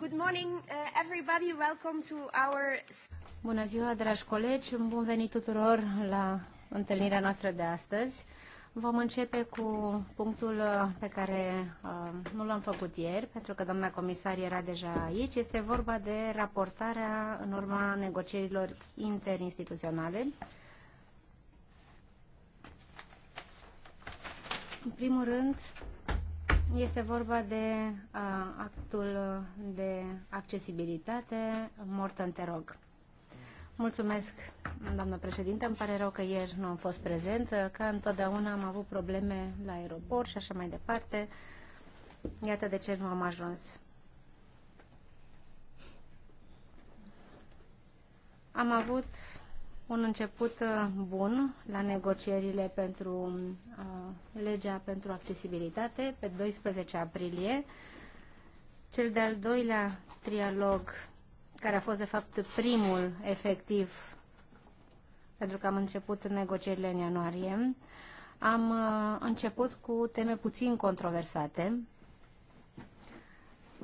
Good morning, uh, everybody. Welcome to our... Bună ziua, dragi colegi. Bun venit tuturor la întâlnirea noastră de astăzi. Vom începe cu punctul uh, pe care uh, nu l-am făcut ieri, pentru că doamna comisar era deja aici. Este vorba de raportarea în urma negocierilor interinstituționale. În primul rând, este vorba de uh, actul de accesibilitate. Morton, te rog. Mulțumesc, doamnă președinte. Îmi pare rău că ieri nu am fost prezent, că întotdeauna am avut probleme la aeroport și așa mai departe. Iată de ce nu am ajuns. Am avut un început uh, bun la negocierile pentru uh, legea pentru accesibilitate pe 12 aprilie. Cel de-al doilea trialog, care a fost de fapt primul efectiv, pentru că am început negocierile în ianuarie, am uh, început cu teme puțin controversate,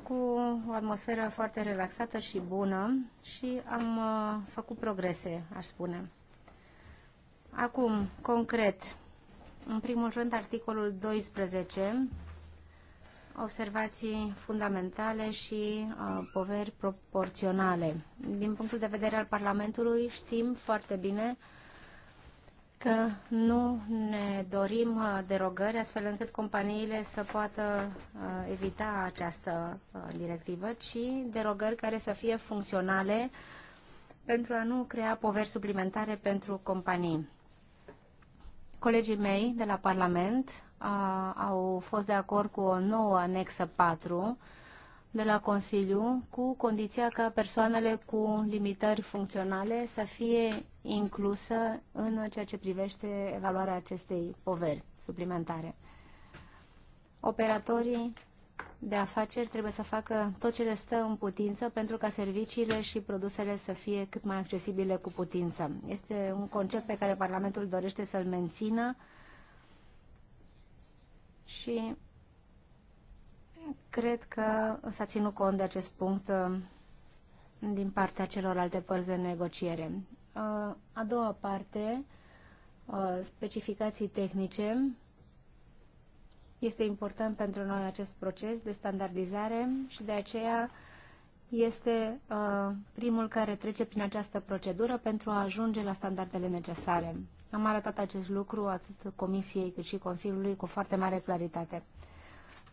cu o atmosferă foarte relaxată și bună și am uh, făcut progrese, aș spune. Acum, concret, în primul rând, articolul 12, observații fundamentale și uh, poveri proporționale. Din punctul de vedere al Parlamentului, știm foarte bine că nu ne dorim uh, derogări astfel încât companiile să poată uh, evita această uh, directivă, ci derogări care să fie funcționale pentru a nu crea poveri suplimentare pentru companii. Colegii mei de la Parlament au fost de acord cu o nouă anexă 4 de la Consiliu cu condiția ca persoanele cu limitări funcționale să fie inclusă în ceea ce privește evaluarea acestei poveri suplimentare. Operatorii de afaceri trebuie să facă tot ce le stă în putință pentru ca serviciile și produsele să fie cât mai accesibile cu putință. Este un concept pe care Parlamentul dorește să-l mențină și Cred că s-a ținut cont de acest punct uh, din partea celorlalte părți de negociere. Uh, a doua parte, uh, specificații tehnice. Este important pentru noi acest proces de standardizare și de aceea este primul care trece prin această procedură pentru a ajunge la standardele necesare. Am arătat acest lucru atât Comisiei cât și Consiliului cu foarte mare claritate.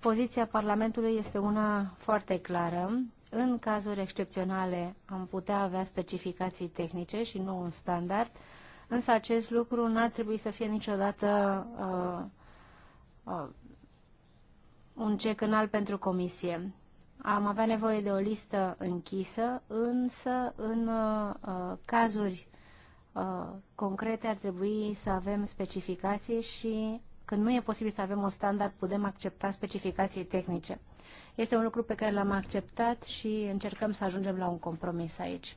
Poziția Parlamentului este una foarte clară. În cazuri excepționale am putea avea specificații tehnice și nu un standard, însă acest lucru nu ar trebui să fie niciodată uh, uh, un cec în alt pentru comisie. Am avea nevoie de o listă închisă, însă în uh, uh cazuri uh, concrete ar trebui să avem specificații și când nu e posibil să avem un standard, putem accepta specificații tehnice. Este un lucru pe care l-am acceptat și încercăm să ajungem la un compromis aici.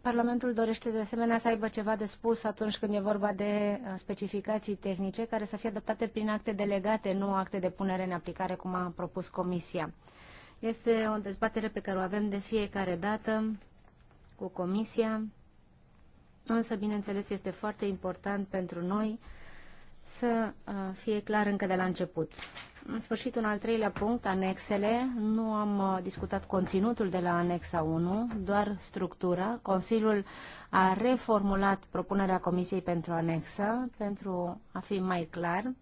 Parlamentul dorește de asemenea să aibă ceva de spus atunci când e vorba de uh, specificații tehnice care să fie adoptate prin acte delegate, nu acte de punere în aplicare, cum a propus Comisia. Este o dezbatere pe care o avem de fiecare dată cu Comisia însă, bineînțeles, este foarte important pentru noi să uh, fie clar încă de la început. În sfârșit, un al treilea punct, anexele. Nu am uh, discutat conținutul de la anexa 1, doar structura. Consiliul a reformulat propunerea Comisiei pentru anexă, pentru a fi mai clar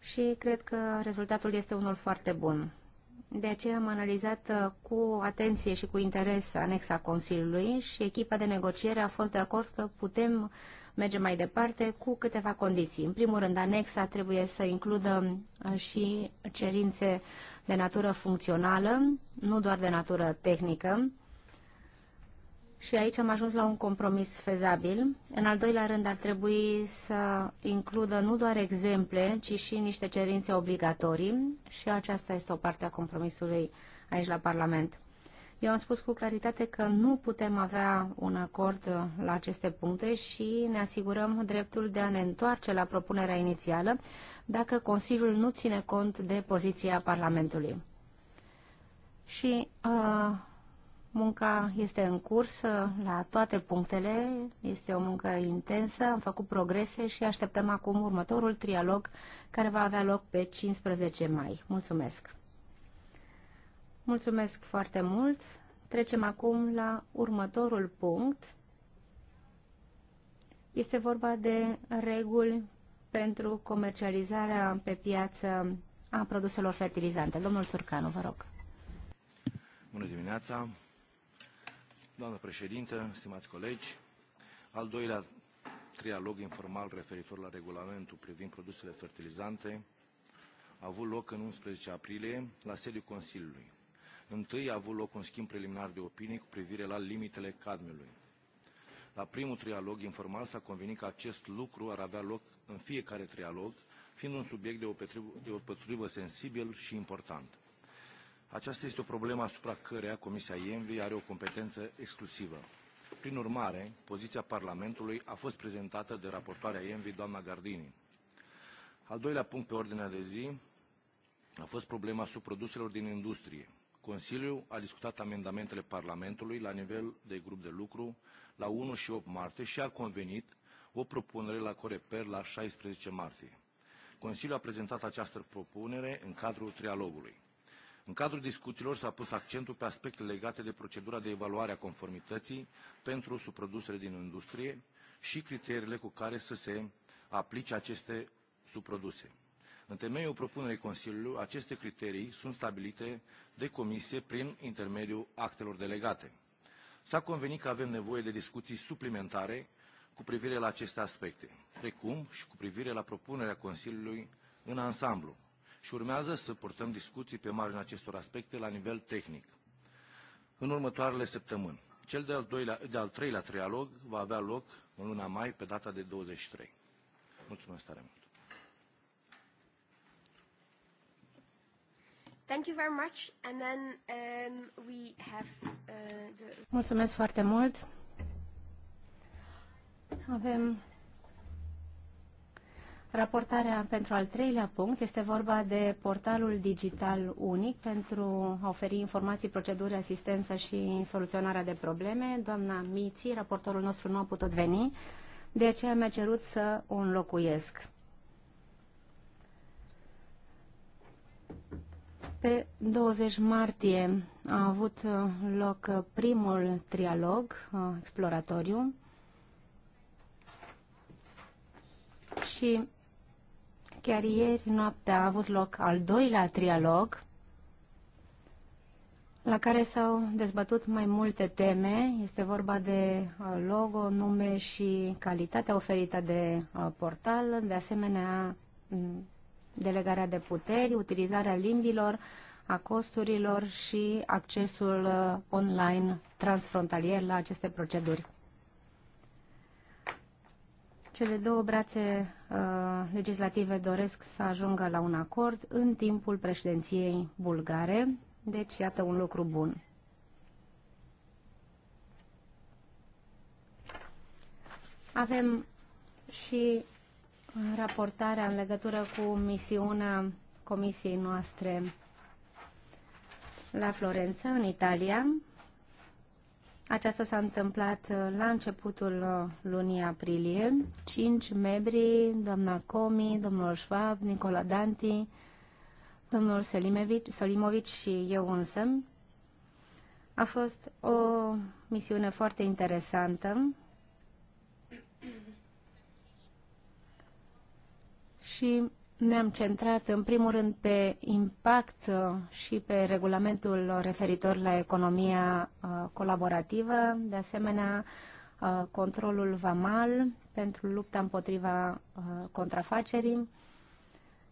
și cred că rezultatul este unul foarte bun. De aceea am analizat uh, cu atenție și cu interes anexa Consiliului și echipa de negociere a fost de acord că putem merge mai departe cu câteva condiții. În primul rând, anexa trebuie să includă uh, și cerințe de natură funcțională, nu doar de natură tehnică, și aici am ajuns la un compromis fezabil. În al doilea rând ar trebui să includă nu doar exemple, ci și niște cerințe obligatorii și aceasta este o parte a compromisului aici la Parlament. Eu am spus cu claritate că nu putem avea un acord la aceste puncte și ne asigurăm dreptul de a ne întoarce la propunerea inițială dacă Consiliul nu ține cont de poziția Parlamentului. Și uh, Munca este în curs uh, la toate punctele, este o muncă intensă, am făcut progrese și așteptăm acum următorul trialog care va avea loc pe 15 mai. Mulțumesc! Mulțumesc foarte mult! Trecem acum la următorul punct. Este vorba de reguli pentru comercializarea pe piață a produselor fertilizante. Domnul Țurcanu, vă rog. Bună dimineața! Doamnă președintă, stimați colegi, al doilea trialog informal referitor la regulamentul privind produsele fertilizante a avut loc în 11 aprilie la sediul Consiliului. Întâi a avut loc un schimb preliminar de opinii cu privire la limitele cadmiului. La primul trialog informal s-a convenit că acest lucru ar avea loc în fiecare trialog, fiind un subiect de o, petribă, de o sensibil și important. Aceasta este o problemă asupra căreia Comisia ENVI are o competență exclusivă. Prin urmare, poziția Parlamentului a fost prezentată de raportoarea ENVI, doamna Gardini. Al doilea punct pe ordinea de zi a fost problema subproduselor din industrie. Consiliul a discutat amendamentele Parlamentului la nivel de grup de lucru la 1 și 8 martie și a convenit o propunere la Coreper la 16 martie. Consiliul a prezentat această propunere în cadrul trialogului. În cadrul discuțiilor s-a pus accentul pe aspecte legate de procedura de evaluare a conformității pentru subprodusele din industrie și criteriile cu care să se aplice aceste subproduse. În temeiul propunerii Consiliului, aceste criterii sunt stabilite de Comisie prin intermediul actelor delegate. S-a convenit că avem nevoie de discuții suplimentare cu privire la aceste aspecte, precum și cu privire la propunerea Consiliului în ansamblu și urmează să purtăm discuții pe marginea acestor aspecte la nivel tehnic. În următoarele săptămâni, cel de-al, doilea, de-al treilea trialog va avea loc în luna mai, pe data de 23. Mulțumesc tare mult! Mulțumesc foarte mult! Avem Raportarea pentru al treilea punct este vorba de portalul digital unic pentru a oferi informații, proceduri, asistență și soluționarea de probleme. Doamna Miți, raportorul nostru nu a putut veni, de aceea mi-a cerut să o înlocuiesc. Pe 20 martie a avut loc primul trialog uh, exploratoriu și Chiar ieri noaptea a avut loc al doilea trialog, la care s-au dezbătut mai multe teme. Este vorba de uh, logo, nume și calitatea oferită de uh, portal, de asemenea delegarea de puteri, utilizarea limbilor, a costurilor și accesul uh, online transfrontalier la aceste proceduri. Cele două brațe uh, legislative doresc să ajungă la un acord în timpul președinției bulgare, deci iată un lucru bun. Avem și raportarea în legătură cu misiunea comisiei noastre la Florența, în Italia, aceasta s-a întâmplat uh, la începutul uh, lunii aprilie. Cinci membri, doamna Comi, domnul Schwab, Nicola Danti, domnul Selimovic, Solimovic și eu însă. A fost o misiune foarte interesantă și ne-am centrat în primul rând pe impact uh, și pe regulamentul referitor la economia uh, colaborativă, de asemenea uh, controlul VAMAL pentru lupta împotriva contrafacerii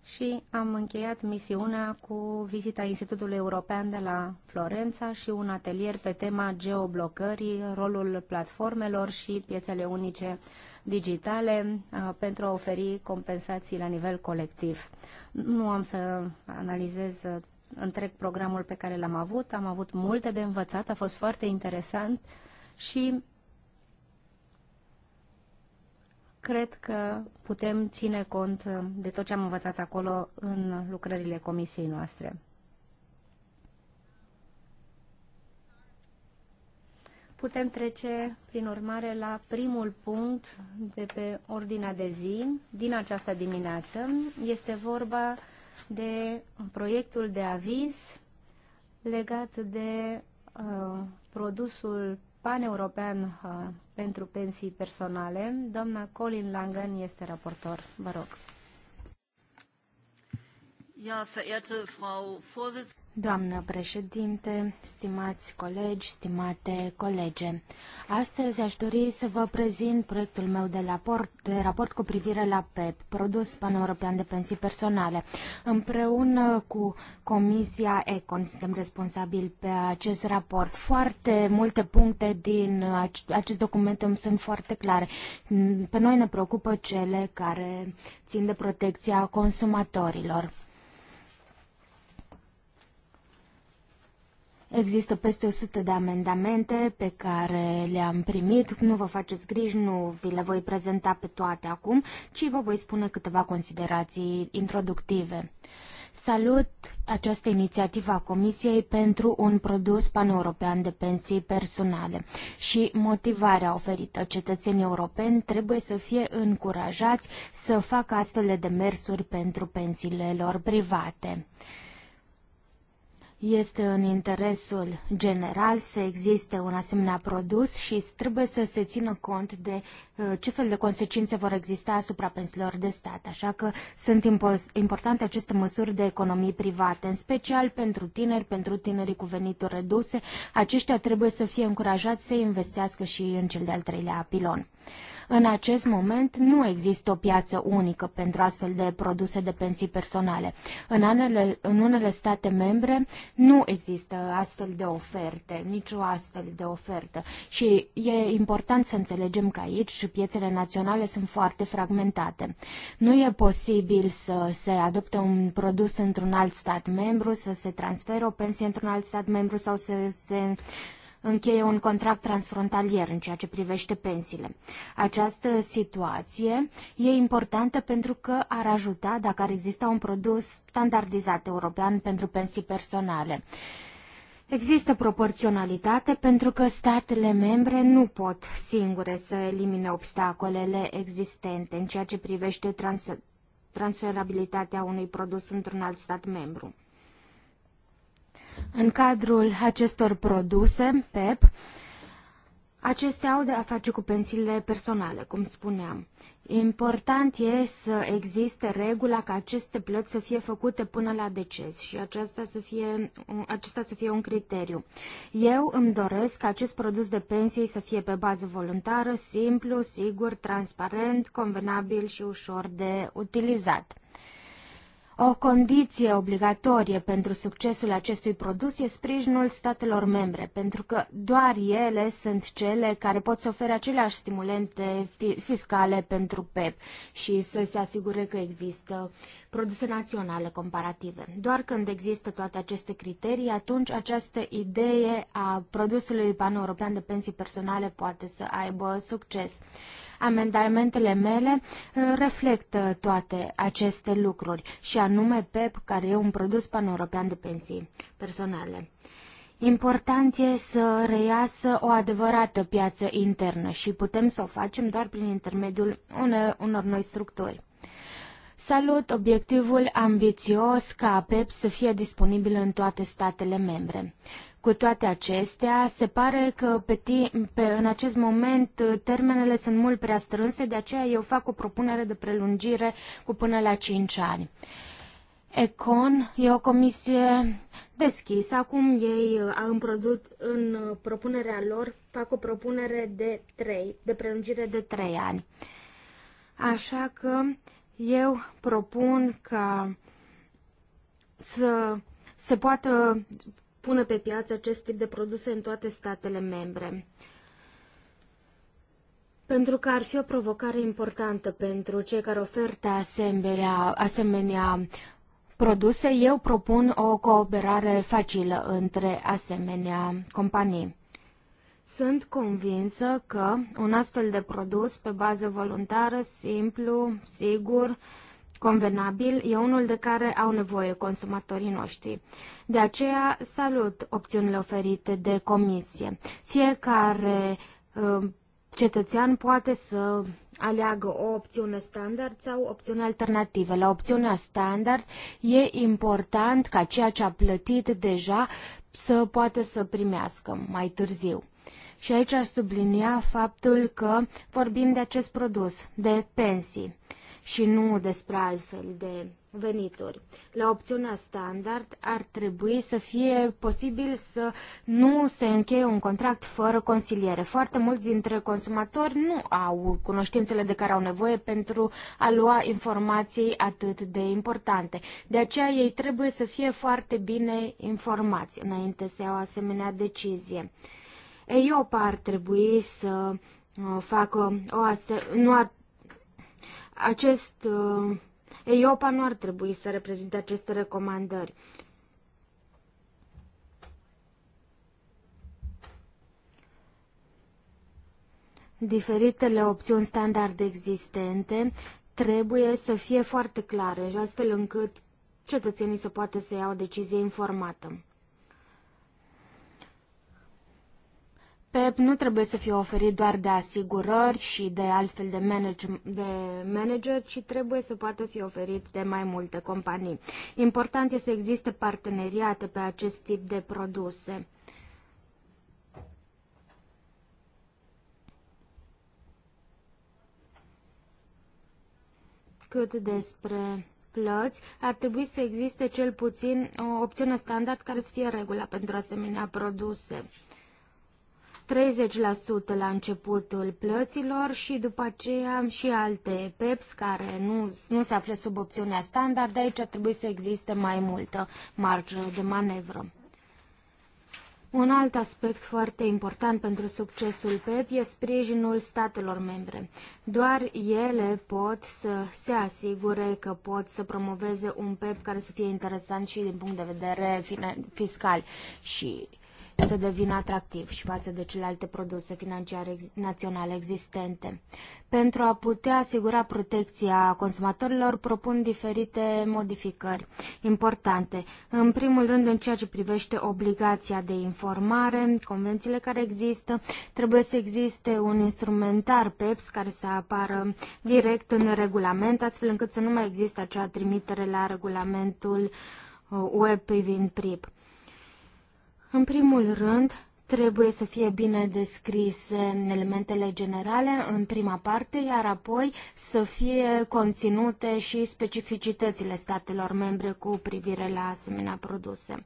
și am încheiat misiunea cu vizita Institutului European de la Florența și un atelier pe tema geoblocării, rolul platformelor și piețele unice digitale uh, pentru a oferi compensații la nivel colectiv. Nu am să analizez uh, întreg programul pe care l-am avut, am avut multe de învățat, a fost foarte interesant și cred că putem ține cont uh, de tot ce am învățat acolo în lucrările comisiei noastre. Putem trece, prin urmare, la primul punct de pe ordinea de zi din această dimineață. Este vorba de proiectul de aviz legat de uh, produsul paneuropean uh, pentru pensii personale. Doamna Colin Langen este raportor. Vă rog. Ja, verehrte Frau Vorsitz Doamnă președinte, stimați colegi, stimate colege, astăzi aș dori să vă prezint proiectul meu de raport, de raport cu privire la PEP, produs pan-european de pensii personale. Împreună cu Comisia Econ suntem responsabili pe acest raport. Foarte multe puncte din acest document îmi sunt foarte clare. Pe noi ne preocupă cele care țin de protecția consumatorilor. Există peste 100 de amendamente pe care le-am primit. Nu vă faceți griji, nu vi le voi prezenta pe toate acum, ci vă voi spune câteva considerații introductive. Salut această inițiativă a Comisiei pentru un produs paneuropean de pensii personale și motivarea oferită. Cetățenii europeni trebuie să fie încurajați să facă astfel de demersuri pentru pensiile lor private. Este în interesul general să existe un asemenea produs și trebuie să se țină cont de uh, ce fel de consecințe vor exista asupra pensiilor de stat. Așa că sunt importante aceste măsuri de economii private, în special pentru tineri, pentru tinerii cu venituri reduse. Aceștia trebuie să fie încurajați să investească și în cel de-al treilea pilon. În acest moment nu există o piață unică pentru astfel de produse de pensii personale. În, anele, în unele state membre nu există astfel de oferte, nicio astfel de ofertă. Și e important să înțelegem că aici piețele naționale sunt foarte fragmentate. Nu e posibil să se adopte un produs într-un alt stat membru, să se transfere o pensie într-un alt stat membru sau să se încheie un contract transfrontalier în ceea ce privește pensiile. Această situație e importantă pentru că ar ajuta dacă ar exista un produs standardizat european pentru pensii personale. Există proporționalitate pentru că statele membre nu pot singure să elimine obstacolele existente în ceea ce privește trans- transferabilitatea unui produs într-un alt stat membru. În cadrul acestor produse, PEP, Acestea au de a face cu pensiile personale, cum spuneam. Important e să existe regula ca aceste plăți să fie făcute până la deces și acesta să fie, acesta să fie un criteriu. Eu îmi doresc ca acest produs de pensii să fie pe bază voluntară, simplu, sigur, transparent, convenabil și ușor de utilizat. O condiție obligatorie pentru succesul acestui produs e sprijinul statelor membre, pentru că doar ele sunt cele care pot să ofere aceleași stimulente fiscale pentru PEP și să se asigure că există produse naționale comparative. Doar când există toate aceste criterii, atunci această idee a produsului pan-european de pensii personale poate să aibă succes. Amendamentele mele uh, reflectă toate aceste lucruri și anume PEP, care e un produs pan-european de pensii personale. Important e să reiasă o adevărată piață internă și putem să o facem doar prin intermediul unor noi structuri. Salut obiectivul ambițios ca PEP să fie disponibil în toate statele membre. Cu toate acestea, se pare că pe, pe, în acest moment uh, termenele sunt mult prea strânse, de aceea eu fac o propunere de prelungire cu până la 5 ani. Econ e o comisie deschisă. Acum ei uh, au produs în uh, propunerea lor, fac o propunere de 3, de prelungire de 3 ani. Așa că eu propun ca să se poată pună pe piață acest tip de produse în toate statele membre. Pentru că ar fi o provocare importantă pentru cei care ofertă asemenea, asemenea produse, eu propun o cooperare facilă între asemenea companii. Sunt convinsă că un astfel de produs pe bază voluntară, simplu, sigur, uh, convenabil e unul de care au nevoie consumatorii noștri. De aceea salut opțiunile oferite de comisie. Fiecare uh, cetățean poate să aleagă o opțiune standard sau opțiune alternativă. La opțiunea standard e important ca ceea ce a plătit deja să poată să primească mai târziu. Și aici aș sublinia faptul că vorbim de acest produs, de pensii și nu despre altfel de venituri. La opțiunea standard ar trebui să fie posibil să nu se încheie un contract fără consiliere. Foarte mulți dintre consumatori nu au cunoștințele de care au nevoie pentru a lua informații atât de importante. De aceea ei trebuie să fie foarte bine informați înainte să iau asemenea decizie. EIOPA ar trebui să uh, facă o ase- nu ar acest uh, EIOPA nu ar trebui să reprezinte aceste recomandări. Diferitele opțiuni standard existente trebuie să fie foarte clare, astfel încât cetățenii să poată să iau o decizie informată. PEP nu trebuie să fie oferit doar de asigurări și de altfel de, manage, de manager, ci trebuie să poată fi oferit de mai multe companii. Important este să existe parteneriate pe acest tip de produse. Cât despre plăți, ar trebui să existe cel puțin o opțiune standard care să fie regula pentru asemenea produse. 30% la începutul plăților și după aceea și alte PEPS care nu, nu se află sub opțiunea standard, aici ar trebui să existe mai multă marjă de manevră. Un alt aspect foarte important pentru succesul PEP e sprijinul statelor membre. Doar ele pot să se asigure că pot să promoveze un PEP care să fie interesant și din punct de vedere fiscal și să devină atractiv și față de celelalte produse financiare naționale existente. Pentru a putea asigura protecția consumatorilor, propun diferite modificări importante. În primul rând, în ceea ce privește obligația de informare, convențiile care există, trebuie să existe un instrumentar PEPS care să apară direct în regulament, astfel încât să nu mai există acea trimitere la regulamentul uh, web privind PRIP. În primul rând, trebuie să fie bine descrise elementele generale în prima parte, iar apoi să fie conținute și specificitățile statelor membre cu privire la asemenea produse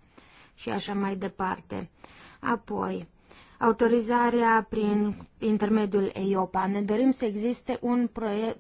și așa mai departe. Apoi, autorizarea prin intermediul EIOPA. Ne dorim să existe un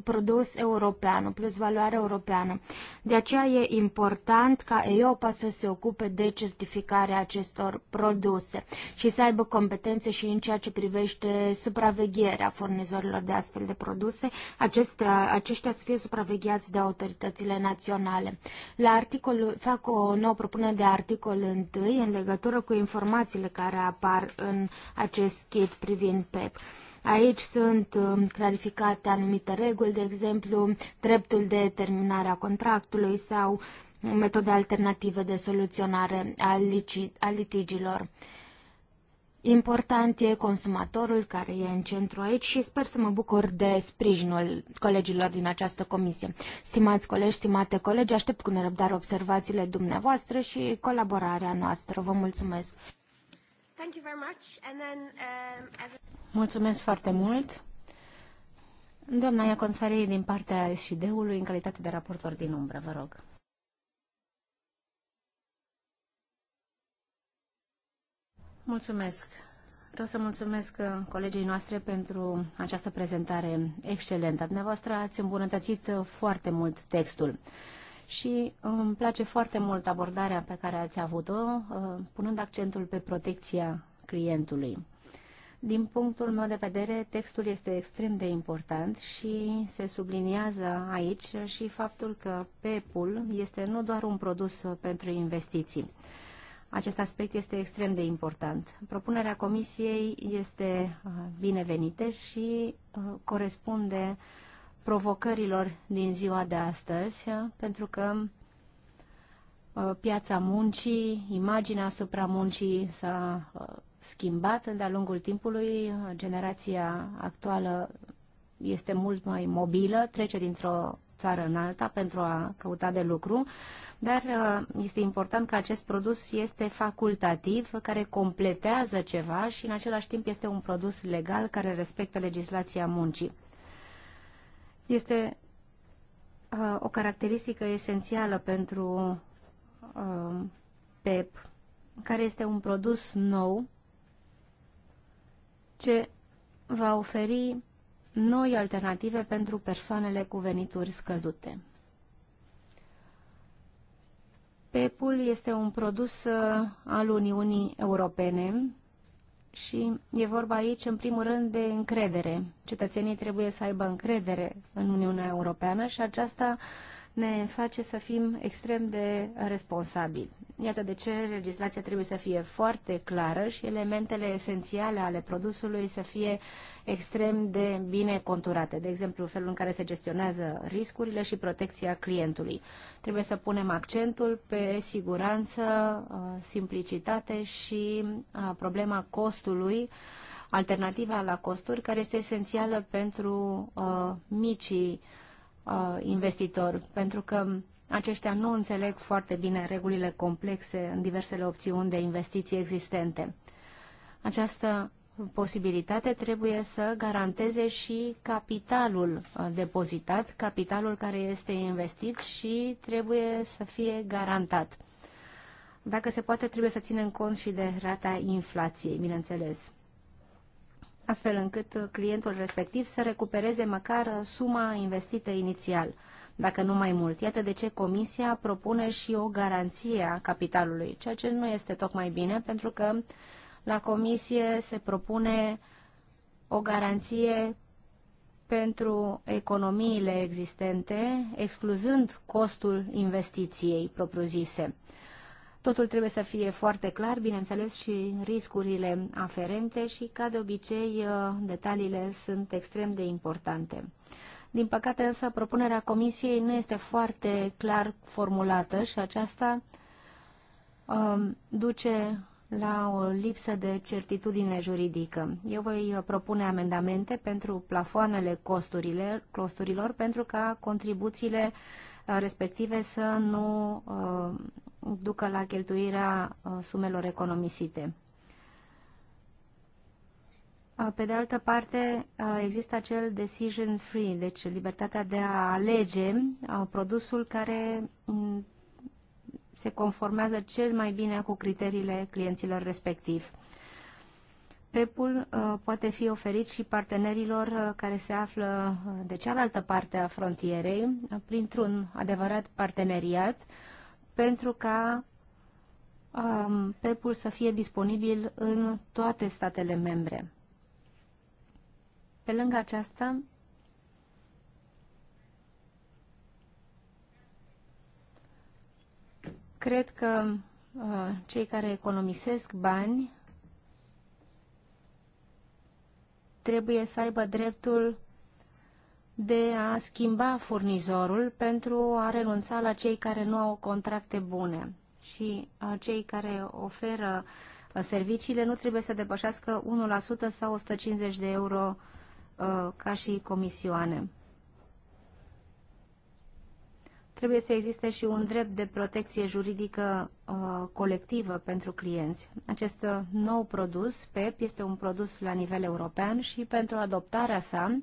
produs european, o plusvaloare europeană. De aceea e important ca EIOPA să se ocupe de certificarea acestor produse și să aibă competențe și în ceea ce privește supravegherea furnizorilor de astfel de produse, acestea, aceștia să fie supravegheați de autoritățile naționale. La articolul, fac o nouă propunere de articol 1 în legătură cu informațiile care apar în acest kit privind PEP. Aici sunt um, clarificate anumite reguli, de exemplu, dreptul de terminare a contractului sau metode alternative de soluționare a litigilor. Important e consumatorul care e în centru aici și sper să mă bucur de sprijinul colegilor din această comisie. Stimați colegi, stimate colegi, aștept cu nerăbdare observațiile dumneavoastră și colaborarea noastră. Vă mulțumesc! Um, mulțumesc foarte mult. Doamna Iaconsari, din partea SID-ului, în calitate de raportor din umbră, vă rog. Mulțumesc. Vreau să mulțumesc uh, colegii noastre pentru această prezentare excelentă. Dumneavoastră ați îmbunătățit uh, foarte mult textul și îmi um, place foarte mult abordarea pe care ați avut-o, uh, punând accentul pe protecția clientului. Din punctul meu de vedere, textul este extrem de important și se subliniază aici și faptul că PEP-ul este nu doar un produs uh, pentru investiții. Acest aspect este extrem de important. Propunerea Comisiei este uh, binevenită și corespunde uh, provocărilor din ziua de astăzi, pentru că uh, piața muncii, imaginea asupra muncii s-a uh, schimbat de-a lungul timpului. Generația actuală este mult mai mobilă, trece dintr-o țară în alta pentru a căuta de lucru, dar uh, este important că acest produs este facultativ, care completează ceva și în același timp este un produs legal care respectă legislația muncii este uh, o caracteristică esențială pentru uh, PEP, care este un produs nou ce va oferi noi alternative pentru persoanele cu venituri scăzute. PEP-ul este un produs uh, al Uniunii Europene și e vorba aici, în primul rând, de încredere. Cetățenii trebuie să aibă încredere în Uniunea Europeană și aceasta ne face să fim extrem de responsabili. Iată de ce legislația trebuie să fie foarte clară și elementele esențiale ale produsului să fie extrem de bine conturate. De exemplu, felul în care se gestionează riscurile și protecția clientului. Trebuie să punem accentul pe siguranță, uh, simplicitate și uh, problema costului alternativa la costuri, care este esențială pentru uh, micii uh, investitor, pentru că aceștia nu înțeleg foarte bine regulile complexe în diversele opțiuni de investiții existente. Această posibilitate trebuie să garanteze și capitalul uh, depozitat, capitalul care este investit și trebuie să fie garantat. Dacă se poate, trebuie să ținem cont și de rata inflației, bineînțeles astfel încât clientul respectiv să recupereze măcar suma investită inițial, dacă nu mai mult. Iată de ce Comisia propune și o garanție a capitalului, ceea ce nu este tocmai bine, pentru că la Comisie se propune o garanție pentru economiile existente, excluzând costul investiției propriu-zise. Totul trebuie să fie foarte clar, bineînțeles, și riscurile aferente și, ca de obicei, uh, detaliile sunt extrem de importante. Din păcate, însă, propunerea Comisiei nu este foarte clar formulată și aceasta um, duce la o lipsă de certitudine juridică. Eu voi uh, propune amendamente pentru plafoanele costurile, costurilor pentru ca contribuțiile uh, respective să nu uh, ducă la cheltuirea uh, sumelor economisite. Uh, pe de altă parte, uh, există acel decision free, deci libertatea de a alege produsul care mm, se conformează cel mai bine cu criteriile clienților respectiv. PEP-ul poate fi oferit și partenerilor care se află de cealaltă parte a frontierei printr-un adevărat parteneriat pentru ca um, PEP-ul să fie disponibil în toate statele membre. Pe lângă aceasta, cred că uh, cei care economisesc bani trebuie să aibă dreptul de a schimba furnizorul pentru a renunța la cei care nu au contracte bune. Și uh, cei care oferă uh, serviciile nu trebuie să depășească 1% sau 150 de euro uh, ca și comisioane. Trebuie să existe și un drept de protecție juridică colectivă pentru clienți. Acest nou produs, PEP, este un produs la nivel european și pentru adoptarea sa,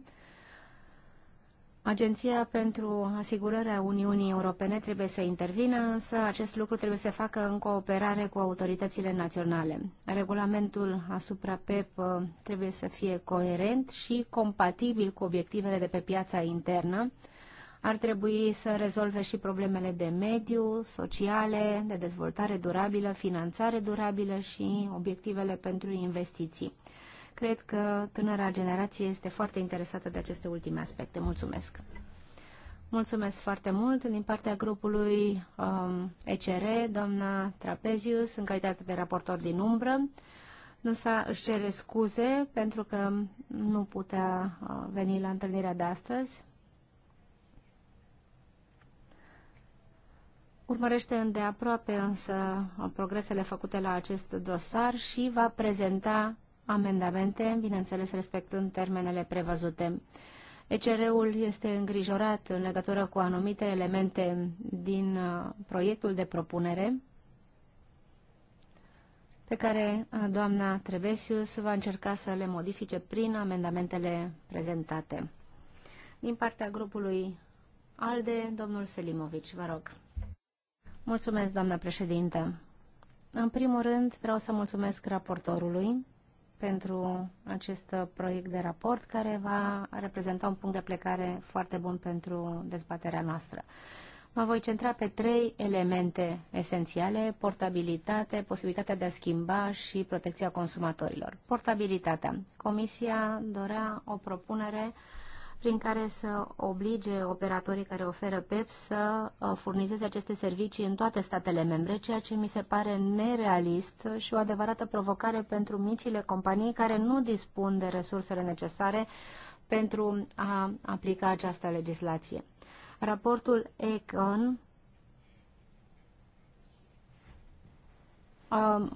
Agenția pentru Asigurarea Uniunii Europene trebuie să intervină, însă acest lucru trebuie să facă în cooperare cu autoritățile naționale. Regulamentul asupra PEP uh, trebuie să fie coerent și compatibil cu obiectivele de pe piața internă. Ar trebui să rezolve și problemele de mediu, sociale, de dezvoltare durabilă, finanțare durabilă și obiectivele pentru investiții. Cred că tânăra generație este foarte interesată de aceste ultime aspecte. Mulțumesc! Mulțumesc foarte mult din partea grupului um, ECR, doamna Trapezius, în calitate de raportor din umbră. Însă își cere scuze pentru că nu putea uh, veni la întâlnirea de astăzi. Urmărește îndeaproape însă uh, progresele făcute la acest dosar și va prezenta amendamente, bineînțeles respectând termenele prevăzute. ECR-ul este îngrijorat în legătură cu anumite elemente din uh, proiectul de propunere pe care uh, doamna Trebesius va încerca să le modifice prin amendamentele prezentate. Din partea grupului ALDE, domnul Selimovic. vă rog. Mulțumesc, doamna președintă. În primul rând, vreau să mulțumesc raportorului pentru acest proiect de raport care va reprezenta un punct de plecare foarte bun pentru dezbaterea noastră. Mă voi centra pe trei elemente esențiale, portabilitate, posibilitatea de a schimba și protecția consumatorilor. Portabilitatea. Comisia dorea o propunere uh, prin care să oblige operatorii care oferă PEP să uh, furnizeze aceste servicii în toate statele membre, ceea ce mi se pare nerealist și o adevărată provocare pentru micile companii care nu dispun de resursele necesare pentru a aplica această legislație. Raportul ECON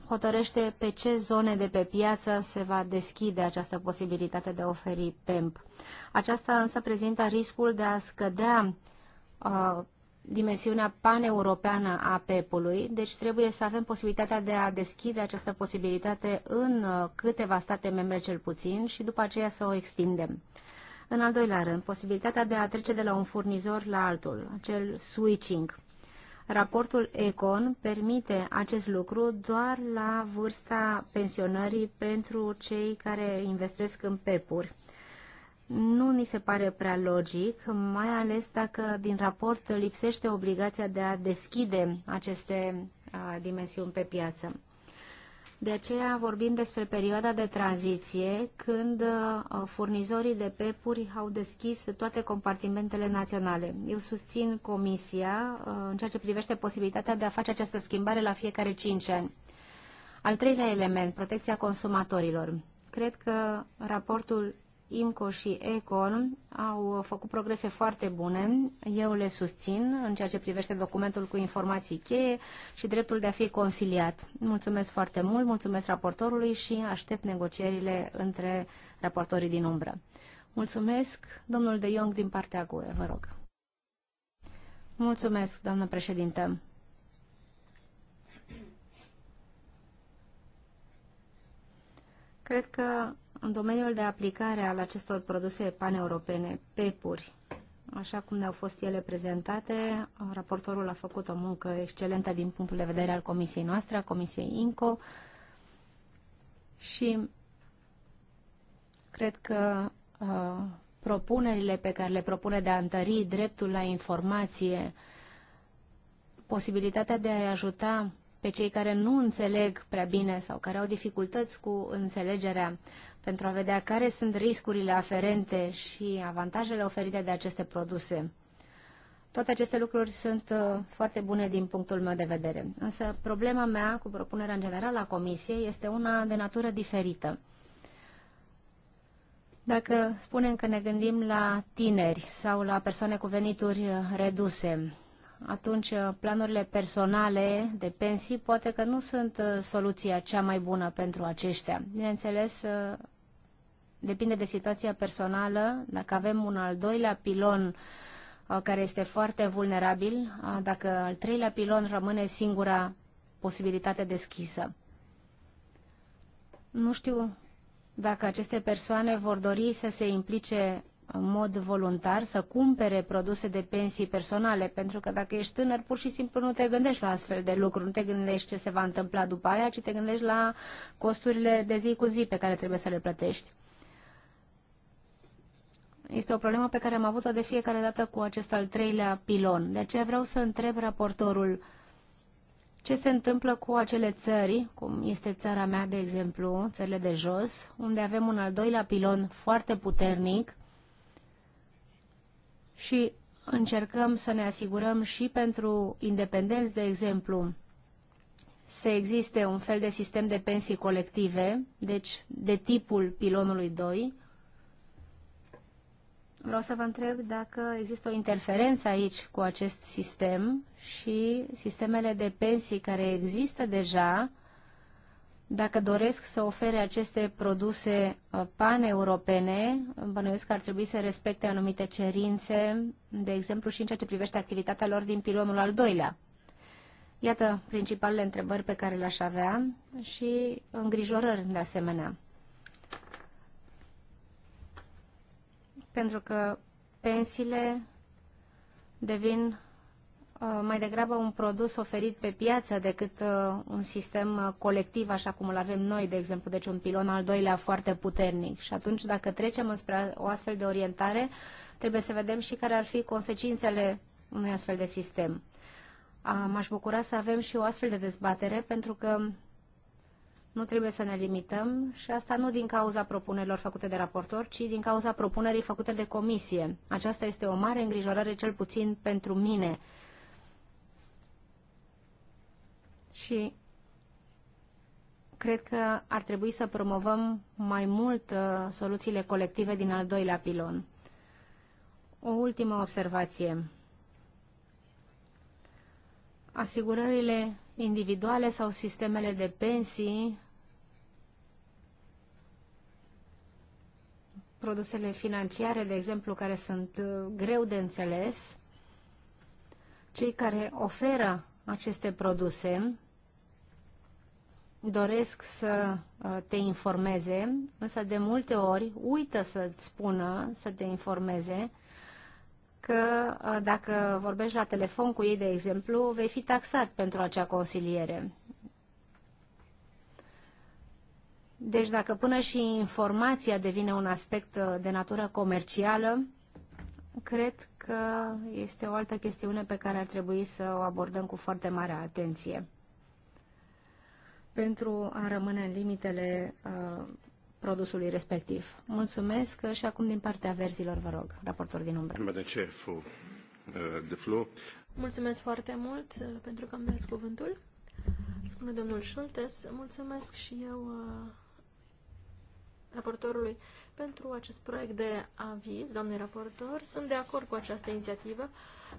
hotărăște pe ce zone de pe piață se va deschide această posibilitate de a oferi PEMP. Aceasta însă prezintă riscul de a scădea uh, dimensiunea paneuropeană a PEP-ului, deci trebuie să avem posibilitatea de a deschide această posibilitate în uh, câteva state membre cel puțin și după aceea să o extindem. În al doilea rând, posibilitatea de a trece de la un furnizor la altul, acel switching. Raportul Econ permite acest lucru doar la vârsta pensionării pentru cei care investesc în pepuri. Nu ni se pare prea logic, mai ales dacă din raport lipsește obligația de a deschide aceste dimensiuni pe piață. De aceea vorbim despre perioada de tranziție, când uh, furnizorii de pepuri au deschis toate compartimentele naționale. Eu susțin Comisia uh, în ceea ce privește posibilitatea de a face această schimbare la fiecare 5 ani. Al treilea element, protecția consumatorilor. Cred că raportul IMCO și ECON au făcut progrese foarte bune. Eu le susțin în ceea ce privește documentul cu informații cheie și dreptul de a fi consiliat. Mulțumesc foarte mult, mulțumesc raportorului și aștept negocierile între raportorii din umbră. Mulțumesc, domnul De Jong din partea GUE, vă rog. Mulțumesc, doamnă președintă. Cred că în domeniul de aplicare al acestor produse paneuropene, PEP-uri, așa cum ne-au fost ele prezentate, raportorul a făcut o muncă excelentă din punctul de vedere al comisiei noastre, a comisiei INCO și cred că uh, propunerile pe care le propune de a întări dreptul la informație, posibilitatea de a ajuta pe cei care nu înțeleg prea bine sau care au dificultăți cu înțelegerea pentru a vedea care sunt riscurile aferente și avantajele oferite de aceste produse. Toate aceste lucruri sunt uh, foarte bune din punctul meu de vedere. Însă problema mea cu propunerea în general a Comisiei este una de natură diferită. Dacă spunem că ne gândim la tineri sau la persoane cu venituri reduse, atunci uh, planurile personale de pensii poate că nu sunt uh, soluția cea mai bună pentru aceștia. Bineînțeles, uh, depinde de situația personală. Dacă avem un al doilea pilon care este foarte vulnerabil, dacă al treilea pilon rămâne singura posibilitate deschisă. Nu știu dacă aceste persoane vor dori să se implice în mod voluntar să cumpere produse de pensii personale, pentru că dacă ești tânăr, pur și simplu nu te gândești la astfel de lucruri, nu te gândești ce se va întâmpla după aia, ci te gândești la costurile de zi cu zi pe care trebuie să le plătești. Este o problemă pe care am avut-o de fiecare dată cu acest al treilea pilon. De aceea vreau să întreb raportorul ce se întâmplă cu acele țări, cum este țara mea, de exemplu, țările de jos, unde avem un al doilea pilon foarte puternic, și încercăm să ne asigurăm și pentru independenți, de exemplu, să existe un fel de sistem de pensii colective, deci de tipul pilonului 2. Vreau să vă întreb dacă există o interferență aici cu acest sistem și sistemele de pensii care există deja, dacă doresc să ofere aceste produse uh, paneuropene, bănuiesc că ar trebui să respecte anumite cerințe, de exemplu și în ceea ce privește activitatea lor din pilonul al doilea. Iată principalele întrebări pe care le-aș avea și îngrijorări de asemenea. Pentru că pensiile devin Uh, mai degrabă un produs oferit pe piață decât uh, un sistem uh, colectiv așa cum îl avem noi, de exemplu, deci un pilon al doilea foarte puternic. Și atunci, dacă trecem înspre o astfel de orientare, trebuie să vedem și care ar fi consecințele unui astfel de sistem. M-aș bucura să avem și o astfel de dezbatere, pentru că nu trebuie să ne limităm și asta nu din cauza propunerilor făcute de raportor, ci din cauza propunerii făcute de comisie. Aceasta este o mare îngrijorare, cel puțin pentru mine și cred că ar trebui să promovăm mai mult uh, soluțiile colective din al doilea pilon. O ultimă observație. Asigurările individuale sau sistemele de pensii, produsele financiare, de exemplu, care sunt uh, greu de înțeles, cei care oferă aceste produse doresc să uh, te informeze, însă de multe ori uită să-ți spună să te informeze că uh, dacă vorbești la telefon cu ei, de exemplu, vei fi taxat pentru acea consiliere. Deci dacă până și informația devine un aspect uh, de natură comercială, cred că este o altă chestiune pe care ar trebui să o abordăm cu foarte mare atenție pentru a rămâne în limitele uh, produsului respectiv. Mulțumesc și acum din partea verzilor, vă rog, raportor din umbră. Uh, mulțumesc foarte mult uh, pentru că am dat cuvântul. Spune domnul Schultes, mulțumesc și eu uh, raportorului pentru acest proiect de aviz, doamne raportor. Sunt de acord cu această inițiativă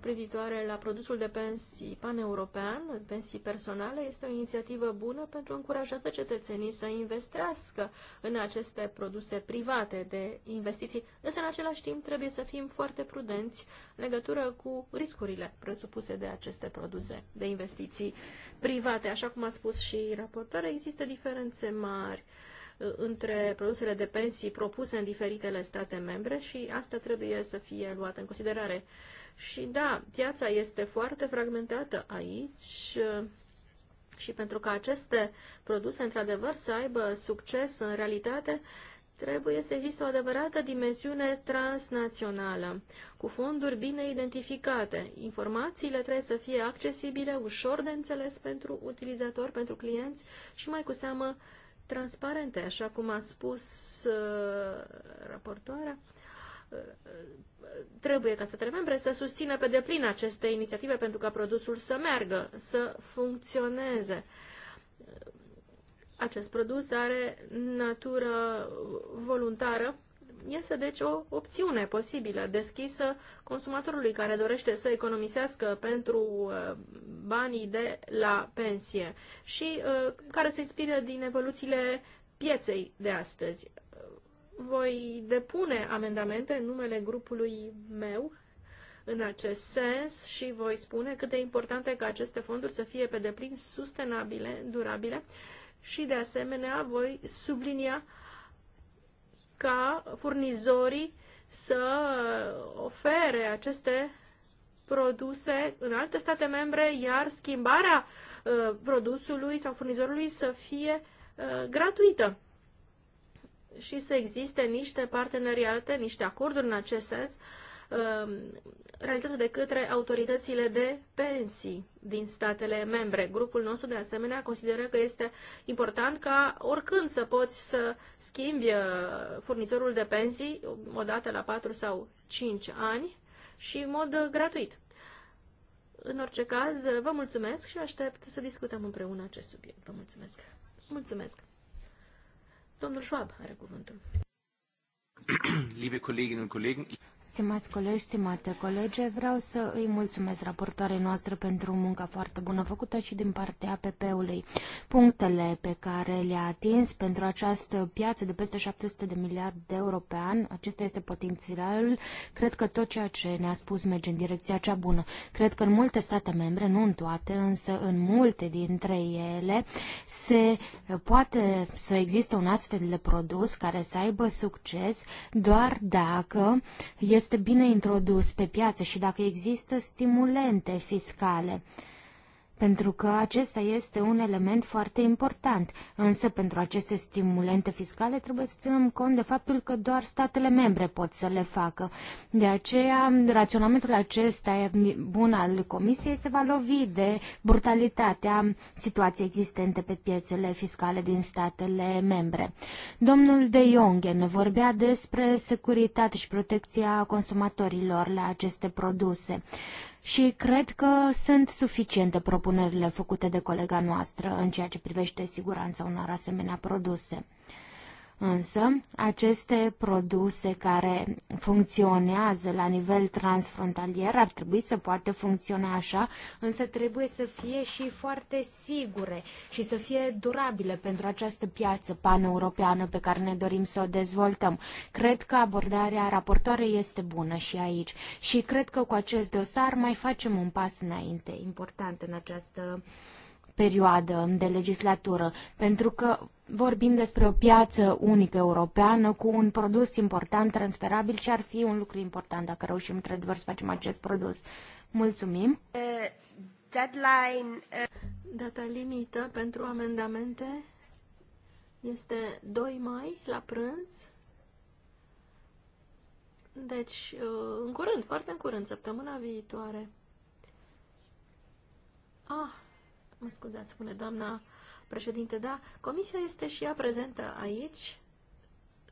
privitoare la produsul de pensii paneuropean, pensii personale. Este o inițiativă bună pentru a încuraja cetățenii să investească în aceste produse private de investiții. Însă, în același timp, trebuie să fim foarte prudenți în legătură cu riscurile presupuse de aceste produse de investiții private. Așa cum a spus și raportoarea, există diferențe mari Uh, între produsele de pensii propuse în diferitele state membre și asta trebuie să fie luată în considerare. Și da, piața este foarte fragmentată aici uh, și pentru că aceste produse într-adevăr să aibă succes în realitate, trebuie să existe o adevărată dimensiune transnațională, cu fonduri bine identificate. Informațiile trebuie să fie accesibile, ușor de înțeles pentru utilizatori, pentru clienți și mai cu seamă transparente, așa cum a spus uh, raportoarea. Uh, uh, trebuie ca statele membre să susțină pe deplin aceste inițiative pentru ca produsul să meargă, să funcționeze. Acest produs are natură voluntară este deci o opțiune posibilă deschisă consumatorului care dorește să economisească pentru uh, banii de la pensie și uh, care se inspiră din evoluțiile pieței de astăzi. Voi depune amendamente în numele grupului meu în acest sens și voi spune cât de importante ca aceste fonduri să fie pe deplin sustenabile, durabile și de asemenea voi sublinia uh, ca furnizorii să ofere aceste produse în alte state membre, iar schimbarea uh, produsului sau furnizorului să fie uh, gratuită și să existe niște parteneriate, niște acorduri în acest sens Um, realizată de către autoritățile de pensii din statele membre. Grupul nostru, de asemenea, consideră că este important ca oricând să poți să schimbi uh, furnizorul de pensii o dată la 4 sau 5 ani și în mod uh, gratuit. În orice caz, uh, vă mulțumesc și aștept să discutăm împreună acest subiect. Vă mulțumesc! Mulțumesc! Domnul Schwab are cuvântul. Stimați colegi, stimate colege, vreau să îi mulțumesc raportoarei noastre pentru munca foarte bună făcută și din partea ppe ului Punctele pe care le-a atins pentru această piață de peste 700 de miliarde de euro pe an, acesta este potențialul, cred că tot ceea ce ne-a spus merge în direcția cea bună. Cred că în multe state membre, nu în toate, însă în multe dintre ele, se poate să existe un astfel de produs care să aibă succes doar dacă este bine introdus pe piață și dacă există stimulente fiscale pentru că acesta este un element foarte important. Însă, pentru aceste stimulente fiscale trebuie să ținem cont de faptul că doar statele membre pot să le facă. De aceea, raționamentul acesta e bun al Comisiei se va lovi de brutalitatea situației existente pe piețele fiscale din statele membre. Domnul De Jongen vorbea despre securitate și protecția consumatorilor la aceste produse și cred că sunt suficiente propunerile făcute de colega noastră în ceea ce privește siguranța unor asemenea produse. Însă, aceste produse care funcționează la nivel transfrontalier ar trebui să poată funcționa așa, însă trebuie să fie și foarte sigure și să fie durabile pentru această piață paneuropeană pe care ne dorim să o dezvoltăm. Cred că abordarea raportoarei este bună și aici și cred că cu acest dosar mai facem un pas înainte important în această uh, perioadă de legislatură, pentru că vorbim despre o piață unică europeană cu un produs important, transferabil și ar fi un lucru important dacă reușim într-adevăr să facem acest produs. Mulțumim! deadline, uh, Data limită pentru amendamente este 2 mai la prânz. Deci, uh, în curând, foarte în curând, săptămâna viitoare. Ah, Mă scuzați, spune doamna președinte, da, comisia este și ea prezentă aici,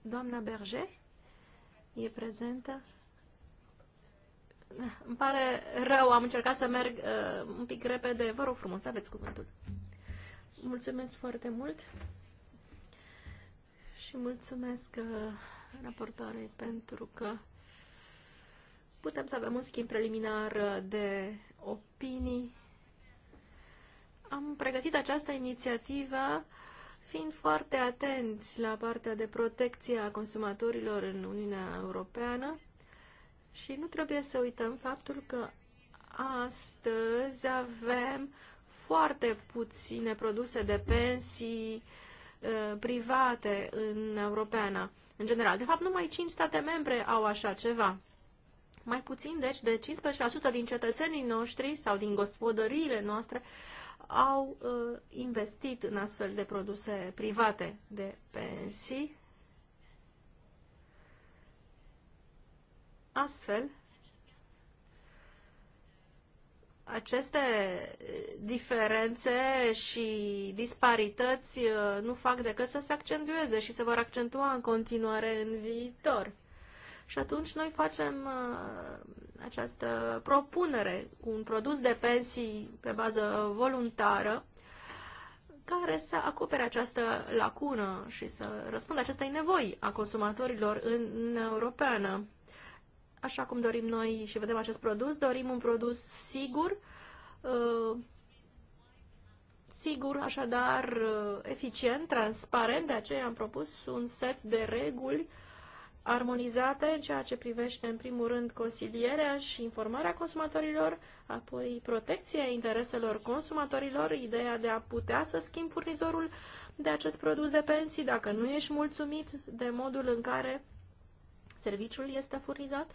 doamna Berger e prezentă. Îmi pare rău, am încercat să merg uh, un pic repede. Vă rog frumos, aveți cuvântul. Mulțumesc foarte mult și mulțumesc uh, raportoarei pentru că putem să avem un schimb preliminar uh, de opinii am pregătit această inițiativă fiind foarte atenți la partea de protecție a consumatorilor în Uniunea Europeană și nu trebuie să uităm faptul că astăzi avem foarte puține produse de pensii uh, private în Europeană, în general. De fapt, numai 5 state membre au așa ceva. Mai puțin, deci, de 15% din cetățenii noștri sau din gospodăriile noastre au uh, investit în astfel de produse private de pensii, astfel aceste uh, diferențe și disparități uh, nu fac decât să se accentueze și se vor accentua în continuare în viitor. Și atunci noi facem uh, această propunere cu un produs de pensii pe bază voluntară care să acopere această lacună și să răspundă acestei nevoi a consumatorilor în Europeană. Așa cum dorim noi și vedem acest produs, dorim un produs sigur, uh, sigur, așadar uh, eficient, transparent, de aceea am propus un set de reguli armonizate în ceea ce privește, în primul rând, consilierea și informarea consumatorilor, apoi protecția intereselor consumatorilor, ideea de a putea să schimb furnizorul de acest produs de pensii dacă nu ești mulțumit de modul în care serviciul este furnizat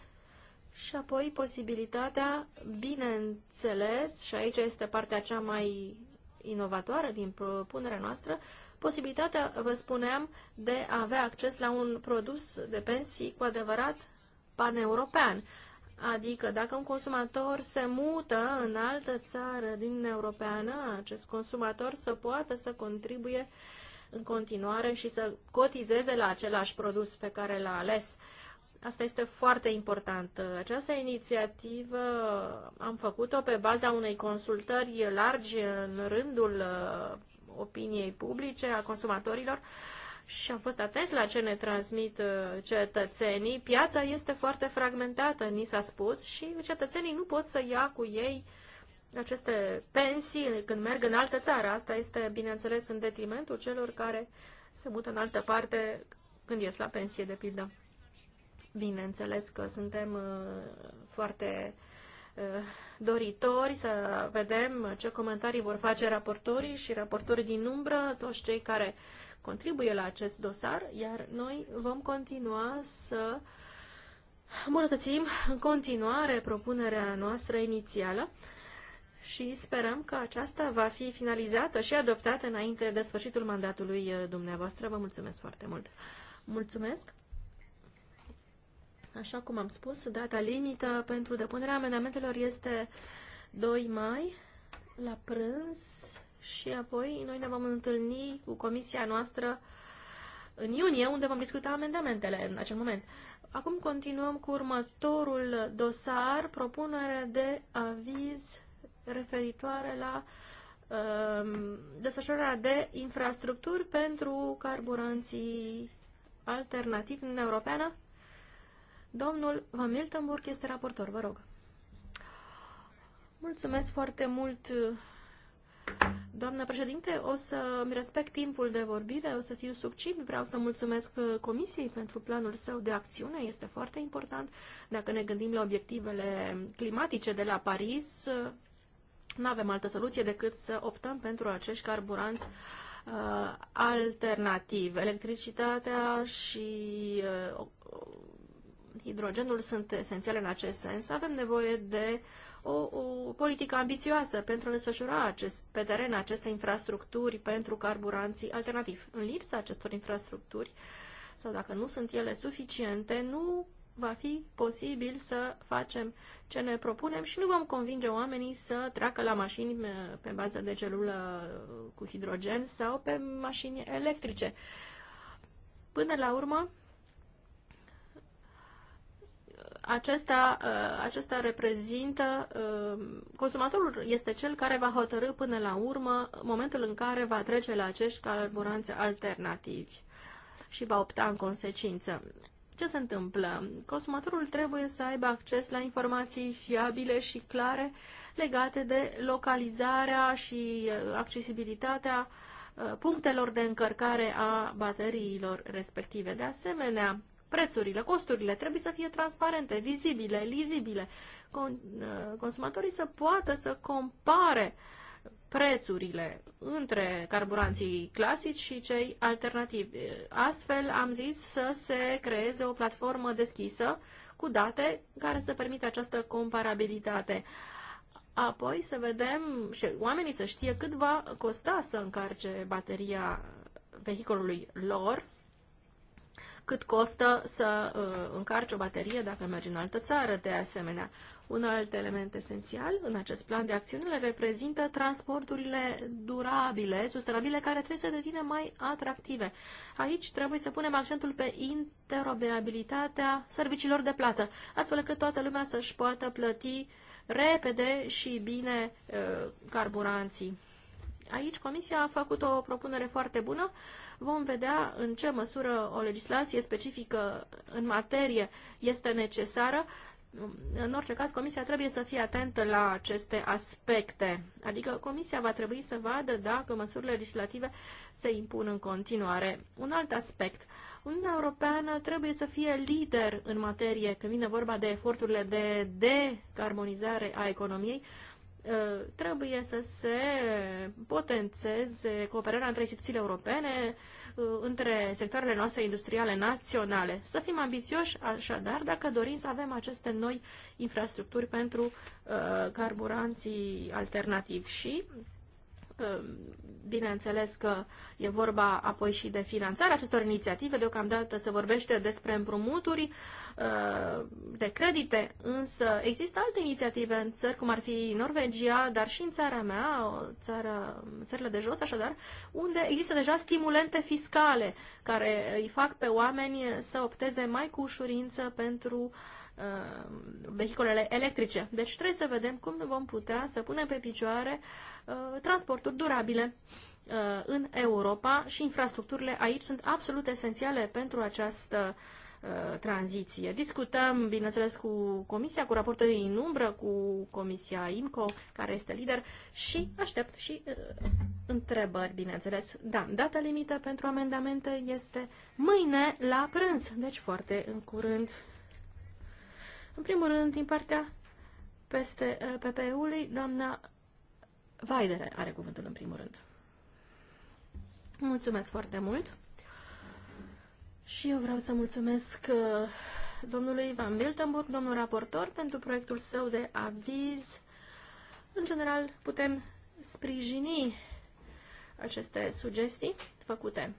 și apoi posibilitatea, bineînțeles, și aici este partea cea mai inovatoare din propunerea noastră posibilitatea, vă spuneam, de a avea acces la un produs de pensii cu adevărat paneuropean. Adică dacă un consumator se mută în altă țară din Europeană, acest consumator să poată să contribuie în continuare și să cotizeze la același produs pe care l-a ales. Uh, Asta este foarte important. Această inițiativă am făcut-o pe baza unei consultări largi în rândul uh, opiniei publice, a consumatorilor și am fost atenți la ce ne transmit uh, cetățenii. Piața este foarte fragmentată, ni s-a spus, și cetățenii nu pot să ia cu ei aceste pensii când merg în altă țară. Asta este, bineînțeles, în detrimentul celor care se mută în altă parte când ies la pensie, de pildă. Bineînțeles că suntem uh, foarte uh, doritori să vedem ce comentarii vor face raportorii și raportorii din umbră, toți cei care contribuie la acest dosar, iar noi vom continua să îmbunătățim în continuare propunerea noastră inițială și sperăm că aceasta va fi finalizată și adoptată înainte de sfârșitul mandatului uh, dumneavoastră. Vă mulțumesc foarte mult! Mulțumesc! Așa cum am spus, data limită pentru depunerea amendamentelor este 2 mai la prânz și apoi noi ne vom întâlni cu comisia noastră în iunie, unde vom discuta amendamentele în acel moment. Acum continuăm cu următorul dosar, propunere de aviz referitoare la um, desfășurarea de infrastructuri pentru carburanții alternativi în Europeană. Domnul Van Miltenburg este raportor, vă rog. Mulțumesc foarte mult, doamnă președinte. O să-mi respect timpul de vorbire, o să fiu succint. Vreau să mulțumesc uh, Comisiei pentru planul său de acțiune. Este foarte important. Dacă ne gândim la obiectivele climatice de la Paris, uh, nu avem altă soluție decât să optăm pentru acești carburanți uh, alternativ. Electricitatea și hidrogenul sunt esențiale în acest sens. Avem nevoie de o, o politică ambițioasă pentru a desfășura acest, pe teren aceste infrastructuri pentru carburanții alternativi. În lipsa acestor infrastructuri, sau dacă nu sunt ele suficiente, nu va fi posibil să facem ce ne propunem și nu vom convinge oamenii să treacă la mașini uh, pe bază de celulă uh, cu hidrogen sau pe mașini electrice. Până la urmă, acesta, uh, acesta reprezintă, uh, consumatorul este cel care va hotărâ până la urmă momentul în care va trece la acești carburanți alternativi și va opta în consecință. Ce se întâmplă? Consumatorul trebuie să aibă acces la informații fiabile și clare legate de localizarea și uh, accesibilitatea punctelor de încărcare a bateriilor respective. De asemenea, prețurile, costurile trebuie să fie transparente, vizibile, lizibile. Con- uh, consumatorii să poată să compare prețurile între carburanții clasici și cei alternativi. Uh, astfel am zis să se creeze o platformă deschisă cu date care să permită această comparabilitate. Apoi să vedem și oamenii să știe cât va costa să încarce bateria vehiculului lor cât costă să uh, încarci o baterie dacă mergi în altă țară, de asemenea. Un alt element esențial în acest plan de acțiune le reprezintă transporturile durabile, sustenabile, care trebuie să devină mai atractive. Aici trebuie să punem accentul pe interoperabilitatea serviciilor de plată, astfel că toată lumea să-și poată plăti repede și bine uh, carburanții. Aici Comisia a făcut o propunere foarte bună uh, vom vedea în ce măsură o legislație specifică în materie este necesară. În orice caz, Comisia trebuie să fie atentă la aceste aspecte. Adică Comisia va trebui să vadă dacă măsurile legislative se impun în continuare. Un alt aspect. Uniunea Europeană trebuie să fie lider în materie când vine vorba de eforturile de decarbonizare a economiei, Uh, trebuie să se potențeze cooperarea între instituțiile europene, uh, între sectoarele noastre industriale naționale. Să fim ambițioși, așadar, dacă dorim să avem aceste noi infrastructuri pentru uh, carburanții alternativi. Și Bineînțeles că e vorba apoi și de finanțarea acestor inițiative. Deocamdată se vorbește despre împrumuturi uh, de credite, însă există alte inițiative în țări, cum ar fi Norvegia, dar și în țara mea, o țară, țările de jos, așadar, unde există deja stimulente fiscale care îi fac pe oameni să opteze mai cu ușurință pentru uh, Uh, vehiculele electrice. Deci trebuie să vedem cum vom putea să punem pe picioare uh, transporturi durabile uh, în Europa și infrastructurile aici sunt absolut esențiale pentru această tranziție. Discutăm, bineînțeles, cu Comisia, cu raportorii în umbră, cu Comisia IMCO, care este lider, și aștept și uh, întrebări, bineînțeles. Da, data limită pentru amendamente este mâine la prânz, deci foarte în curând. În primul rând, din partea peste eh, PPE-ului, doamna Vaidere are cuvântul în primul rând. Mulțumesc foarte mult și eu vreau să mulțumesc eh, domnului Van Miltenburg, domnul raportor, pentru proiectul său de aviz. În general, putem sprijini aceste sugestii făcute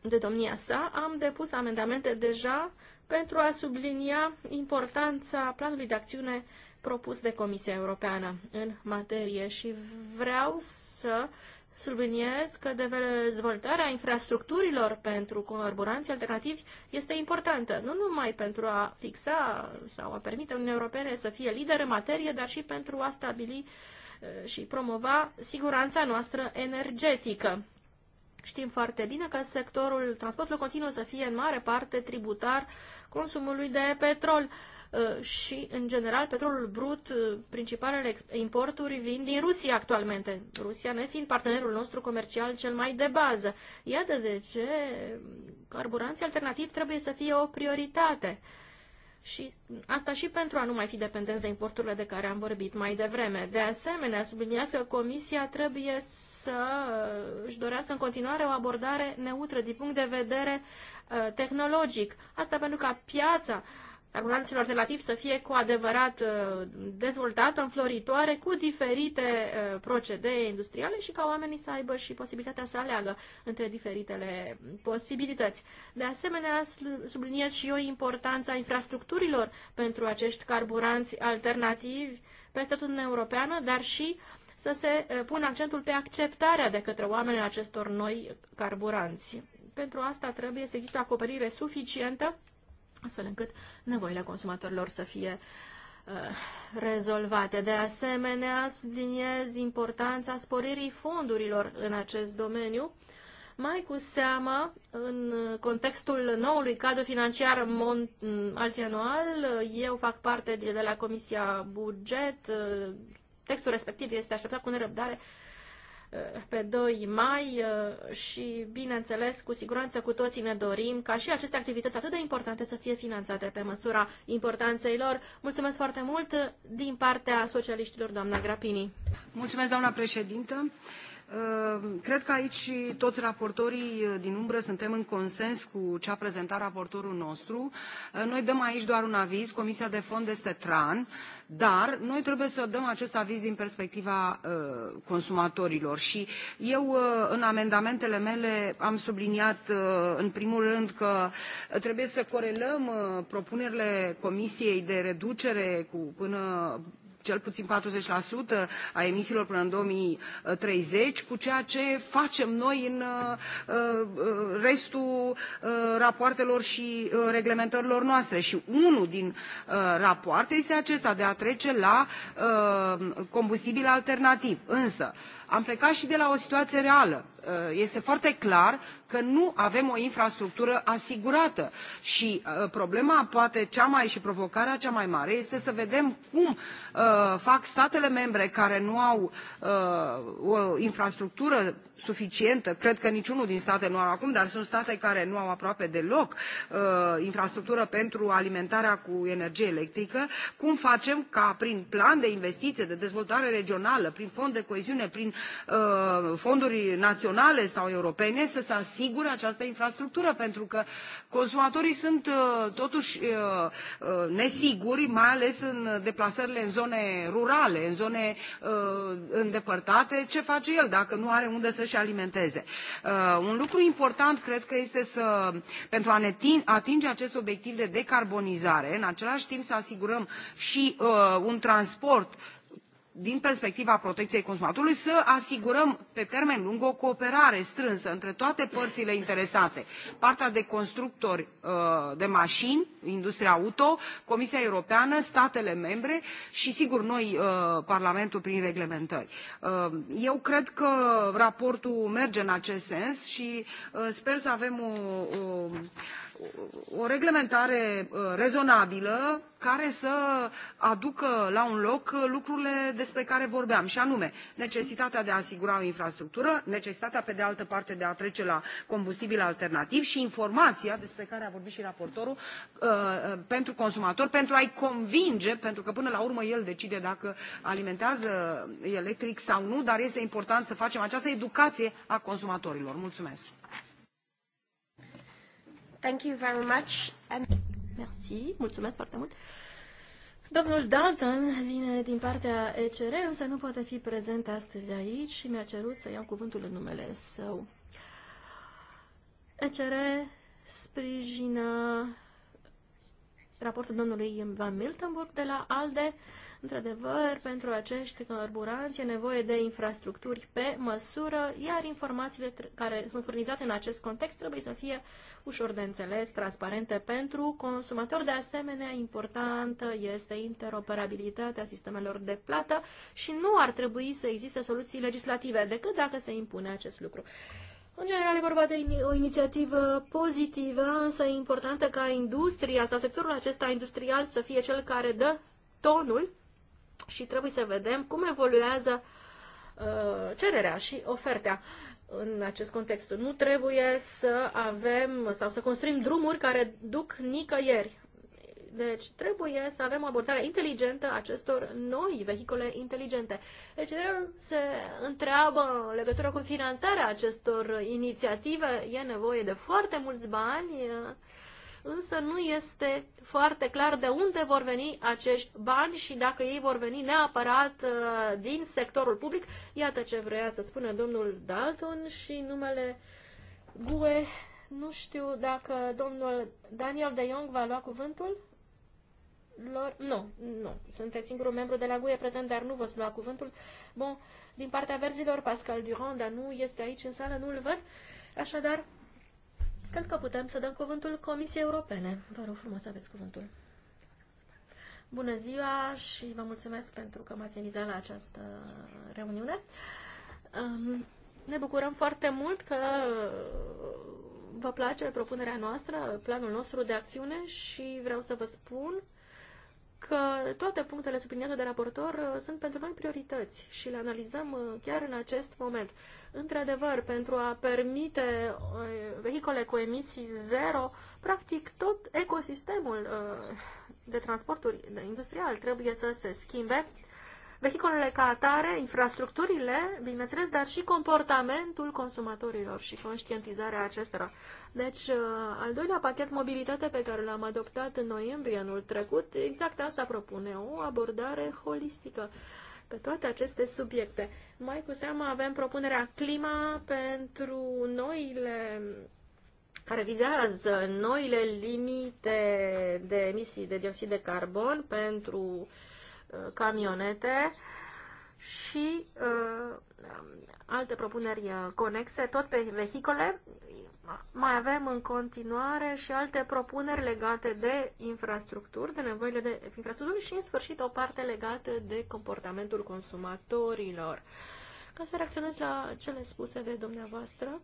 de domnia sa. Am depus amendamente deja pentru a sublinia importanța planului de acțiune propus de Comisia Europeană în materie și vreau să subliniez că dezvoltarea infrastructurilor pentru colaboranții alternativi este importantă, nu numai pentru a fixa sau a permite Uniunii Europene să fie lider în materie, dar și pentru a stabili eh, și promova siguranța noastră energetică. Știm foarte bine că sectorul transportului continuă să fie în mare parte tributar uh, consumului de petrol. Uh, și, în general, petrolul brut, uh, principalele importuri vin din Rusia actualmente, Rusia ne fiind partenerul nostru comercial cel mai de bază. Iată de ce um, carburanții alternativi trebuie să fie o prioritate și asta și pentru a nu mai fi dependenți de importurile de care am vorbit mai devreme. De asemenea, subliniază că Comisia trebuie să își dorească în continuare o abordare neutră din punct de vedere uh, tehnologic. Asta pentru ca piața uh, argumentelor relativ să fie cu adevărat uh, dezvoltată, înfloritoare, cu diferite uh, procedee industriale și ca oamenii să aibă și posibilitatea să aleagă între diferitele posibilități. De asemenea, subliniez și eu importanța infrastructurilor pentru acești carburanți alternativi peste tot în europeană, dar și să se uh, pună accentul pe acceptarea de către oameni acestor noi carburanți. Pentru asta trebuie să existe acoperire suficientă astfel încât nevoile consumatorilor să fie uh, rezolvate. De asemenea, subliniez importanța sporirii fondurilor în acest domeniu, mai cu seamă în contextul noului cadru financiar anual, Eu fac parte de, de la Comisia Buget. Textul respectiv este așteptat cu nerăbdare Eh, pe 2 mai eh, și, bineînțeles, cu siguranță cu toții ne dorim ca și aceste activități atât de importante să fie finanțate pe măsura importanței lor. Mulțumesc foarte mult din partea socialiștilor, doamna Grapini. Mulțumesc, doamna președintă. Ehm, cred că aici toți raportorii eh, din umbră suntem în consens cu ce a prezentat raportorul nostru. Eh, noi dăm aici doar un aviz, Comisia de Fond este TRAN, dar noi trebuie să dăm acest aviz din perspectiva eh, consumatorilor și eu în amendamentele mele am subliniat în primul rând că trebuie să corelăm propunerile Comisiei de reducere cu până cel puțin 40% a emisiilor până în 2030, cu ceea ce facem noi în uh, uh, restul uh, rapoartelor și reglementărilor noastre. Și unul din rapoarte este acesta de a trece la combustibil alternativ. Însă, am plecat și de la o situație reală Uh, este foarte clar că nu avem o infrastructură asigurată și uh, problema poate cea mai și provocarea cea mai mare este să vedem cum uh, fac statele membre care nu au o infrastructură suficientă cred că niciunul din state nu are acum dar sunt state care nu au aproape deloc infrastructură pentru alimentarea cu energie electrică cum facem ca prin plan de investiție de dezvoltare regională prin fond de coeziune prin fonduri naționale naționale sau europene să se asigure această infrastructură pentru că consumatorii sunt uh, totuși uh, uh, nesiguri mai ales în deplasările în zone rurale în zone îndepărtate ce face el dacă nu are unde să și alimenteze. un lucru important cred că este să pentru a ne atinge acest obiectiv de decarbonizare în același timp să asigurăm și un transport din perspectiva protecției consumatorului să asigurăm pe termen lung o cooperare strânsă între toate părțile interesate partea de constructori uh, de mașini industria auto comisia europeană statele membre și sigur noi uh, parlamentul prin reglementări. Uh, eu cred că raportul merge în acest sens și sper să avem o, o reglementare uh, rezonabilă care să aducă la un loc lucrurile despre care vorbeam și anume necesitatea de a asigura o infrastructură necesitatea pe de altă parte de a trece la combustibili alternativi și informația despre care a vorbit și raportorul uh, uh, pentru consumator pentru a i convinge pentru că până la urmă el decide dacă alimentează electric sau nu dar este important să facem această educație a consumatorilor. mulțumesc. Thank you very much. And... Merci, mulțumesc foarte mult. Domnul Dalton vine din partea ECR, însă nu poate fi prezent astăzi aici și mi-a cerut să iau cuvântul în numele său. ECR sprijină raportul domnului Van Miltenburg de la ALDE Într-adevăr, pentru acești carburanți e nevoie de infrastructuri pe măsură, iar informațiile care sunt furnizate în acest context trebuie să fie ușor de înțeles, transparente pentru consumator. De asemenea, importantă este interoperabilitatea sistemelor de plată și nu ar trebui să existe soluții legislative decât dacă se impune acest lucru. În general, e vorba de o inițiativă pozitivă, însă e importantă ca industria sau sectorul acesta industrial să fie cel care dă tonul și trebuie să vedem cum evoluează uh, cererea și oferta în acest context. Nu trebuie să avem sau să construim drumuri care duc nicăieri. Deci trebuie să avem o abordare inteligentă acestor noi vehicule inteligente. Deci se întreabă în legătură cu finanțarea acestor inițiative. E nevoie de foarte mulți bani. Uh, însă nu este foarte clar de unde vor veni acești bani și dacă ei vor veni neapărat uh, din sectorul public. Iată ce vrea să spună domnul Dalton și numele GUE. Nu știu dacă domnul Daniel de Jong va lua cuvântul. Lor... Nu, nu. Sunteți singurul membru de la GUE prezent, dar nu vă lua cuvântul. Bun, din partea verzilor, Pascal Durand, dar nu este aici în sală, nu-l văd. Așadar, Cred că putem să dăm cuvântul Comisiei Europene. Vă rog frumos să aveți cuvântul. Bună ziua și vă mulțumesc pentru că m-ați invitat la această reuniune. Ne bucurăm foarte mult că vă place propunerea noastră, planul nostru de acțiune și vreau să vă spun că toate punctele subliniate de raportor uh, sunt pentru noi priorități și le analizăm uh, chiar în acest moment. Într-adevăr, pentru a permite uh, vehicole cu emisii zero, practic tot ecosistemul de transporturi industrial trebuie să se schimbe vehiculele ca atare, infrastructurile, bineînțeles, dar și comportamentul consumatorilor și conștientizarea acestora. Deci, uh, al doilea pachet mobilitate pe care l-am adoptat în noiembrie anul trecut, exact asta propune, o abordare holistică pe toate aceste subiecte. Mai cu seamă avem propunerea clima pentru noile care vizează noile limite de emisii de dioxid de carbon pentru uh, Uh, camionete și uh, alte propuneri uh, conexe, tot pe vehicole. Mai avem în continuare și alte propuneri legate de infrastructuri, de nevoile de infrastructuri și, în sfârșit, o parte legată de comportamentul consumatorilor. Ca să reacționez la cele spuse de dumneavoastră,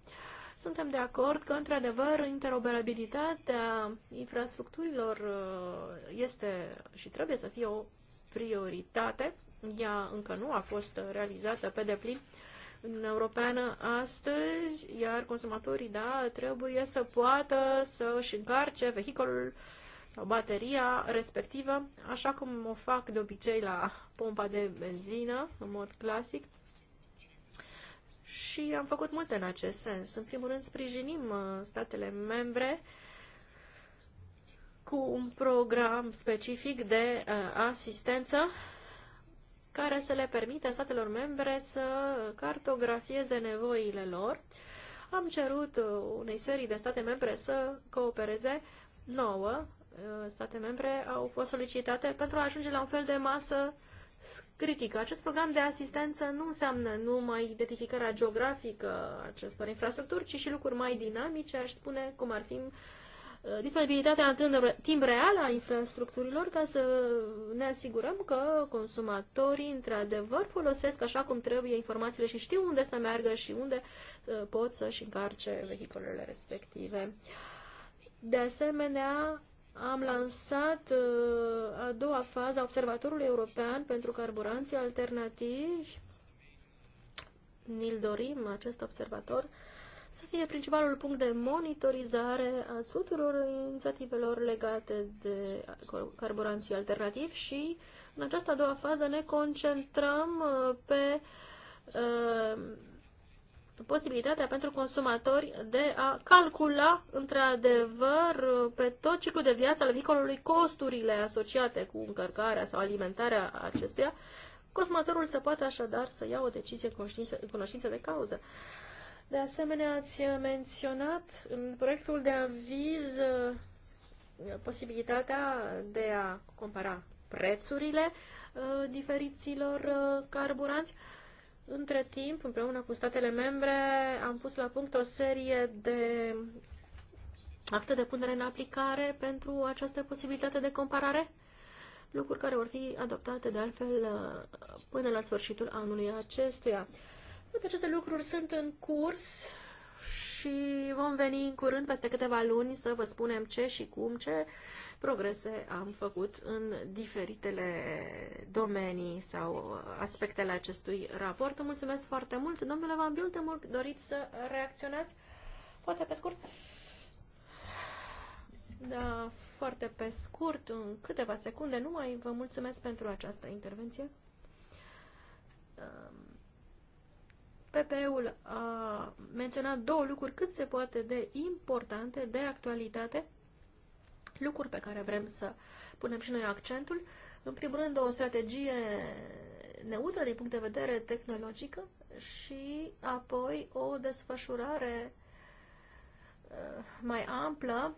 suntem de acord că, într-adevăr, interoperabilitatea infrastructurilor uh, este și trebuie să fie o prioritate. Ea încă nu a fost realizată pe deplin în europeană astăzi, iar consumatorii, da, trebuie să poată să își încarce vehiculul sau bateria respectivă, așa cum o fac de obicei la pompa de benzină, în mod clasic. Și am făcut multe în acest sens. În primul rând, sprijinim uh, statele membre uh, cu un program specific de uh, asistență care să le permite statelor membre să cartografieze nevoile lor. Am cerut uh, unei serii de state membre să coopereze. Nouă uh, state membre au fost solicitate pentru a ajunge la un fel de masă critică. Acest program de asistență nu înseamnă numai identificarea geografică acestor infrastructuri, ci și lucruri mai dinamice, aș spune, cum ar fi uh, Uh, disponibilitatea în timp real a infrastructurilor ca să ne asigurăm că consumatorii într-adevăr folosesc așa cum trebuie informațiile și știu unde să meargă și unde uh, pot să-și încarce vehiculele respective. De asemenea, am lansat uh, a doua fază a Observatorului European pentru Carburanții Alternativi. Ni-l dorim, acest observator să fie principalul punct de monitorizare a tuturor inițiativelor legate de carburanții alternativi și în această a doua fază ne concentrăm uh, pe uh, posibilitatea pentru consumatori de a calcula într-adevăr pe tot ciclul de viață al vehiculului costurile asociate cu încărcarea sau alimentarea acestuia, consumatorul să poată așadar să ia o decizie în cunoștință de cauză. De asemenea, ați menționat în proiectul de aviz uh, posibilitatea de a compara prețurile uh, diferiților uh, carburanți. Între timp, împreună cu statele membre, am pus la punct o serie de acte de punere în aplicare pentru această posibilitate de comparare, lucruri care vor fi adoptate de altfel până la sfârșitul anului acestuia. Toate aceste lucruri sunt în curs și vom veni în curând, peste câteva luni, să vă spunem ce și cum, ce progrese am făcut în diferitele domenii sau aspectele acestui raport. Mulțumesc foarte mult. Domnule Van mult. doriți să reacționați? Poate pe scurt? Da, foarte pe scurt, în câteva secunde numai. Vă mulțumesc pentru această intervenție. Um PPE-ul a menționat două lucruri cât se poate de importante, de actualitate, lucruri pe care vrem să punem și noi accentul. În primul rând, o strategie neutră din punct de vedere tehnologică și apoi o desfășurare uh, mai amplă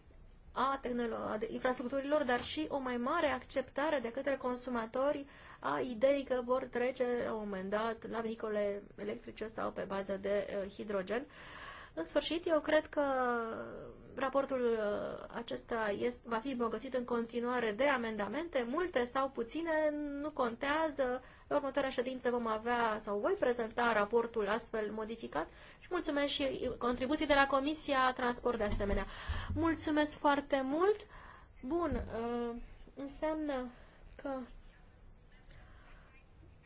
a, a infrastructurilor, dar și o mai mare acceptare de către consumatori a ideii că vor trece la un moment dat la vehicole electrice sau pe bază de uh, hidrogen. În sfârșit, eu cred că Raportul uh, acesta este, va fi îmbogățit în continuare de amendamente, multe sau puține, nu contează. La următoarea ședință vom avea sau voi prezenta raportul astfel modificat și mulțumesc și contribuții de la Comisia Transport de asemenea. Mulțumesc foarte mult! Bun, uh, înseamnă că...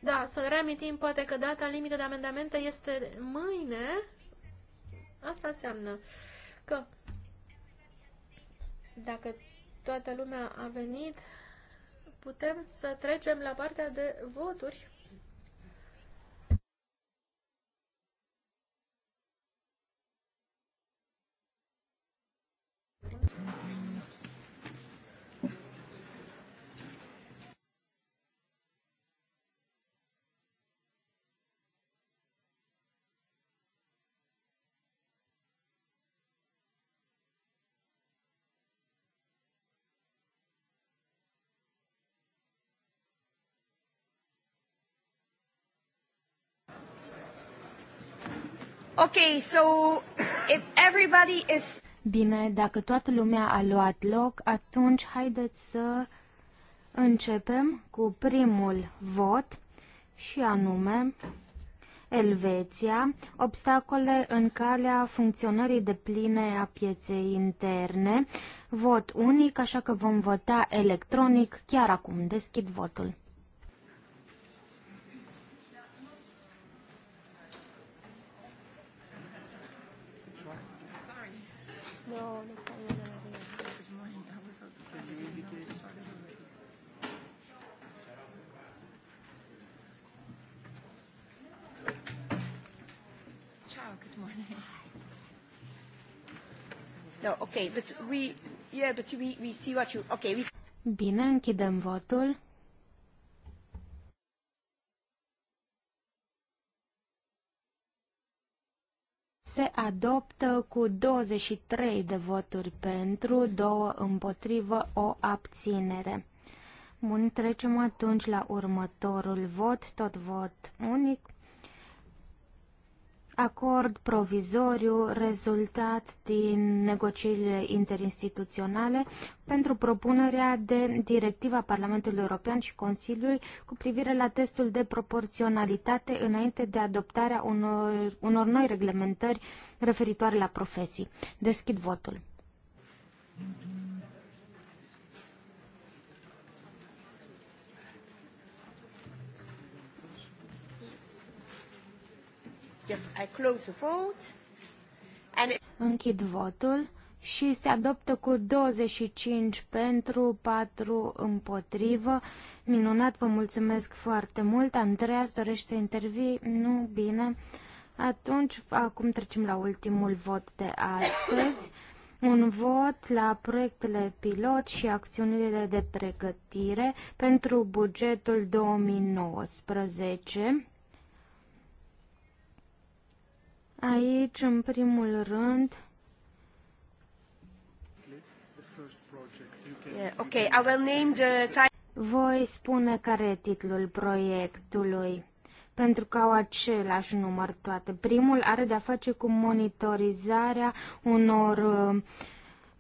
Da, să reamintim poate că data limită de amendamente este mâine. Asta înseamnă că dacă toată lumea a venit, putem să trecem la partea de voturi. Okay, so if everybody is... Bine, dacă toată lumea a luat loc, atunci haideți să începem cu primul vot și anume Elveția, obstacole în calea funcționării de pline a pieței interne. Vot unic, așa că vom vota electronic chiar acum. Deschid votul. Bine, închidem votul. se adoptă cu 23 de voturi pentru, 2 împotrivă, o abținere. Bun, trecem atunci la următorul vot, tot vot unic acord provizoriu rezultat din negocierile interinstituționale pentru propunerea de directiva Parlamentului European și Consiliului cu privire la testul de proporționalitate înainte de adoptarea unor, unor noi reglementări referitoare la profesii. Deschid votul. Mm-hmm. Yes, I close the vote. And... Închid votul și se adoptă cu 25 pentru, 4 împotrivă. Minunat, vă mulțumesc foarte mult. Andreas, dorește să intervii? Nu, bine. Atunci, acum trecem la ultimul vot de astăzi. Un vot la proiectele pilot și acțiunile de pregătire pentru bugetul 2019. Aici, în primul rând, I will name the Voi spune care e titlul proiectului, pentru că au același număr toate. Primul are de-a face cu monitorizarea unor uh,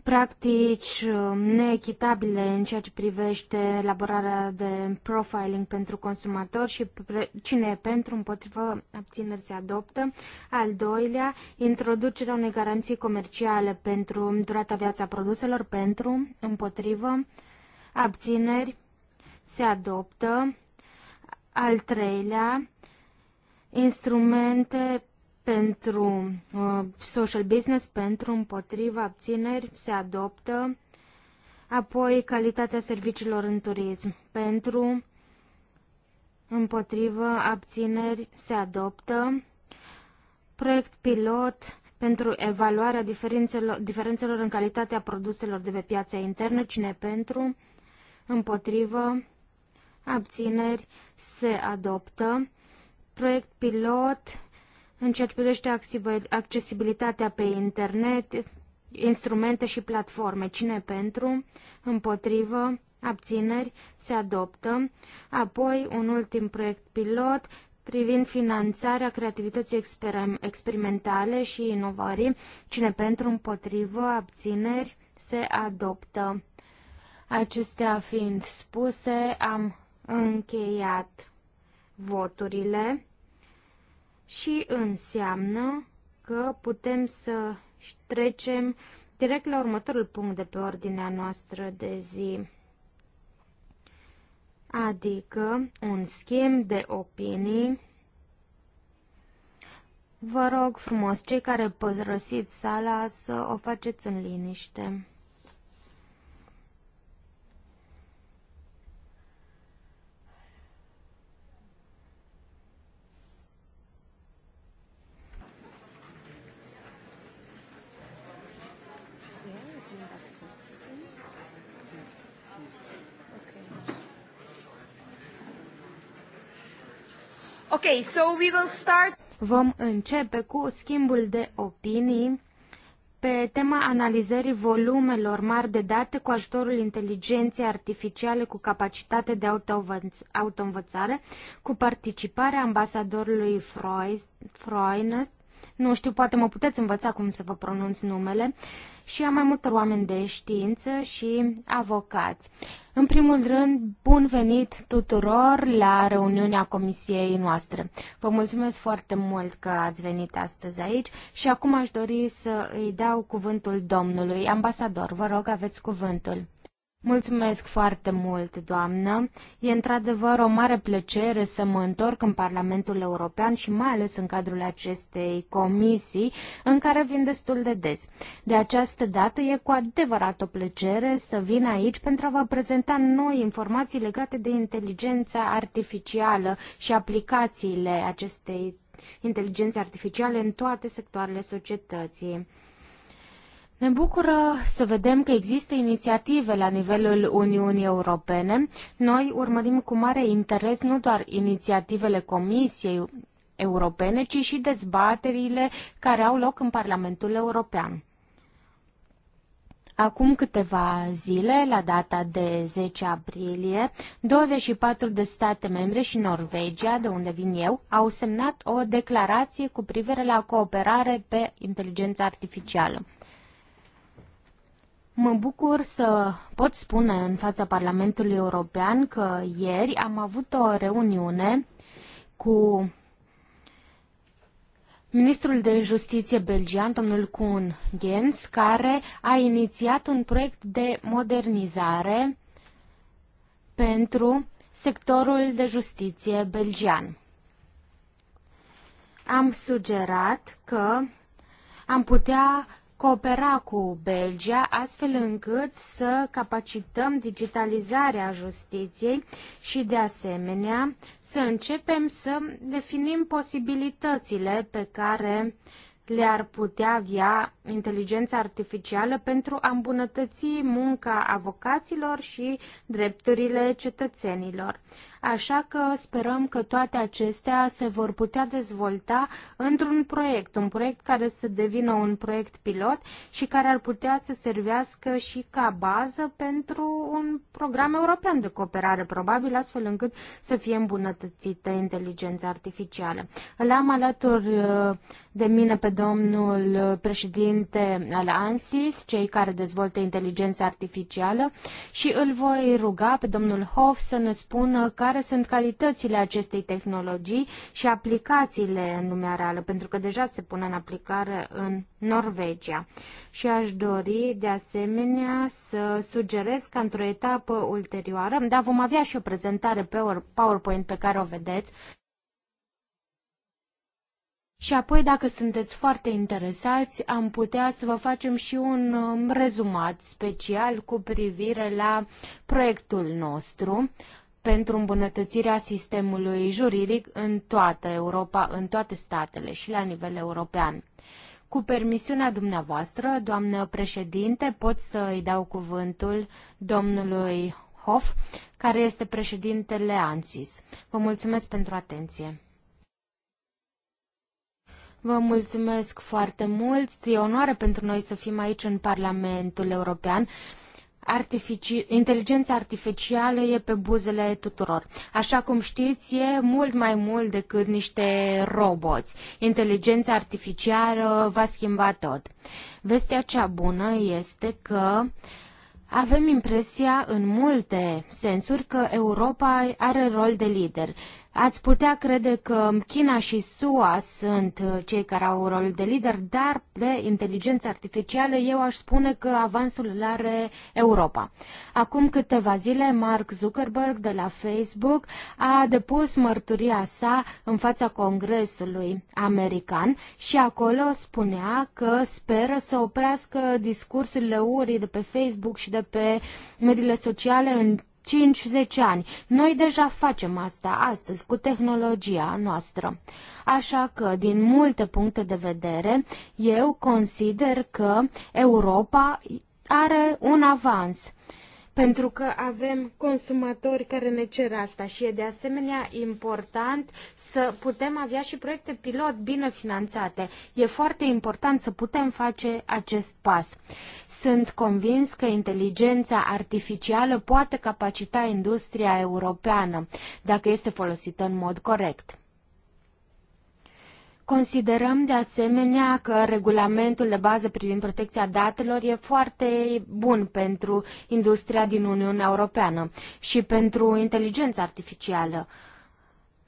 practici um, neechitabile în ceea ce privește elaborarea de profiling pentru consumator și cine e pentru, împotrivă, abțineri se adoptă. Al doilea, introducerea unei garanții comerciale pentru durata viața produselor, pentru, împotrivă, abțineri se adoptă. Al treilea, instrumente pentru uh, social business, pentru împotriva abțineri, se adoptă. Apoi calitatea serviciilor în turism, pentru împotriva abțineri, se adoptă. Proiect pilot pentru evaluarea diferențelor, diferențelor în calitatea produselor de pe piața internă, cine pentru, împotrivă, abțineri, se adoptă. Proiect pilot în ceea ce privește accesibilitatea pe internet, instrumente și platforme, cine pentru, împotrivă, abțineri, se adoptă. Apoi, un ultim proiect pilot privind finanțarea creativității experimentale și inovării, cine pentru, împotrivă, abțineri, se adoptă. Acestea fiind spuse, am încheiat voturile și înseamnă că putem să trecem direct la următorul punct de pe ordinea noastră de zi, adică un schimb de opinii. Vă rog frumos, cei care părăsiți sala, să o faceți în liniște. Okay, so we will start... Vom începe cu schimbul de opinii pe tema analizării volumelor mari de date cu ajutorul inteligenței artificiale cu capacitate de autoînvățare, cu participarea ambasadorului Freines, nu știu, poate mă puteți învăța cum să vă pronunț numele, și am mai multe oameni de știință și avocați. În primul rând, bun venit tuturor la reuniunea comisiei noastre. Vă mulțumesc foarte mult că ați venit astăzi aici și acum aș dori să îi dau cuvântul domnului ambasador. Vă rog, aveți cuvântul. Mulțumesc foarte mult, doamnă. E într-adevăr o mare plăcere să mă întorc în Parlamentul European și mai ales în cadrul acestei comisii, în care vin destul de des. De această dată e cu adevărat o plăcere să vin aici pentru a vă prezenta noi informații legate de inteligența artificială și aplicațiile acestei inteligențe artificiale în toate sectoarele societății. Ne bucură să vedem că există inițiative la nivelul Uniunii Europene. Noi urmărim cu mare interes nu doar inițiativele Comisiei Europene, ci și dezbaterile care au loc în Parlamentul European. Acum câteva zile, la data de 10 aprilie, 24 de state membre și Norvegia, de unde vin eu, au semnat o declarație cu privire la cooperare pe inteligența artificială. Mă bucur să pot spune în fața Parlamentului European că ieri am avut o reuniune cu Ministrul de Justiție belgian, domnul Kuhn Gens, care a inițiat un proiect de modernizare pentru sectorul de justiție belgian. Am sugerat că am putea coopera cu Belgia astfel încât să capacităm digitalizarea justiției și de asemenea să începem să definim posibilitățile pe care le-ar putea avea inteligența artificială pentru a îmbunătăți munca avocaților și drepturile cetățenilor. Așa că sperăm că toate acestea se vor putea dezvolta într-un proiect, un proiect care să devină un proiect pilot și care ar putea să servească și ca bază pentru un program european de cooperare, probabil astfel încât să fie îmbunătățită inteligența artificială. Îl am alături uh, de mine pe domnul președinte al ANSIS, cei care dezvoltă inteligența artificială și îl voi ruga pe domnul Hof să ne spună care care sunt calitățile acestei tehnologii și aplicațiile în lumea reală, pentru că deja se pune în aplicare în Norvegia. Și aș dori, de asemenea, să sugerez că într-o etapă ulterioară, dar vom avea și o prezentare pe PowerPoint pe care o vedeți, și apoi, dacă sunteți foarte interesați, am putea să vă facem și un um, rezumat special cu privire la proiectul nostru, pentru îmbunătățirea sistemului juridic în toată Europa, în toate statele și la nivel european. Cu permisiunea dumneavoastră, doamnă președinte, pot să îi dau cuvântul domnului Hoff, care este președintele ANSIS. Vă mulțumesc pentru atenție. Vă mulțumesc foarte mult. E onoare pentru noi să fim aici în Parlamentul European inteligența artificială e pe buzele tuturor. Așa cum știți, e mult mai mult decât niște roboți. Inteligența artificială va schimba tot. Vestea cea bună este că avem impresia în multe sensuri că Europa are rol de lider. Ați putea crede că China și SUA sunt uh, cei care au rolul de lider, dar pe inteligența artificială eu aș spune că avansul îl are Europa. Acum câteva zile, Mark Zuckerberg de la Facebook a depus mărturia sa în fața Congresului american și acolo spunea că speră să oprească discursurile urii de pe Facebook și de pe mediile sociale în 5-10 ani. Noi deja facem asta astăzi cu tehnologia noastră. Așa că, din multe puncte de vedere, eu consider că Europa are un avans pentru că avem consumatori care ne cer asta și e de asemenea important să putem avea și proiecte pilot bine finanțate. E foarte important să putem face acest pas. Sunt convins că inteligența artificială poate capacita industria europeană dacă este folosită în mod corect. Considerăm de asemenea că regulamentul de bază privind protecția datelor e foarte bun pentru industria din Uniunea Europeană și pentru inteligența artificială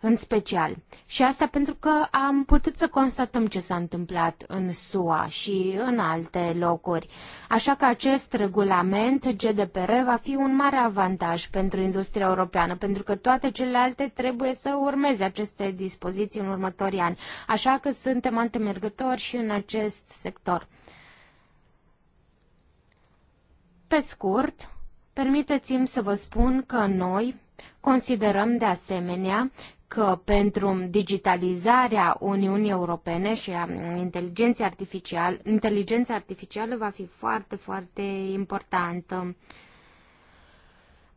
în special. Și asta pentru că am putut să constatăm ce s-a întâmplat în SUA și în alte locuri. Așa că acest regulament GDPR va fi un mare avantaj pentru industria europeană, pentru că toate celelalte trebuie să urmeze aceste dispoziții în următorii ani. Așa că suntem antemergători și în acest sector. Pe scurt, permiteți-mi să vă spun că noi, Considerăm de asemenea că pentru digitalizarea Uniunii Europene și a inteligenței artificiale, inteligența artificială va fi foarte, foarte importantă.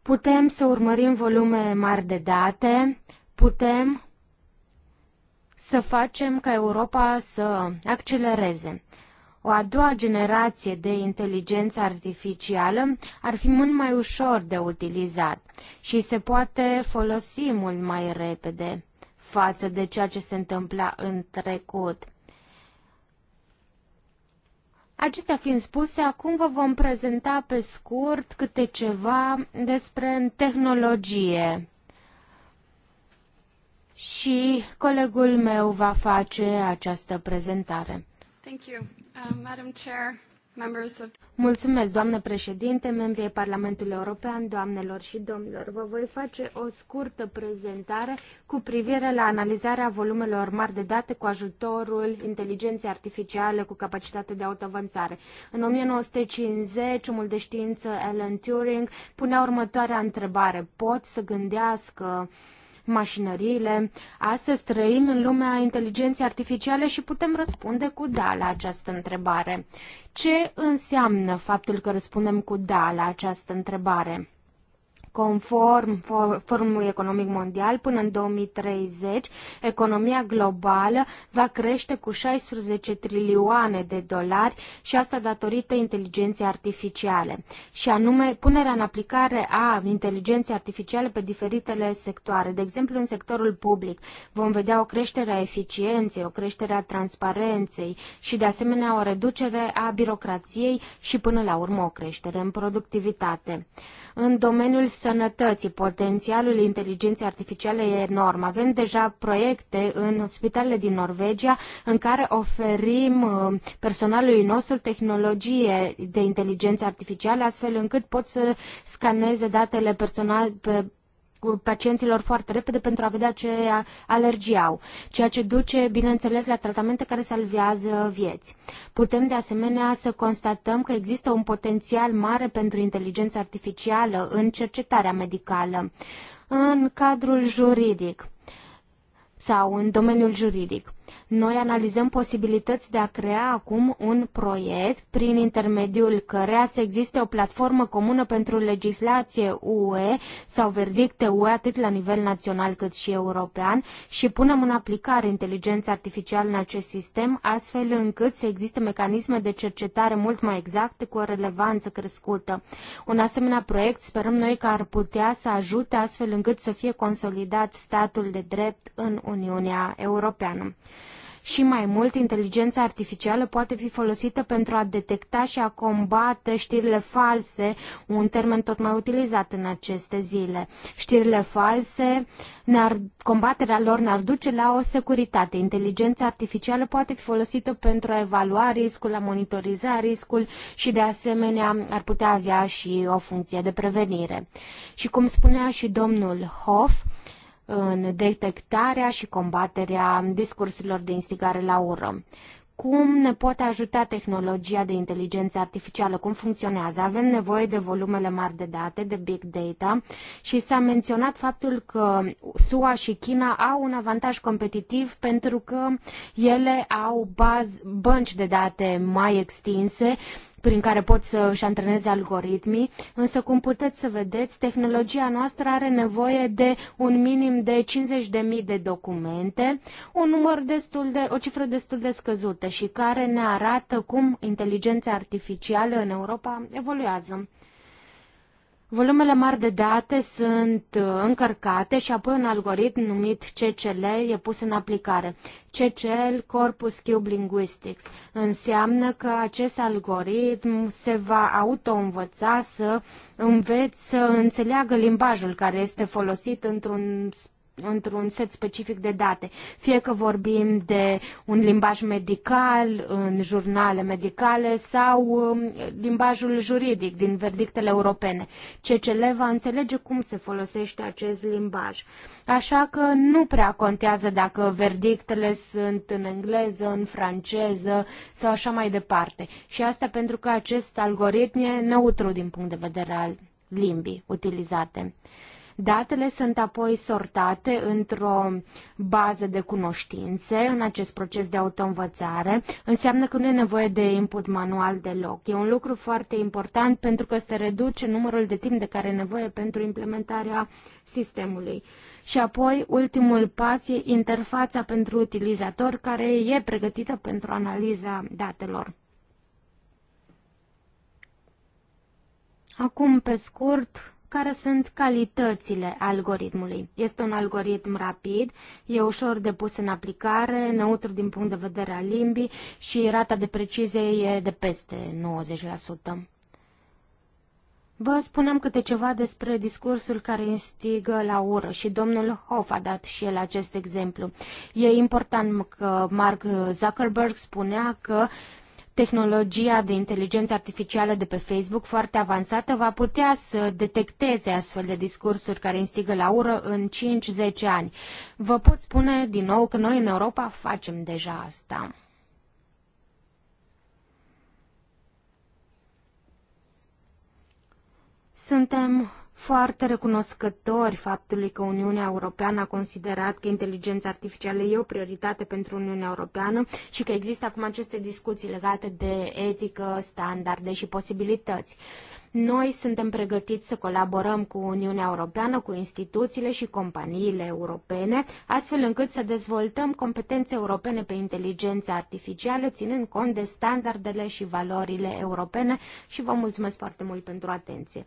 Putem să urmărim volume mari de date, putem să facem ca Europa să accelereze. O a doua generație de inteligență artificială ar fi mult mai ușor de utilizat și se poate folosi mult mai repede față de ceea ce se întâmpla în trecut. Acestea fiind spuse, acum vă vom prezenta pe scurt câte ceva despre tehnologie. Și colegul meu va face această prezentare. Thank you. Uh, Mulțumesc, doamnă președinte, membrii Parlamentului European, doamnelor și domnilor. Vă voi face o scurtă prezentare cu privire la analizarea volumelor mari de date cu ajutorul inteligenței artificiale cu capacitate de autoavanțare. În 1950, omul de știință Alan Turing punea următoarea întrebare. Pot să gândească mașinăriile. Astăzi trăim în lumea inteligenței artificiale și putem răspunde cu da la această întrebare. Ce înseamnă faptul că răspundem cu da la această întrebare? Conform Forumului Economic Mondial, până în 2030, economia globală va crește cu 16 trilioane de dolari și asta datorită inteligenței artificiale. Și anume, punerea în aplicare a inteligenței artificiale pe diferitele sectoare. De exemplu, în sectorul public vom vedea o creștere a eficienței, o creștere a transparenței și, de asemenea, o reducere a birocrației și, până la urmă, o creștere în productivitate. În domeniul sănătății, potențialul inteligenței artificiale e enorm. Avem deja proiecte în spitalele din Norvegia în care oferim uh, personalului nostru tehnologie de inteligență artificială astfel încât pot să scaneze datele personal, pe pacienților foarte repede pentru a vedea ce alergii au, ceea ce duce, bineînțeles, la tratamente care salvează vieți. Putem, de asemenea, să constatăm că există un potențial mare pentru inteligența artificială în cercetarea medicală, în cadrul juridic sau în domeniul juridic. Noi analizăm posibilități de a crea acum un proiect prin intermediul căreia să existe o platformă comună pentru legislație UE sau verdicte UE atât la nivel național cât și european și punem în aplicare inteligența artificială în acest sistem astfel încât să existe mecanisme de cercetare mult mai exacte cu o relevanță crescută. Un asemenea proiect sperăm noi că ar putea să ajute astfel încât să fie consolidat statul de drept în Uniunea Europeană. Și mai mult, inteligența artificială poate fi folosită pentru a detecta și a combate știrile false, un termen tot mai utilizat în aceste zile. Știrile false, ne-ar, combaterea lor ne-ar duce la o securitate. Inteligența artificială poate fi folosită pentru a evalua riscul, a monitoriza riscul și de asemenea ar putea avea și o funcție de prevenire. Și cum spunea și domnul Hoff, în detectarea și combaterea discursurilor de instigare la ură. Cum ne poate ajuta tehnologia de inteligență artificială? Cum funcționează? Avem nevoie de volumele mari de date, de big data și s-a menționat faptul că SUA și China au un avantaj competitiv pentru că ele au baz, bănci de date mai extinse prin care pot să își antreneze algoritmii, însă cum puteți să vedeți, tehnologia noastră are nevoie de un minim de 50.000 de documente, un număr destul de, o cifră destul de scăzută și care ne arată cum inteligența artificială în Europa evoluează. Volumele mari de date sunt uh, încărcate și apoi un algoritm numit CCL e pus în aplicare. CCL, Corpus Cube Linguistics, înseamnă că acest algoritm se va auto-învăța să înveți să înțeleagă limbajul care este folosit într-un într-un set specific de date. Fie că vorbim de un limbaj medical în jurnale medicale sau um, limbajul juridic din verdictele europene. CCL va înțelege cum se folosește acest limbaj. Așa că nu prea contează dacă verdictele sunt în engleză, în franceză sau așa mai departe. Și asta pentru că acest algoritm e neutru din punct de vedere al limbii utilizate. Datele sunt apoi sortate într-o bază de cunoștințe în acest proces de autoînvățare. Înseamnă că nu e nevoie de input manual deloc. E un lucru foarte important pentru că se reduce numărul de timp de care e nevoie pentru implementarea sistemului. Și apoi, ultimul pas e interfața pentru utilizator care e pregătită pentru analiza datelor. Acum, pe scurt, care sunt calitățile algoritmului. Este un algoritm rapid, e ușor de pus în aplicare, neutru din punct de vedere al limbii și rata de precizie e de peste 90%. Vă spuneam câte ceva despre discursul care instigă la ură și domnul Hoff a dat și el acest exemplu. E important că Mark Zuckerberg spunea că uh, Tehnologia de inteligență artificială de pe Facebook, foarte avansată, va putea să detecteze astfel de discursuri care instigă la ură în 5-10 ani. Vă pot spune din nou că noi în Europa facem deja asta. Suntem foarte recunoscători faptului că Uniunea Europeană a considerat că inteligența artificială e o prioritate pentru Uniunea Europeană și că există acum aceste discuții legate de etică, standarde și posibilități. Noi suntem pregătiți să colaborăm cu Uniunea Europeană, cu instituțiile și companiile europene, astfel încât să dezvoltăm competențe europene pe inteligența artificială, ținând cont de standardele și valorile europene și vă mulțumesc foarte mult pentru atenție.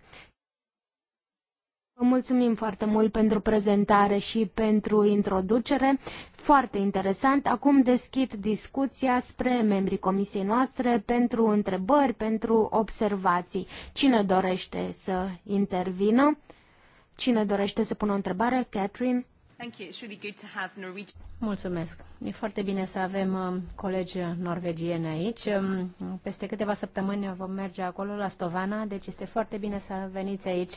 Vă mulțumim foarte mult pentru prezentare și pentru introducere. Foarte interesant. Acum deschid discuția spre membrii comisiei noastre pentru întrebări, pentru observații. Cine dorește să intervină? Cine dorește să pună o întrebare? Catherine? Mulțumesc. E foarte bine să avem um, colegi norvegieni aici. Um, peste câteva săptămâni vom merge acolo la Stovana, deci este foarte bine să veniți aici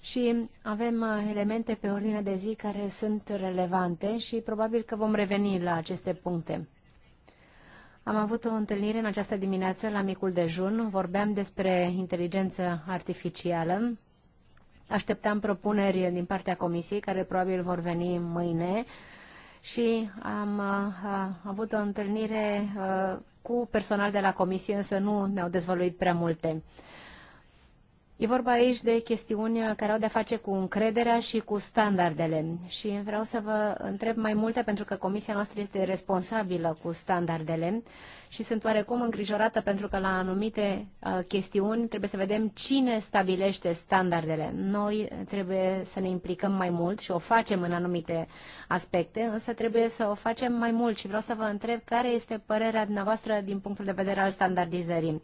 și avem uh, elemente pe ordine de zi care sunt relevante și probabil că vom reveni la aceste puncte. Am avut o întâlnire în această dimineață la micul dejun, vorbeam despre inteligență artificială, așteptam propuneri din partea comisiei care probabil vor veni mâine și am uh, a, avut o întâlnire a, uh, cu personal de la comisie, însă nu ne-au dezvăluit prea multe. E vorba aici de chestiuni care au de-a face cu încrederea și cu standardele. Și vreau să vă întreb mai multe, pentru că comisia noastră este responsabilă cu standardele și sunt oarecum îngrijorată pentru că la anumite uh, chestiuni trebuie să vedem cine stabilește standardele. Noi trebuie să ne implicăm mai mult și o facem în anumite aspecte, însă trebuie să o facem mai mult și vreau să vă întreb care este părerea dumneavoastră din punctul de vedere al standardizării.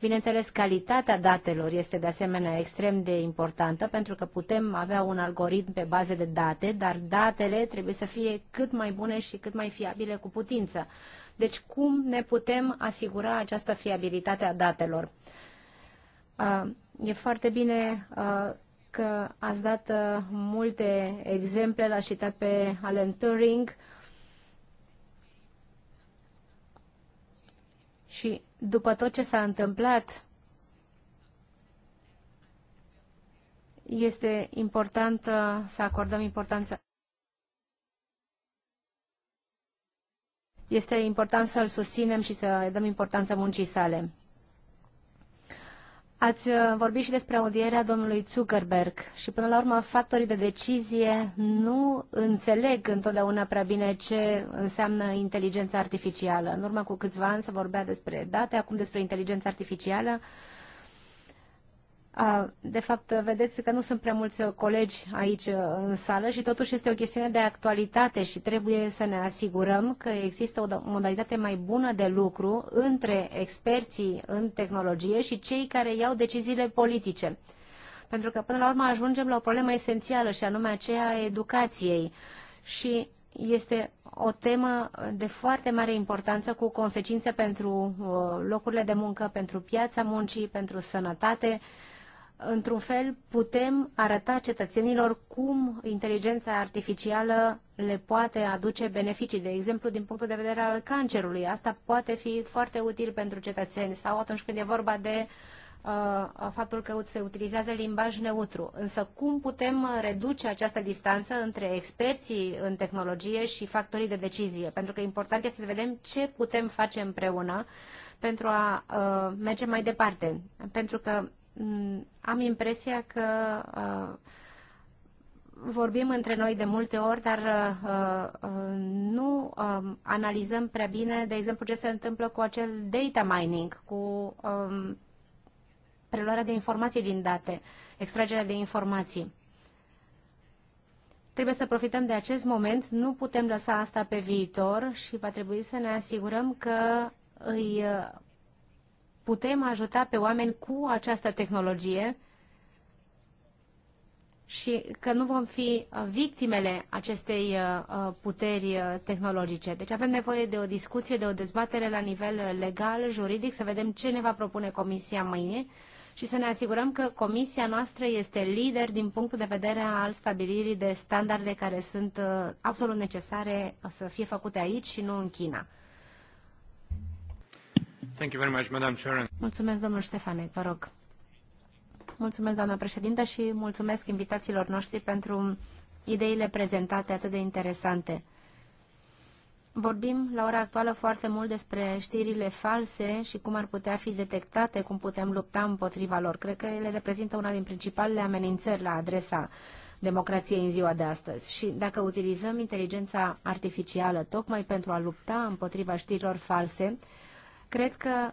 Bineînțeles, calitatea datelor este de asemenea extrem de importantă pentru că putem avea un algoritm pe bază de date, dar datele trebuie să fie cât mai bune și cât mai fiabile cu putință. Deci cum ne putem asigura această fiabilitate a datelor? E foarte bine că ați dat multe exemple, l-aș pe Alan Turing, Și după tot ce s-a întâmplat, este important uh, să acordăm importanță. Este important să-l susținem și să dăm importanță muncii sale. Ați uh, vorbit și despre audierea domnului Zuckerberg și până la urmă factorii de decizie nu înțeleg întotdeauna prea bine ce înseamnă inteligența artificială. În urmă cu câțiva ani se vorbea despre date, acum despre inteligența artificială. De fapt, vedeți că nu sunt prea mulți uh, colegi aici uh, în sală și totuși este o chestiune de actualitate și trebuie să ne asigurăm că există o da, modalitate mai bună de lucru între experții în tehnologie și cei care iau deciziile politice. Pentru că până la urmă ajungem la o problemă esențială și anume aceea a educației. Și este o temă de foarte mare importanță cu consecințe pentru uh, locurile de muncă, pentru piața muncii, pentru sănătate, într-un fel, putem arăta cetățenilor cum inteligența artificială le poate aduce beneficii, de exemplu, din punctul de vedere al cancerului. Asta poate fi foarte util pentru cetățeni sau atunci când e vorba de uh, faptul că se utilizează limbaj neutru. Însă cum putem reduce această distanță între experții în tehnologie și factorii de decizie? Pentru că important este să vedem ce putem face împreună pentru a uh, merge mai departe. Pentru că Mm, am impresia că uh, vorbim între noi de multe ori, dar uh, uh, nu um, analizăm prea bine, de exemplu, ce se întâmplă cu acel data mining, cu um, preluarea de informații din date, extragerea de informații. Trebuie să profităm de acest moment, nu putem lăsa asta pe viitor și va trebui să ne asigurăm că îi putem ajuta pe oameni cu această tehnologie și că nu vom fi uh, victimele acestei uh, uh, puteri tehnologice. Deci avem nevoie de o discuție, de o dezbatere la nivel legal, juridic, să vedem ce ne va propune Comisia mâine și să ne asigurăm că Comisia noastră este lider din punctul de vedere al stabilirii de standarde care sunt absolut necesare să fie făcute aici și nu în China. Thank you very much, Madam Mulțumesc, domnul Ștefanec, vă rog. Mulțumesc, doamna președintă, și mulțumesc invitațiilor noștri pentru ideile prezentate atât de interesante. Vorbim la ora actuală foarte mult despre știrile false și cum ar putea fi detectate, cum putem lupta împotriva lor. Cred că ele reprezintă una din principalele amenințări la adresa democrației în ziua de astăzi. Și dacă utilizăm inteligența artificială tocmai pentru a lupta împotriva știrilor false, Cred că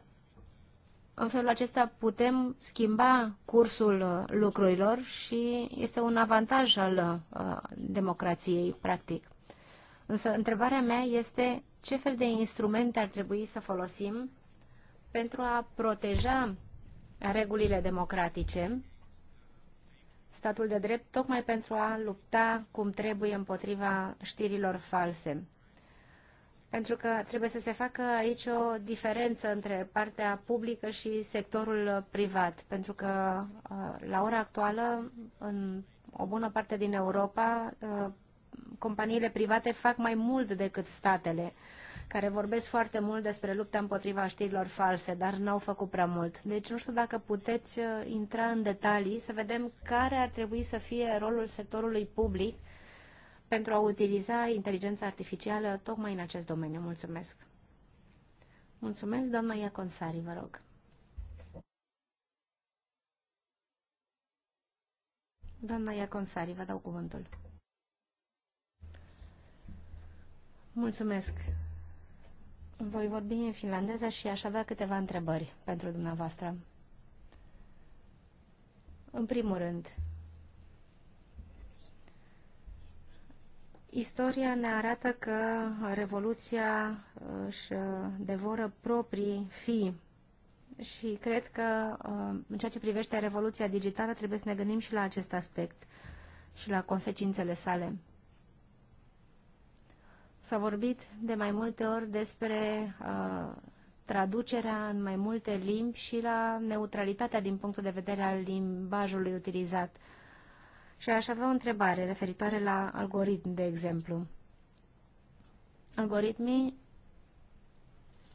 în felul acesta putem schimba cursul uh, lucrurilor și este un avantaj al uh, democrației, practic. Însă întrebarea mea este ce fel de instrumente ar trebui să folosim pentru a proteja regulile democratice, statul de drept, tocmai pentru a lupta cum trebuie împotriva știrilor false pentru că trebuie să se facă aici o diferență între partea publică și sectorul privat, pentru că uh, la ora actuală, în o bună parte din Europa, uh, companiile private fac mai mult decât statele, care vorbesc foarte mult despre lupta împotriva știrilor false, dar n-au făcut prea mult. Deci nu știu dacă puteți uh, intra în detalii, să vedem care ar trebui să fie rolul sectorului public pentru a utiliza inteligența artificială tocmai în acest domeniu. Mulțumesc! Mulțumesc, doamna Iaconsari, vă rog. Doamna Iaconsari, vă dau cuvântul. Mulțumesc. Voi vorbi în finlandeză și aș avea câteva întrebări pentru dumneavoastră. În primul rând, Istoria ne arată că Revoluția uh, își uh, devoră proprii fii și cred că uh, în ceea ce privește Revoluția Digitală trebuie să ne gândim și la acest aspect și la consecințele sale. S-a vorbit de mai multe ori despre uh, traducerea în mai multe limbi și la neutralitatea din punctul de vedere al limbajului utilizat. Uh, și aș avea o întrebare referitoare la algoritm, de exemplu. Algoritmii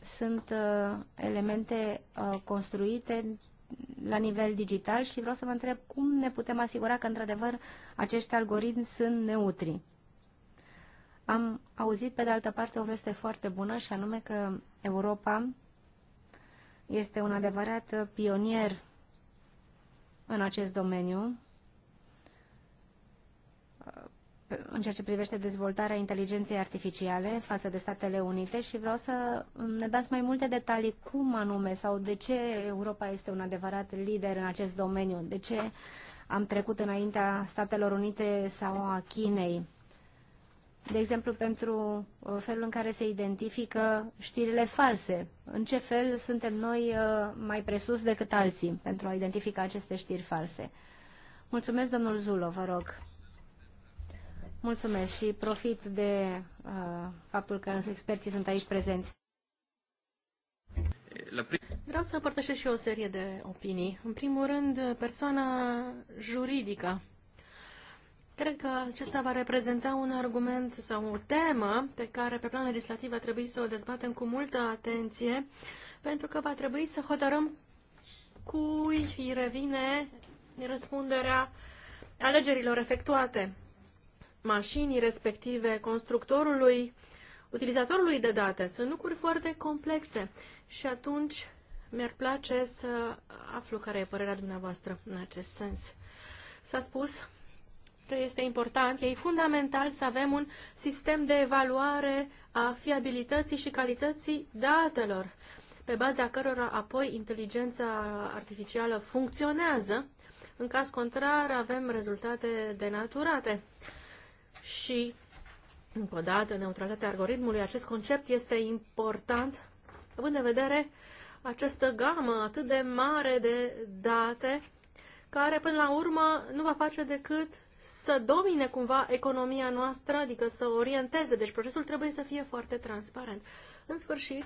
sunt uh, elemente uh, construite la nivel digital și vreau să vă întreb cum ne putem asigura că, într-adevăr, acești algoritmi sunt neutri. Am auzit, pe de altă parte, o veste foarte bună și anume că Europa este un adevărat pionier în acest domeniu în ceea ce privește dezvoltarea inteligenței artificiale față de Statele Unite și vreau să ne dați mai multe detalii cum anume sau de ce Europa este un adevărat lider în acest domeniu, de ce am trecut înaintea Statelor Unite sau a Chinei. De exemplu, pentru uh, felul în care se identifică știrile false. În ce fel suntem noi uh, mai presus decât alții pentru a identifica aceste știri false? Mulțumesc, domnul Zulo, vă rog. Mulțumesc și profit de uh, faptul că experții sunt aici prezenți. Vreau să împărtășesc și eu o serie de opinii. În primul rând, persoana juridică. Cred că acesta va reprezenta un argument sau o temă pe care pe plan legislativ va trebui să o dezbatem cu multă atenție, pentru că va trebui să hotărăm cui îi revine răspunderea alegerilor efectuate mașinii respective, constructorului, utilizatorului de date. Sunt lucruri foarte complexe și atunci mi-ar place să aflu care e părerea dumneavoastră în acest sens. S-a spus că este important, e fundamental să avem un sistem de evaluare a fiabilității și calității datelor, pe baza cărora apoi inteligența artificială funcționează. În caz contrar, avem rezultate denaturate și, încă o dată, neutralitatea algoritmului. Acest concept este important, având în vedere această gamă atât de mare de date, care, până la urmă, nu va face decât să domine cumva economia noastră, adică să orienteze. Deci procesul trebuie să fie foarte transparent. În sfârșit,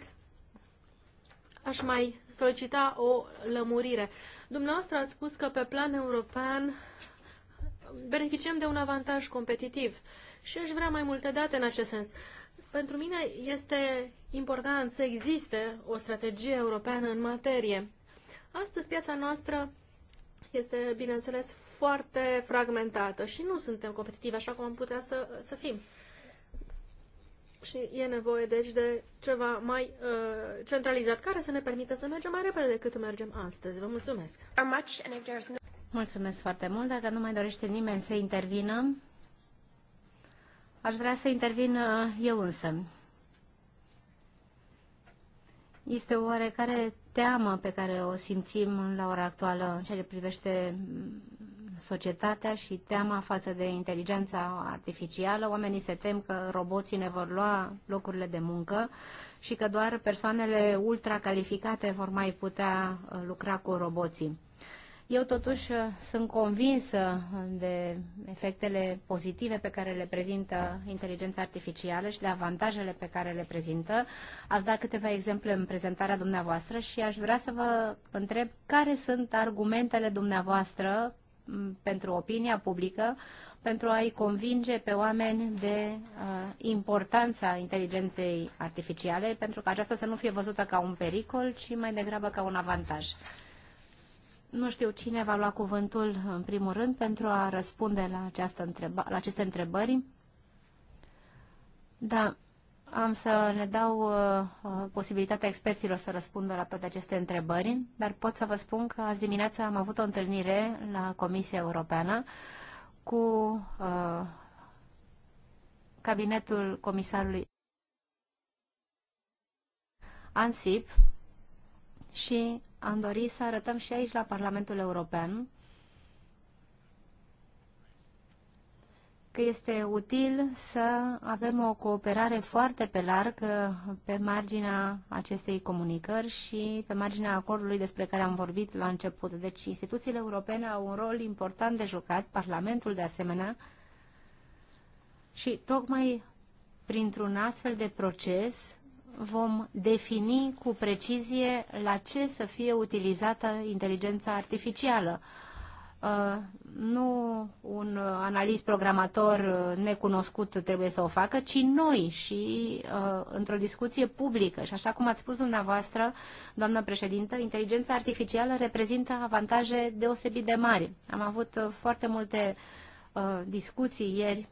aș mai solicita o lămurire. Dumneavoastră ați spus că pe plan european beneficiem de un avantaj competitiv. Și aș vrea mai multe date în acest sens. Pentru mine este important să existe o strategie europeană în materie. Astăzi piața noastră este, bineînțeles, foarte fragmentată și nu suntem competitivi așa cum am putea să, să fim. Și e nevoie, deci, de ceva mai uh, centralizat care să ne permită să mergem mai repede decât mergem astăzi. Vă mulțumesc! Mulțumesc foarte mult. Dacă nu mai dorește nimeni să intervină, aș vrea să intervin uh, eu însă. Este o oarecare teamă pe care o simțim la ora actuală în ceea ce privește mm, societatea și teama față de inteligența artificială. Oamenii se tem că roboții ne vor lua locurile de muncă și că doar persoanele ultracalificate vor mai putea uh, lucra cu roboții. Eu totuși uh, sunt convinsă de efectele pozitive pe care le prezintă inteligența artificială și de avantajele pe care le prezintă. Ați dat câteva exemple în prezentarea dumneavoastră și aș vrea să vă întreb care sunt argumentele dumneavoastră pentru opinia publică pentru a-i convinge pe oameni de uh, importanța inteligenței artificiale, pentru că aceasta să nu fie văzută ca un pericol, ci mai degrabă ca un avantaj. Nu știu cine va lua cuvântul în primul rând pentru a răspunde la, această întreba, la aceste întrebări. Da, am să ne dau uh, uh, posibilitatea experților să răspundă la toate aceste întrebări, dar pot să vă spun că azi dimineața am avut o întâlnire la Comisia Europeană cu uh, cabinetul comisarului ANSIP și am dorit să arătăm și aici la Parlamentul European că este util să avem o cooperare foarte pe larg uh, pe marginea acestei comunicări și pe marginea acordului despre care am vorbit la început. Deci instituțiile europene au un rol important de jucat, Parlamentul de asemenea, și tocmai printr-un astfel de proces vom defini cu precizie la ce să fie utilizată inteligența artificială. Uh, nu un uh, analist programator uh, necunoscut trebuie să o facă, ci noi și într-o discuție publică. Și așa cum ați spus dumneavoastră, doamnă președintă, inteligența artificială reprezintă avantaje deosebit de mari. Am avut foarte multe discuții ieri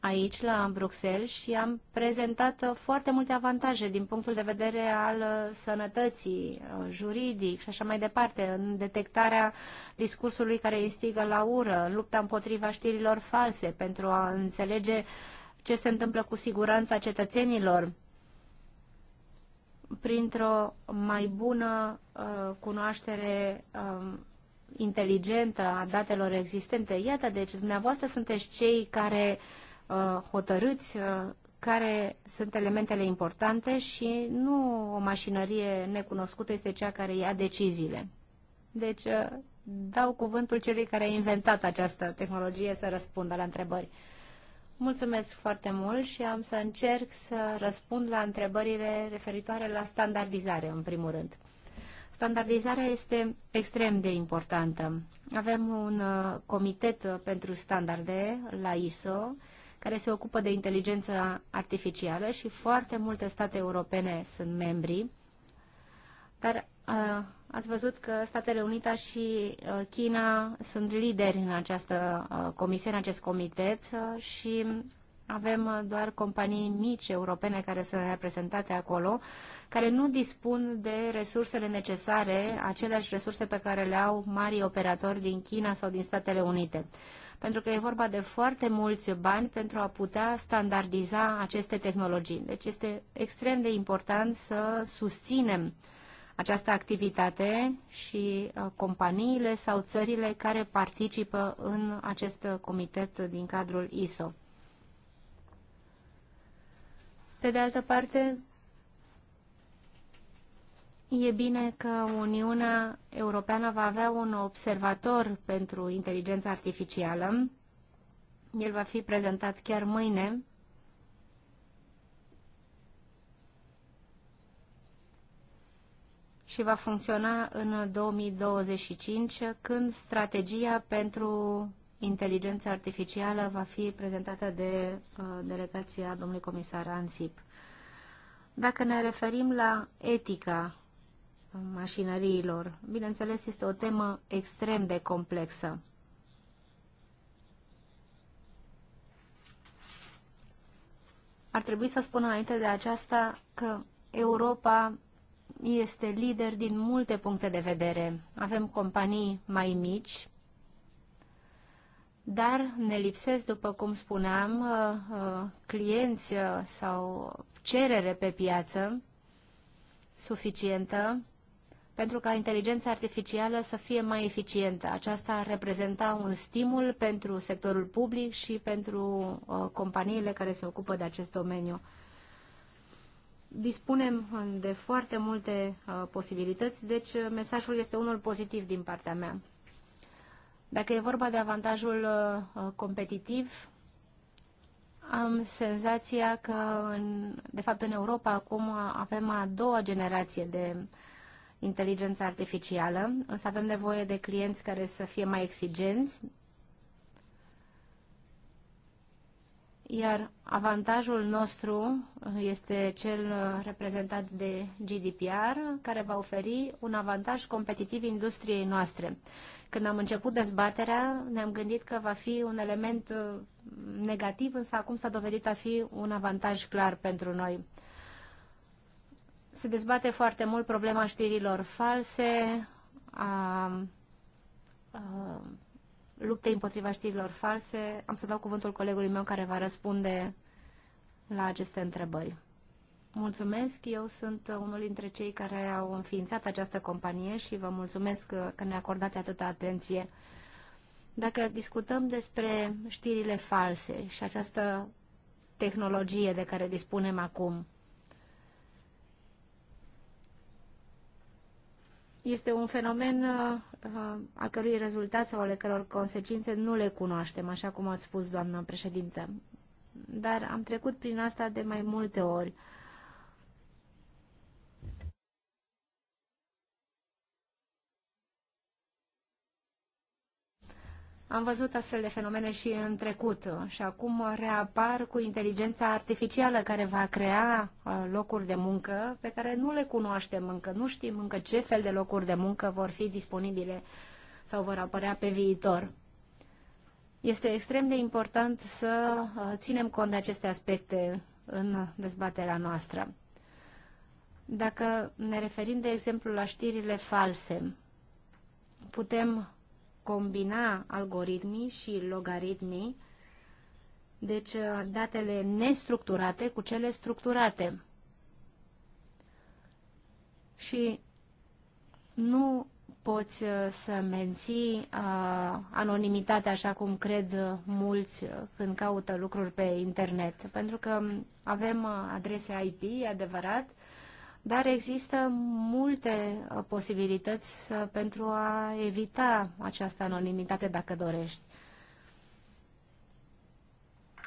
aici, la Bruxelles, și am prezentat uh, foarte multe avantaje din punctul de vedere al uh, sănătății, uh, juridic și așa mai departe, în detectarea discursului care instigă la ură, în lupta împotriva știrilor false, pentru a înțelege ce se întâmplă cu siguranța cetățenilor printr-o mai bună uh, cunoaștere uh, inteligentă a datelor existente. Iată, deci, dumneavoastră sunteți cei care uh, Uh, hotărâți uh, care sunt elementele importante și nu o mașinărie necunoscută este cea care ia deciziile. Deci uh, dau cuvântul celui care a inventat această tehnologie să răspundă la întrebări. Mulțumesc foarte mult și am să încerc să răspund la întrebările referitoare la standardizare, în primul rând. Standardizarea este extrem de importantă. Avem un comitet pentru standarde la ISO, care se ocupă de inteligența artificială și foarte multe state europene sunt membri. Dar ați văzut că Statele Unite și China sunt lideri în această comisie, în acest comitet și avem doar companii mici europene care sunt reprezentate acolo, care nu dispun de resursele necesare, aceleași resurse pe care le au mari operatori din China sau din Statele Unite pentru că e vorba de foarte mulți bani pentru a putea standardiza aceste tehnologii. Deci este extrem de important să susținem această activitate și uh, companiile sau țările care participă în acest comitet din cadrul ISO. Pe de altă parte, E bine că Uniunea Europeană va avea un observator pentru inteligența artificială. El va fi prezentat chiar mâine. și va funcționa în 2025, când strategia pentru inteligența artificială va fi prezentată de uh, delegația domnului comisar Ansip. Dacă ne referim la etica mașinăriilor. Bineînțeles, este o temă extrem de complexă. Ar trebui să spun înainte de aceasta că Europa este lider din multe puncte de vedere. Avem companii mai mici, dar ne lipsesc, după cum spuneam, uh, uh, clienți uh, sau cerere pe piață suficientă pentru ca inteligența artificială să fie mai eficientă. Aceasta ar reprezenta un stimul pentru sectorul public și pentru uh, companiile care se ocupă de acest domeniu. Dispunem uh, de foarte multe uh, posibilități, deci uh, mesajul este unul pozitiv din partea mea. Dacă e vorba de avantajul uh, uh, competitiv, am senzația că, în, de fapt, în Europa acum avem a doua generație de uh, inteligența artificială, însă avem nevoie de clienți care să fie mai exigenți, iar avantajul nostru este cel reprezentat de GDPR, care va oferi un avantaj competitiv industriei noastre. Când am început dezbaterea, ne-am gândit că va fi un element uh, negativ, însă acum s-a dovedit a fi un avantaj clar pentru noi se dezbate foarte mult problema știrilor false, a, a luptei împotriva știrilor false. Am să dau cuvântul colegului meu care va răspunde la aceste întrebări. Mulțumesc, eu sunt unul dintre cei care au înființat această companie și vă mulțumesc că ne acordați atâta atenție. Dacă discutăm despre știrile false și această tehnologie de care dispunem acum, Este un fenomen uh, a cărui rezultat sau ale căror consecințe nu le cunoaștem, așa cum ați spus, doamnă președintă, Dar am trecut prin asta de mai multe ori. Uh, Am văzut astfel de fenomene și în trecut și acum reapar cu inteligența artificială care va crea uh, locuri de muncă pe care nu le cunoaștem încă. Nu știm încă ce fel de locuri de muncă vor fi disponibile sau vor apărea pe viitor. Este extrem de important să uh, ținem cont de aceste aspecte în dezbaterea noastră. Dacă ne referim, de exemplu, la știrile false, putem combina algoritmii și logaritmii, deci uh, datele nestructurate cu cele structurate. Și nu poți uh, să menții uh, anonimitatea așa cum cred mulți când caută lucruri pe internet, pentru că avem adrese IP, adevărat, dar există multe uh, posibilități uh, pentru a evita această anonimitate dacă dorești.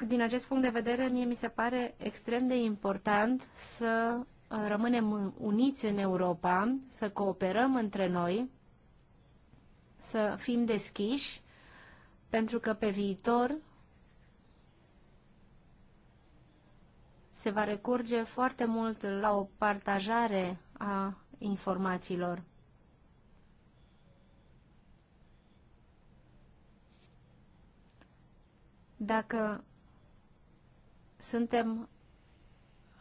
Din acest punct de vedere, mie mi se pare extrem de important să uh, rămânem uniți în Europa, să cooperăm între noi, să fim deschiși, pentru că pe viitor se va recurge foarte mult la o partajare a informațiilor. Dacă suntem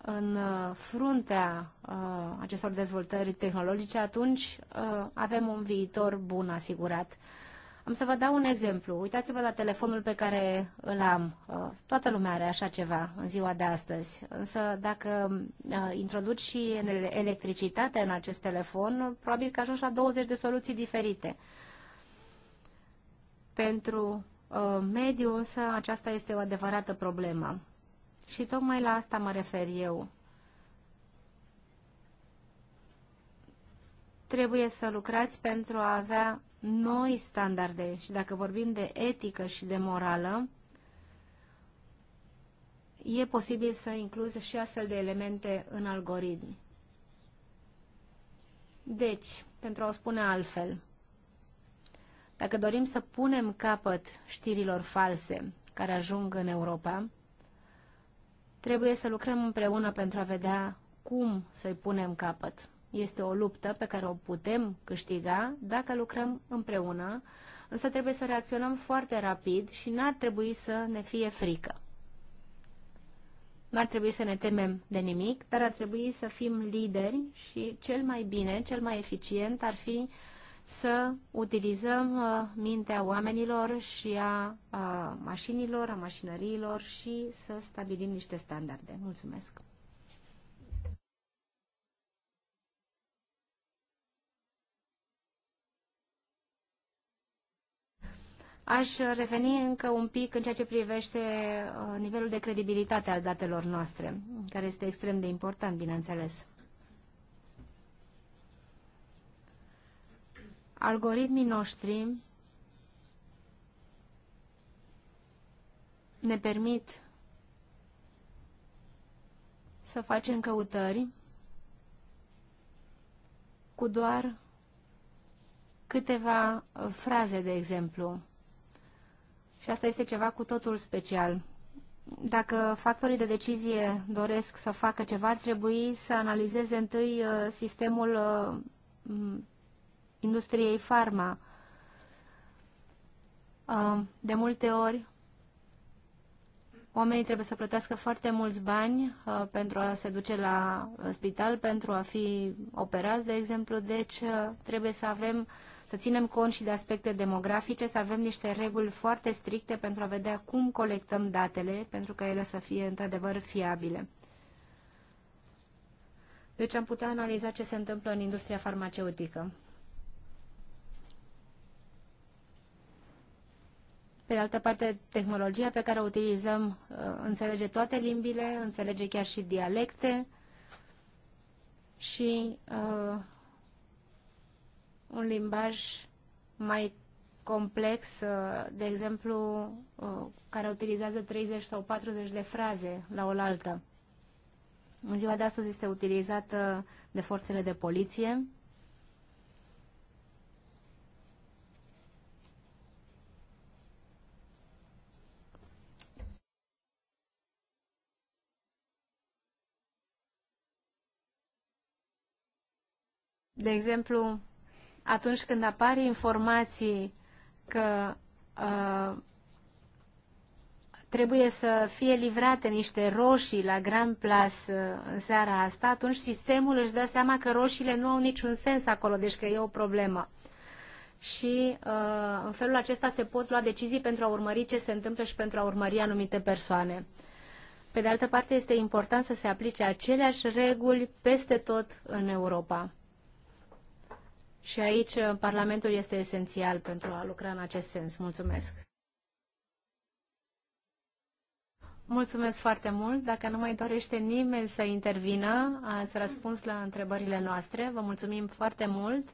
în uh, fruntea uh, acestor dezvoltări tehnologice, atunci uh, avem un viitor bun asigurat. Am să vă dau un exemplu. Uitați-vă la telefonul pe care îl am. Uh, toată lumea are așa ceva în ziua de astăzi. Însă dacă uh, introduci și electricitatea în acest telefon, probabil că ajungi la 20 de soluții diferite. Pentru uh, mediu însă aceasta este o adevărată problemă. Și tocmai la asta mă refer eu. Trebuie să lucrați pentru a avea noi standarde și dacă vorbim de etică și de morală, e posibil să incluzi și astfel de elemente în algoritmi. Deci, pentru a o spune altfel, dacă dorim să punem capăt știrilor false care ajung în Europa, trebuie să lucrăm împreună pentru a vedea cum să-i punem capăt. Este o luptă pe care o putem câștiga dacă lucrăm împreună, însă trebuie să reacționăm foarte rapid și n-ar trebui să ne fie frică. N-ar trebui să ne temem de nimic, dar ar trebui să fim lideri și cel mai bine, cel mai eficient ar fi să utilizăm uh, mintea oamenilor și a, a mașinilor, a mașinăriilor și să stabilim niște standarde. Mulțumesc! Aș reveni încă un pic în ceea ce privește uh, nivelul de credibilitate al datelor noastre, care este extrem de important, bineînțeles. Algoritmii noștri ne permit să facem căutări cu doar câteva uh, fraze, de exemplu. Și asta este ceva cu totul special. Dacă factorii de decizie doresc să facă ceva, ar trebui să analizeze întâi uh, sistemul uh, industriei farma. Uh, de multe ori, oamenii trebuie să plătească foarte mulți bani pentru a se duce la spital, pentru a fi operați, de exemplu, deci trebuie să avem să ținem cont și de aspecte demografice, să avem niște reguli foarte stricte pentru a vedea cum colectăm datele, pentru ca ele să fie într-adevăr fiabile. Deci am putea analiza ce se întâmplă în industria farmaceutică. Pe de altă parte, tehnologia pe care o utilizăm uh, înțelege toate limbile, înțelege chiar și dialecte și uh, un limbaj mai complex, uh, de exemplu, uh, care utilizează 30 sau 40 de fraze la oaltă. În ziua de astăzi este utilizată de forțele de poliție. De exemplu, atunci când apar informații că uh, trebuie să fie livrate niște roșii la Grand Place uh, în seara asta, atunci sistemul își dă seama că roșiile nu au niciun sens acolo, deci că e o problemă. Și uh, în felul acesta se pot lua decizii pentru a urmări ce se întâmplă și pentru a urmări anumite persoane. Pe de altă parte, este important să se aplice aceleași reguli peste tot în Europa. Și aici uh, Parlamentul este esențial pentru a lucra în acest sens. Mulțumesc! Mulțumesc foarte mult. Dacă nu mai dorește nimeni să intervină, ați răspuns la întrebările noastre. Vă mulțumim foarte mult.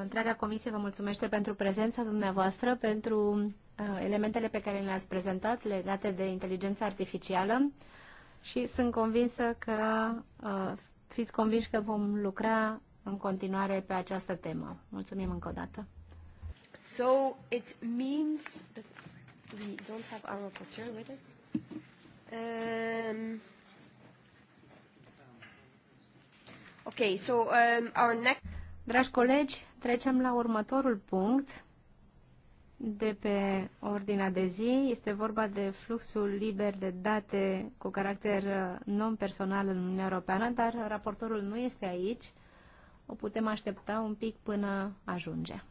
Întreaga comisie vă mulțumește pentru prezența dumneavoastră, pentru uh, elementele pe care le-ați prezentat legate de inteligența artificială și sunt convinsă că uh, fiți convinși că vom lucra în continuare pe această temă. Mulțumim încă o dată. So it means that we don't have our rapporteur with us. Um, okay, so um, our next... Dragi colegi, trecem la următorul punct de pe ordinea de zi. Este vorba de fluxul liber de date cu caracter uh, non-personal în Uniunea Europeană, dar raportorul nu este aici o putem aștepta un pic până ajunge.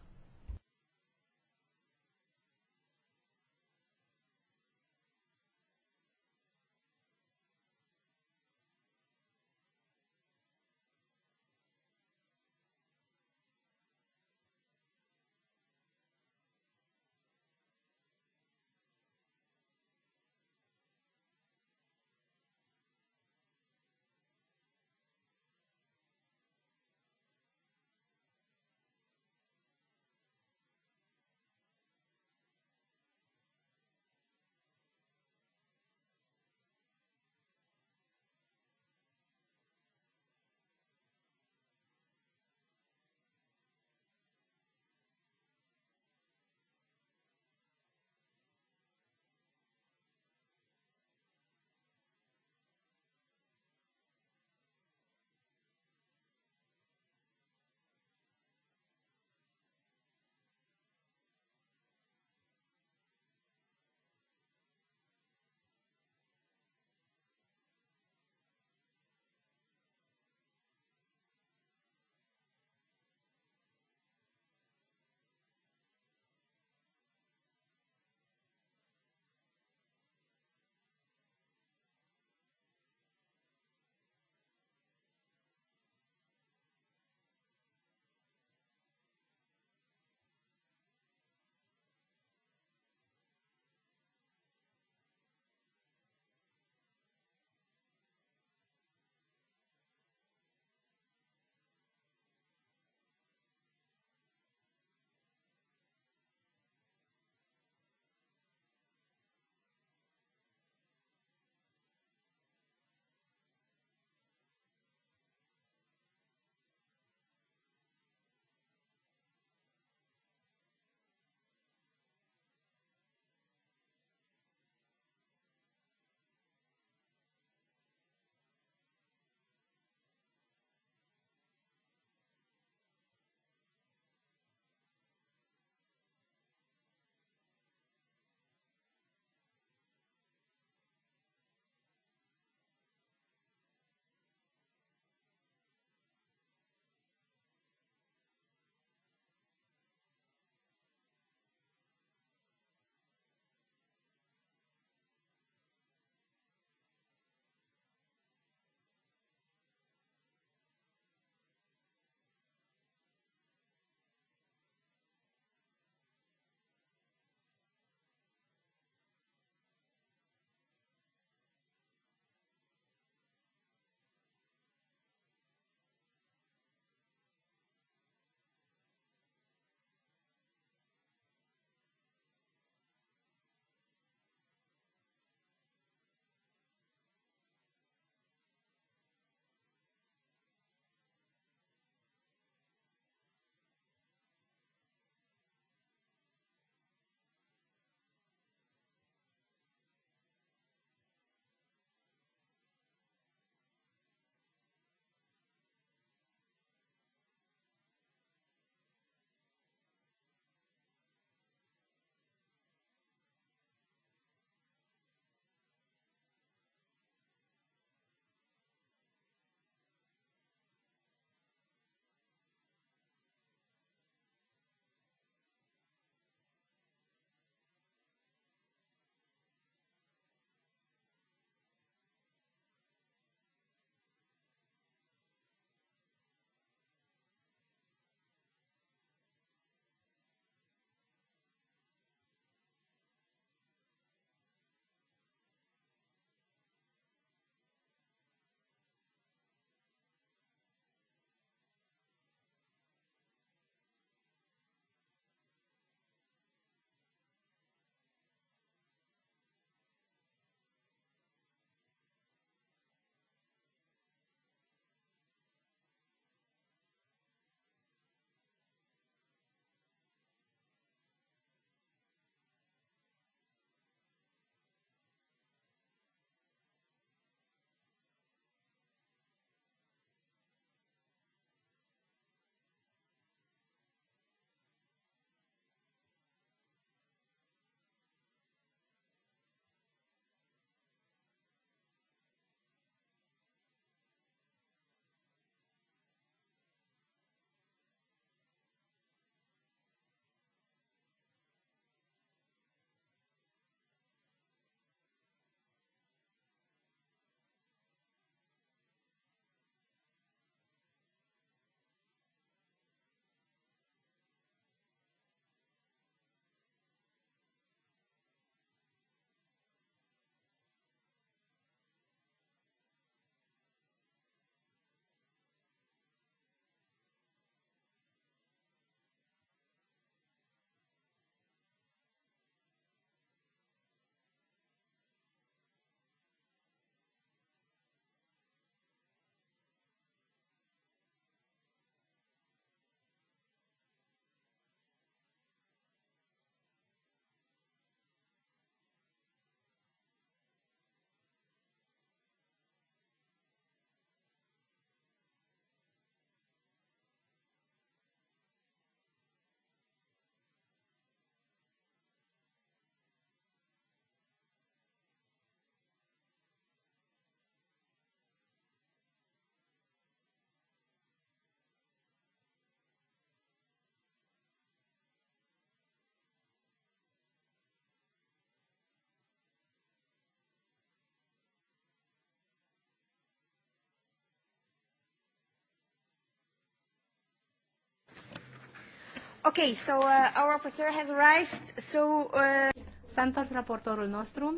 Ok, so uh, our rapporteur has arrived, so... Uh... S-a întors raportorul nostru,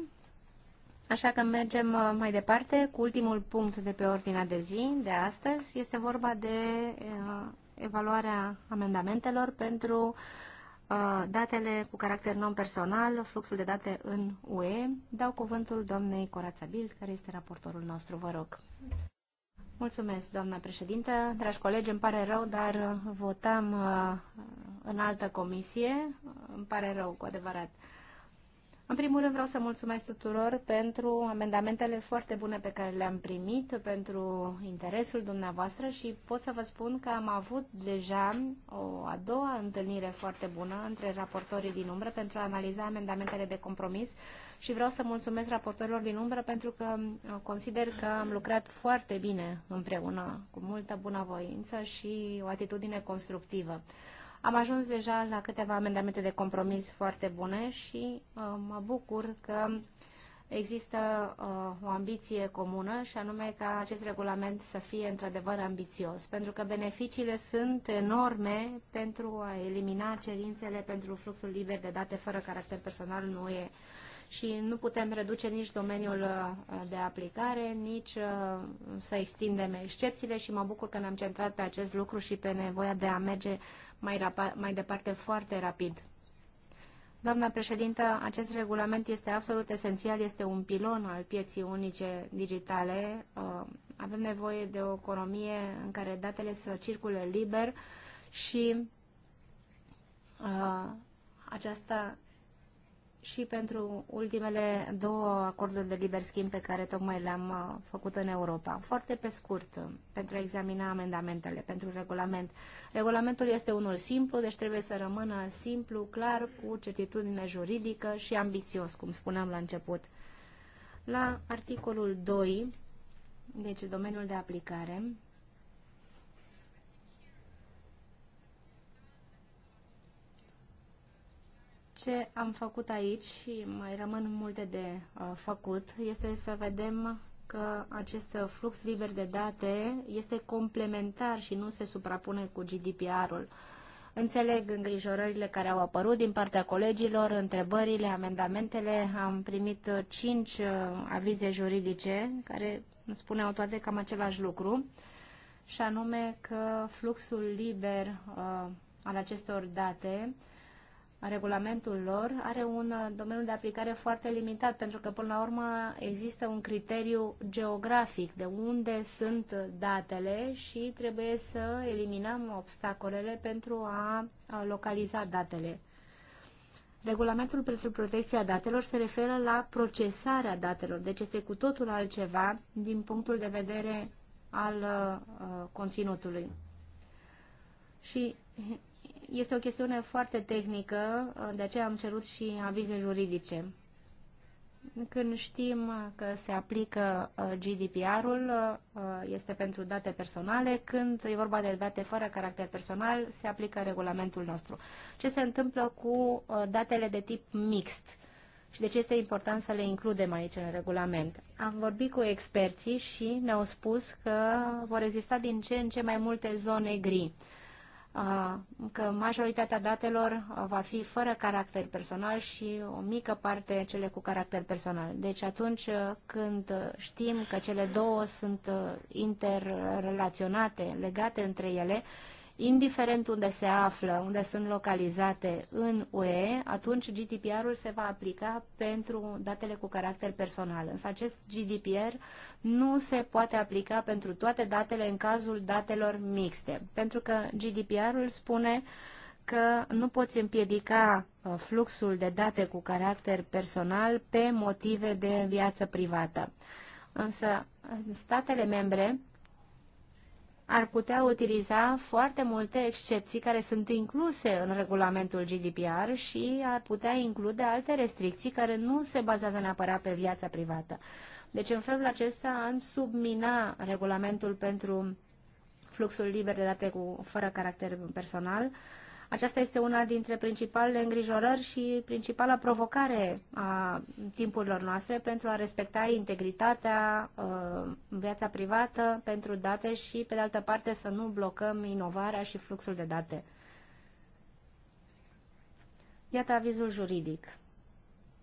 așa că mergem uh, mai departe cu ultimul punct de pe ordinea de zi de astăzi. Este vorba de uh, evaluarea amendamentelor pentru uh, datele cu caracter non-personal, fluxul de date în UE. Dau cuvântul doamnei Corața Bild, care este raportorul nostru, vă rog. Mulțumesc, doamna președintă. Dragi colegi, îmi pare rău, dar uh, votam uh, în altă comisie. Îmi pare rău, cu adevărat. În primul rând vreau să mulțumesc tuturor pentru amendamentele foarte bune pe care le-am primit, pentru interesul dumneavoastră și pot să vă spun că am avut deja o a doua întâlnire foarte bună între raportorii din umbră pentru a analiza amendamentele de compromis și vreau să mulțumesc raportorilor din umbră pentru că uh, consider că am lucrat foarte bine împreună, cu multă bunăvoință și o atitudine constructivă. Am ajuns deja la câteva amendamente de compromis foarte bune și uh, mă bucur că există uh, o ambiție comună și anume ca acest regulament să fie într-adevăr ambițios, pentru că beneficiile sunt enorme pentru a elimina cerințele pentru fluxul liber de date fără caracter personal nu e și nu putem reduce nici domeniul uh, de aplicare, nici uh, să extindem excepțiile și mă bucur că ne-am centrat pe acest lucru și pe nevoia de a merge mai, mai departe foarte rapid. Doamna președintă, acest regulament este absolut esențial, este un pilon al pieții unice digitale. Uh, avem nevoie de o economie în care datele să circule liber și uh, aceasta și pentru ultimele două acorduri de liber schimb pe care tocmai le-am uh, făcut în Europa. Foarte pe scurt, uh, pentru a examina amendamentele, pentru regulament. Regulamentul este unul simplu, deci trebuie să rămână simplu, clar, cu certitudine juridică și ambițios, cum spuneam la început. La articolul 2, deci domeniul de aplicare, Ce am făcut aici și mai rămân multe de uh, făcut este să vedem că acest flux liber de date este complementar și nu se suprapune cu GDPR-ul. Înțeleg îngrijorările care au apărut din partea colegilor, întrebările, amendamentele. Am primit uh, cinci uh, avize juridice care spuneau toate cam același lucru, și anume că fluxul liber uh, al acestor date uh, regulamentul lor are un uh, domeniu de aplicare foarte limitat, pentru că până la urmă există un criteriu geografic de unde sunt datele și trebuie să eliminăm obstacolele pentru a localiza datele. Regulamentul pentru protecția datelor se referă la procesarea datelor, deci este cu totul altceva din punctul de vedere al uh, conținutului. Și este o chestiune foarte tehnică, de aceea am cerut și avize juridice. Când știm că se aplică uh, GDPR-ul, uh, este pentru date personale. Când e vorba de date fără caracter personal, se aplică regulamentul nostru. Ce se întâmplă cu uh, datele de tip mixt? și de ce este important să le includem aici în regulament. Am vorbit cu experții și ne-au spus că vor exista din ce în ce mai multe zone gri că majoritatea datelor va fi fără caracter personal și o mică parte cele cu caracter personal. Deci atunci când știm că cele două sunt interrelaționate, legate între ele, indiferent unde se află, unde sunt localizate în UE, atunci GDPR-ul se va aplica pentru datele cu caracter personal. Însă acest GDPR nu se poate aplica pentru toate datele în cazul datelor mixte, pentru că GDPR-ul spune că nu poți împiedica uh, fluxul de date cu caracter personal pe motive de viață privată. Însă statele membre ar putea utiliza foarte multe excepții care sunt incluse în regulamentul GDPR și ar putea include alte restricții care nu se bazează neapărat pe viața privată. Deci, în felul acesta, am submina regulamentul pentru fluxul liber de date cu, fără caracter personal uh, aceasta este una dintre principalele îngrijorări și principala provocare a timpurilor noastre pentru a respecta integritatea, uh, viața privată pentru date și, pe de altă parte, să nu blocăm inovarea și fluxul de date. Iată avizul juridic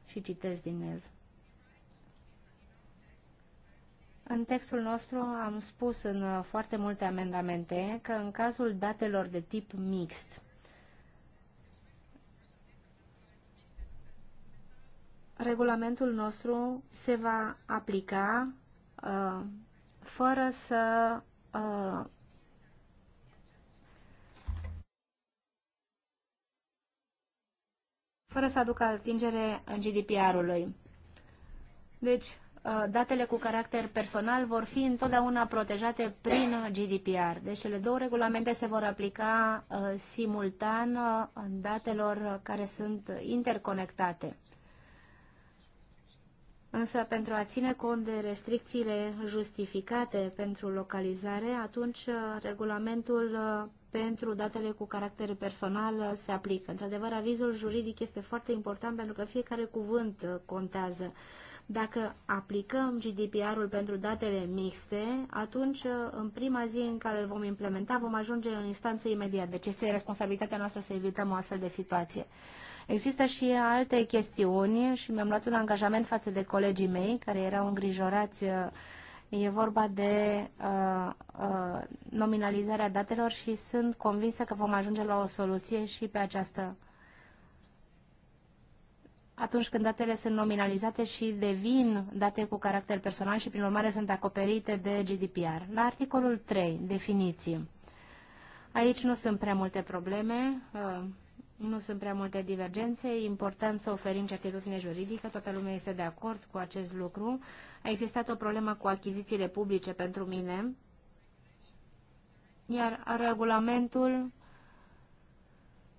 și citesc din el. În textul nostru am spus în uh, foarte multe amendamente că în cazul datelor de tip mixt, regulamentul nostru se va aplica uh, fără să uh, fără să aducă atingere în GDPR-ului. Deci, uh, datele cu caracter personal vor fi întotdeauna protejate prin GDPR. Deci cele două regulamente se vor aplica uh, simultan uh, datelor care sunt interconectate. Însă pentru a ține cont de restricțiile justificate pentru localizare, atunci uh, regulamentul uh, pentru datele cu caracter personal uh, se aplică. Într-adevăr, avizul juridic este foarte important pentru că fiecare cuvânt contează. Dacă aplicăm GDPR-ul pentru datele mixte, atunci în prima zi în care îl vom implementa vom ajunge în instanță imediat. Deci este responsabilitatea noastră să evităm o astfel de situație. Există și alte chestiuni și mi-am luat un angajament față de colegii mei care erau îngrijorați. Uh, e vorba de uh, uh, nominalizarea datelor și sunt convinsă că vom ajunge la o soluție și pe această atunci când datele sunt nominalizate și devin date cu caracter personal și, prin urmare, sunt acoperite de GDPR. La articolul 3, definiții. Aici nu sunt prea multe probleme. Uh, nu sunt prea multe divergențe, e important să oferim certitudine juridică, toată lumea este de acord cu acest lucru. A existat o problemă cu achizițiile publice pentru mine, iar regulamentul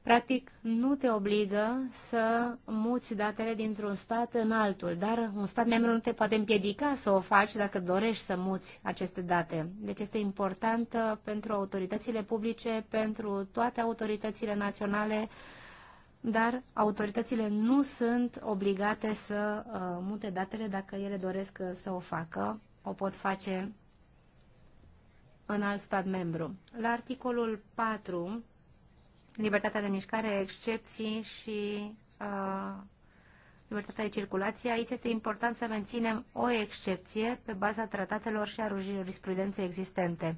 practic nu te obligă să muți datele dintr-un stat în altul, dar un stat membru nu te poate împiedica să o faci dacă dorești să muți aceste date. Deci este important pentru autoritățile publice, pentru toate autoritățile naționale, dar autoritățile nu sunt obligate să uh, mute datele dacă ele doresc să o facă. O pot face în alt stat membru. La articolul 4 libertatea de mișcare, excepții și uh, libertatea de circulație. Aici este important să menținem o excepție pe baza tratatelor și a jurisprudenței existente.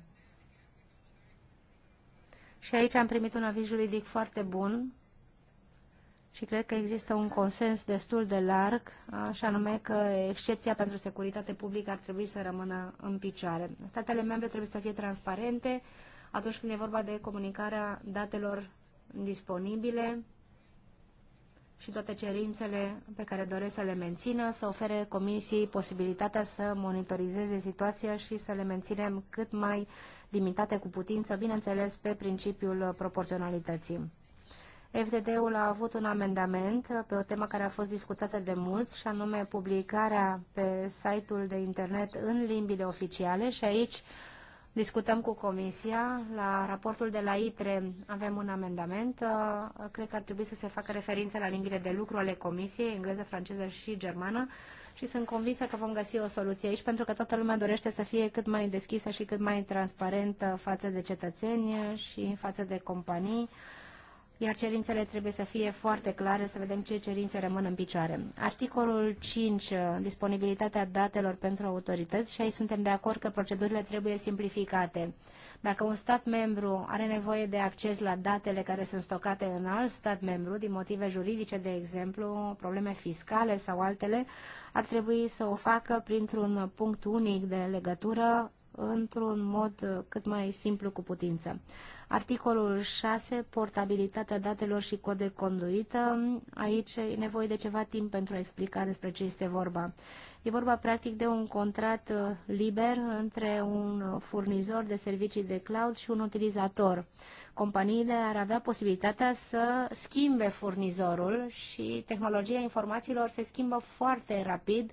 Și aici am primit un aviz juridic foarte bun și cred că există un consens destul de larg, și anume că excepția pentru securitate publică ar trebui să rămână în picioare. Statele membre trebuie să fie transparente atunci când e vorba de comunicarea datelor disponibile și toate cerințele pe care doresc să le mențină, să ofere comisiei posibilitatea să monitorizeze situația și să le menținem cât mai limitate cu putință, bineînțeles pe principiul proporționalității. FDD-ul a avut un amendament pe o temă care a fost discutată de mulți, și anume publicarea pe site-ul de internet în limbile oficiale și aici discutăm cu Comisia. La raportul de la ITRE avem un amendament. Uh, cred că ar trebui să se facă referință la limbile de lucru ale Comisiei, engleză, franceză și germană. Și sunt convinsă că vom găsi o soluție aici, pentru că toată lumea dorește să fie cât mai deschisă și cât mai transparentă față de cetățeni și față de companii iar cerințele trebuie să fie foarte clare, să vedem ce cerințe rămân în picioare. Articolul 5, uh, disponibilitatea datelor pentru autorități, și aici suntem de acord că procedurile trebuie simplificate. Dacă un stat membru are nevoie de acces la datele care sunt stocate în alt stat membru, din motive juridice, de exemplu, probleme fiscale sau altele, ar trebui să o facă printr-un punct unic de legătură într-un mod cât mai simplu cu putință. Articolul 6, portabilitatea datelor și cod de conduită. Aici e nevoie de ceva timp pentru a explica despre ce este vorba. E vorba practic de un contract liber între un furnizor de servicii de cloud și un utilizator. Companiile ar avea posibilitatea să schimbe furnizorul și tehnologia informațiilor se schimbă foarte rapid,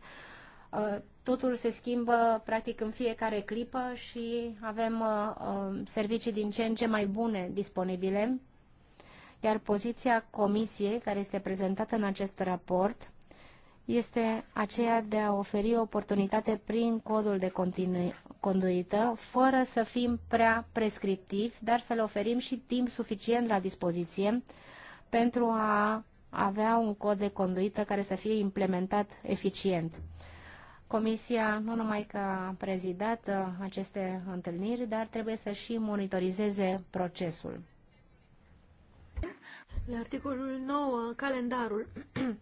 Uh, totul se schimbă practic în fiecare clipă și avem uh, um, servicii din ce în ce mai bune disponibile, iar poziția comisiei care este prezentată în acest raport este aceea de a oferi oportunitate prin codul de conduită, fără să fim prea prescriptivi, dar să le oferim și timp suficient la dispoziție pentru a avea un cod de conduită care să fie implementat eficient. Comisia nu numai că a prezidat uh, aceste întâlniri, dar trebuie să și monitorizeze procesul. La articolul 9, calendarul.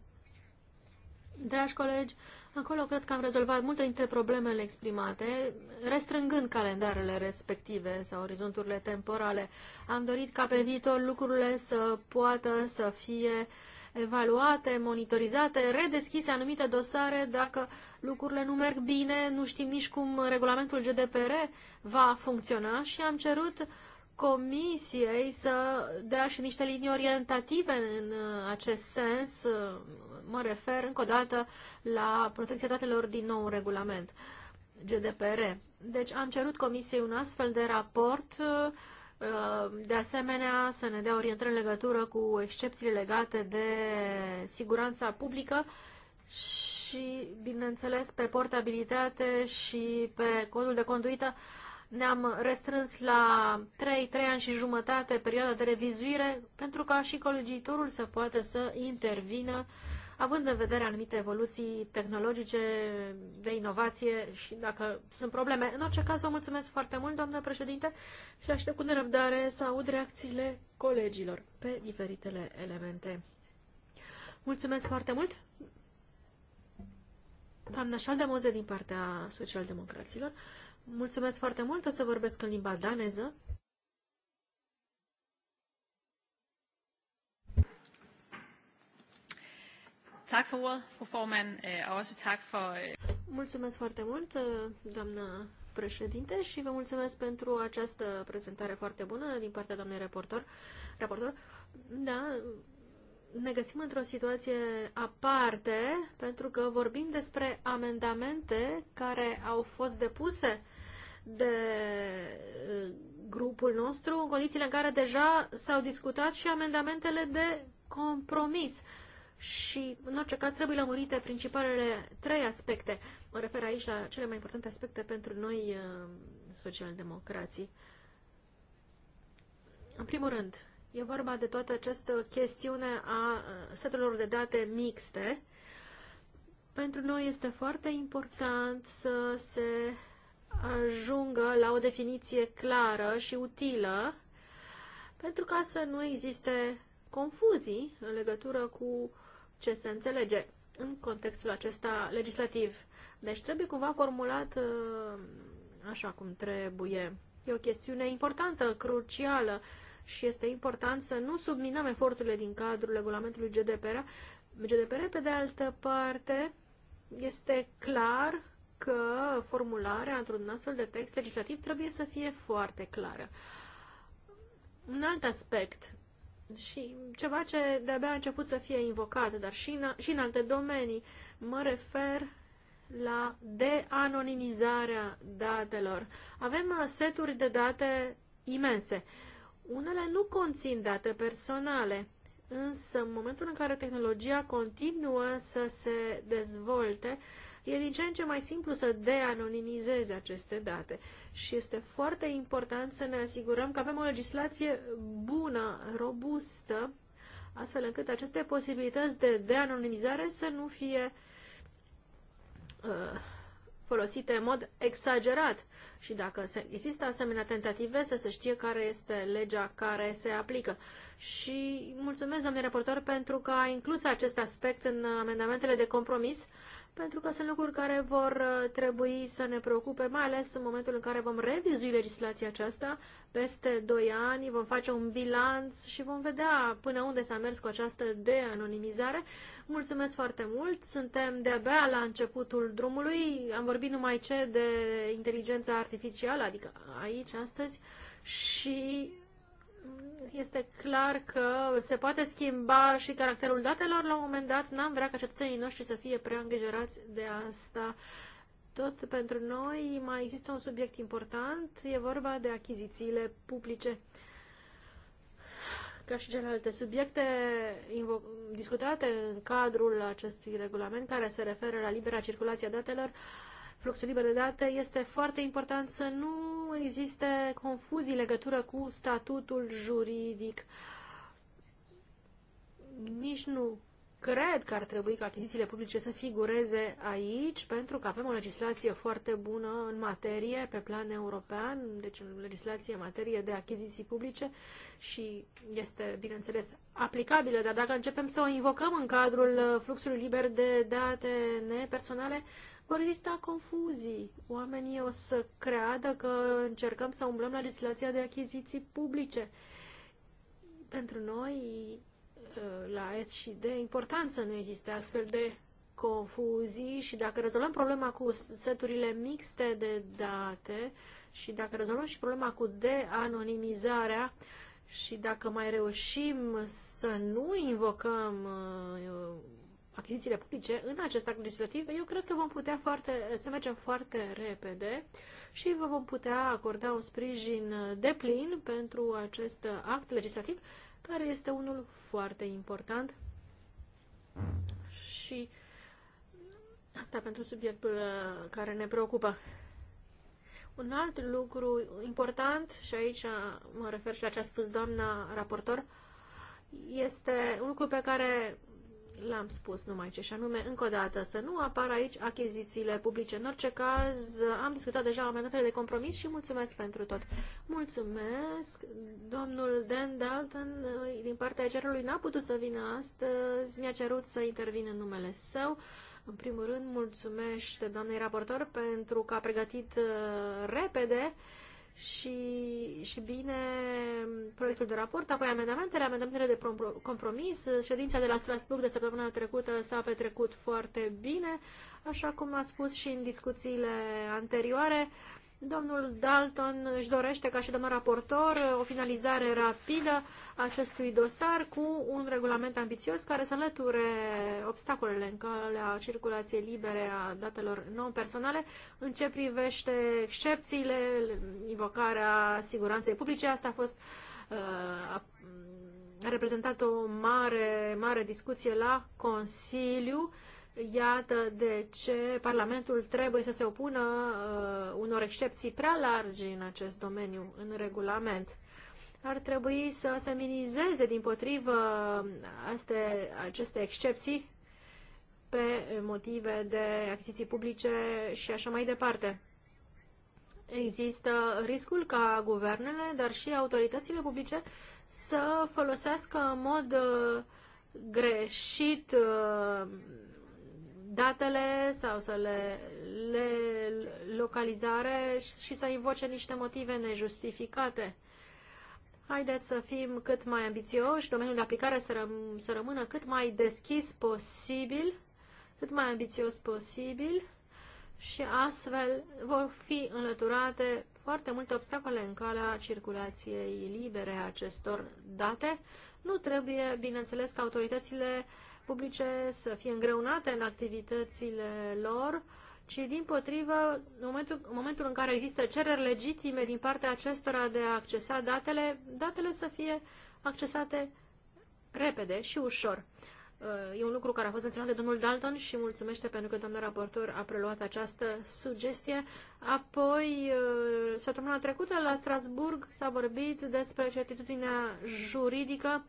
Dragi colegi, acolo cred că am rezolvat multe dintre problemele exprimate, restrângând calendarele respective sau orizonturile temporale. Am dorit ca pe viitor lucrurile să poată să fie uh, evaluate, monitorizate, redeschise anumite dosare dacă lucrurile nu merg bine, nu știm nici cum regulamentul GDPR va funcționa și am cerut Comisiei să dea și niște linii orientative în uh, acest sens. Uh, mă refer încă o dată la protecția datelor din nou regulament GDPR. Deci am cerut Comisiei un astfel de raport uh, Ehm, de asemenea, să ne dea orientări în legătură cu excepțiile legate de siguranța publică și, bineînțeles, pe portabilitate și pe codul de conduită ne-am restrâns la 3, 3 ani și jumătate perioada de revizuire pentru ca și colegitorul să poată să intervină uh, având în vedere anumite evoluții tehnologice de inovație și dacă sunt probleme. În orice caz, vă mulțumesc foarte mult, doamnă președinte, și aștept cu nerăbdare să aud reacțiile colegilor pe diferitele elemente. Mulțumesc foarte mult! Doamna Șaldemoze din partea socialdemocraților, mulțumesc foarte mult, o să vorbesc în limba daneză. tak for ordet, fru formand, øh, og også tak for... Øh, mulțumesc foarte mult, uh, doamnă președinte, și vă mulțumesc pentru această prezentare foarte bună din partea doamnei reportor. raportor. Da, ne găsim într-o situație aparte, pentru că vorbim despre amendamente care au fost depuse de uh, grupul nostru, în condițiile în care deja s-au discutat și amendamentele de compromis și, în orice caz, trebuie lămurite principalele trei aspecte. Mă refer aici la cele mai importante aspecte pentru noi, uh, socialdemocrații. În primul rând, e vorba de toată această chestiune a uh, setelor de date mixte. Pentru noi este foarte important să se ajungă la o definiție clară și utilă, pentru ca să nu existe confuzii în legătură cu ce se înțelege în contextul acesta legislativ. Deci trebuie cumva formulat uh, așa cum trebuie. E o chestiune importantă, crucială și este important să nu subminăm eforturile din cadrul regulamentului GDPR. GDPR, pe de altă parte, este clar că formularea într-un astfel de text legislativ trebuie să fie foarte clară. Un alt aspect și ceva ce de-abia a început să fie invocat, dar și în, și în alte domenii. Mă refer la deanonimizarea datelor. Avem uh, seturi de date imense. Unele nu conțin date personale, însă în momentul în care tehnologia continuă să se dezvolte, uh, e din ce în ce mai simplu să deanonimizeze aceste date și este foarte important să ne asigurăm că avem o legislație bună, robustă, astfel încât aceste posibilități de deanonimizare să nu fie uh, folosite în mod exagerat și dacă există asemenea tentative să se știe care este legea care se aplică. Și mulțumesc, doamne raportor, pentru că a inclus acest aspect în amendamentele de compromis pentru că sunt lucruri care vor uh, trebui să ne preocupe, mai ales în momentul în care vom revizui legislația aceasta peste 2 ani, vom face un bilanț și vom vedea până unde s-a mers cu această de-anonimizare. Mulțumesc foarte mult, suntem de-abia la începutul drumului, am vorbit numai ce de inteligența artificială, adică aici astăzi, și este clar că se poate schimba și caracterul datelor la un moment dat. N-am vrea ca cetățenii noștri să fie prea îngrijorați de asta. Tot pentru noi mai există un subiect important, e vorba de achizițiile publice. Ca și celelalte subiecte discutate în cadrul acestui regulament care se referă la libera circulație a datelor, uh, fluxul liber de date, este foarte important să nu existe confuzii legătură cu statutul juridic. Nici nu cred că ar trebui ca achizițiile publice să figureze aici, pentru că avem o legislație foarte bună în materie, pe plan european, deci o legislație în materie de achiziții publice și este, bineînțeles, aplicabilă, dar dacă începem să o invocăm în cadrul fluxului liber de date nepersonale, vor exista confuzii. Oamenii o să creadă că încercăm să umblăm la legislația de achiziții publice. Pentru noi, uh, la S și D, important să nu existe astfel de confuzii și dacă rezolvăm problema cu seturile mixte de date și dacă rezolvăm și problema cu de-anonimizarea și dacă mai reușim să nu invocăm uh, achizițiile publice în acest act legislativ, eu cred că vom putea foarte, să mergem foarte repede și vă vom putea acorda un sprijin deplin pentru acest act legislativ, care este unul foarte important. Și asta pentru subiectul uh, care ne preocupă. Un alt lucru important, și aici uh, mă refer și la ce a spus doamna raportor, este un lucru pe care l-am spus numai ce și anume, încă o dată, să nu apară aici achizițiile publice. În orice caz, am discutat deja amendamentele de compromis și mulțumesc pentru tot. Mulțumesc, domnul Dan Dalton, din partea cerului, n-a putut să vină astăzi, mi-a cerut să intervin în numele său. În primul rând, mulțumesc doamnei raportor pentru că a pregătit uh, repede uh, și, și bine proiectul de raport, apoi amendamentele, amendamentele de compromis. Ședința de la Strasburg de săptămâna trecută s-a petrecut foarte bine, așa cum a spus și în discuțiile anterioare. Uh, Domnul Dalton își dorește, ca și domnul raportor, o finalizare rapidă a acestui dosar cu un regulament ambițios care să înlăture obstacolele în calea circulației libere a datelor non-personale în ce privește excepțiile, invocarea siguranței publice. Asta a fost uh, a, a reprezentat o mare, mare discuție la Consiliu Iată de ce Parlamentul trebuie să se opună uh, unor excepții prea largi în acest domeniu, în regulament. Ar trebui să se minimizeze din potrivă aste, aceste excepții pe motive de achiziții publice și așa mai departe. Există riscul ca guvernele, dar și autoritățile publice să folosească în mod uh, greșit uh, datele sau să le, le localizare și să invoce niște motive nejustificate. Haideți să fim cât mai ambițioși, domeniul de aplicare să, răm- să rămână cât mai deschis posibil, cât mai ambițios posibil și astfel vor fi înlăturate foarte multe obstacole în calea circulației libere a acestor date. Nu trebuie, bineînțeles, că autoritățile uh, publice să fie îngreunate în activitățile lor, ci din potrivă, în momentul, în momentul în care există cereri legitime din partea acestora de a accesa datele, datele să fie accesate repede și ușor. Uh, e un lucru care a fost menționat de domnul Dalton și mulțumește pentru că domnul raportor a preluat această sugestie. Apoi, uh, săptămâna trecută la Strasburg s-a vorbit despre certitudinea juridică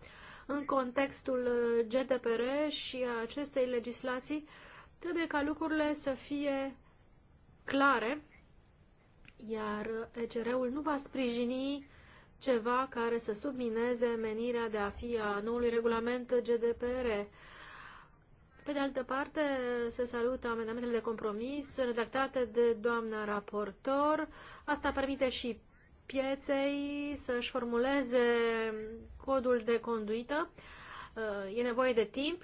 în contextul uh, GDPR și a acestei legislații, trebuie ca lucrurile să fie clare, iar ECR-ul nu va sprijini ceva care să submineze menirea de a fi a noului regulament GDPR. Pe de altă parte, se salută amendamentele de compromis redactate de doamna raportor. Asta permite și pieței să-și formuleze codul de conduită. Uh, e nevoie de timp,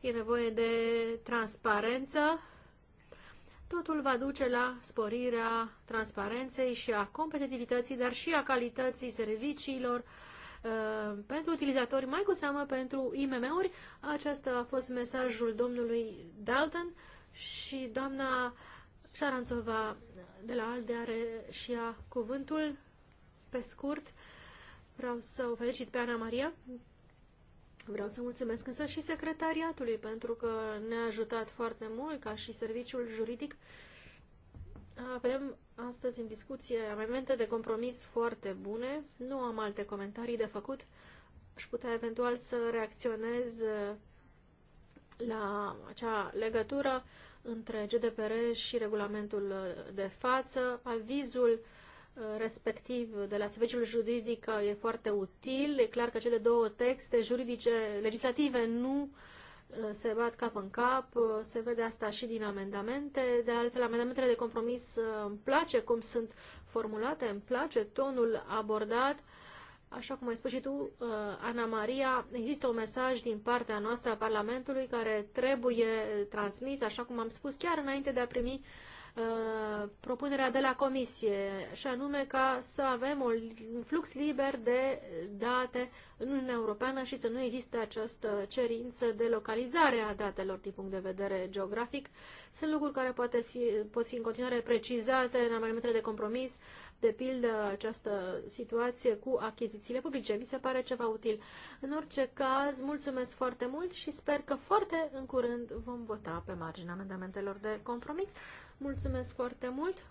e nevoie de transparență. Totul va duce la sporirea transparenței și a competitivității, dar și a calității serviciilor uh, pentru utilizatori, mai cu seamă pentru IMM-uri. Acesta a fost mesajul domnului Dalton și doamna Șaranțova de la ALDE are și ea cuvântul pe scurt, vreau să o felicit pe Ana Maria. Vreau să mulțumesc însă și secretariatului pentru că ne-a ajutat foarte mult ca și serviciul juridic. Avem astăzi în discuție amendamente de compromis foarte bune. Nu am alte comentarii de făcut. Aș putea eventual să reacționez uh, la acea legătură între GDPR și regulamentul uh, de față, avizul respectiv de la serviciul juridic e foarte util. E clar că cele două texte juridice legislative nu uh, se bat cap în cap, uh, se vede asta și din amendamente. De altfel, amendamentele de compromis uh, îmi place cum sunt formulate, îmi place tonul abordat. Așa cum ai spus și tu, Ana Maria, există un mesaj din partea noastră a Parlamentului care trebuie transmis, așa cum am spus, chiar înainte de a primi uh, Uh, propunerea de la comisie, și anume ca să avem un flux liber de date în Uniunea Europeană și să nu existe această cerință de localizare a datelor din punct de vedere geografic. Sunt lucruri care poate fi, pot fi în continuare precizate în amendamentele de compromis, de pildă această situație cu achizițiile publice. Mi se pare ceva util. În orice caz, mulțumesc foarte mult și sper că foarte în curând vom vota pe marginea amendamentelor de compromis. Mulțumesc foarte mult.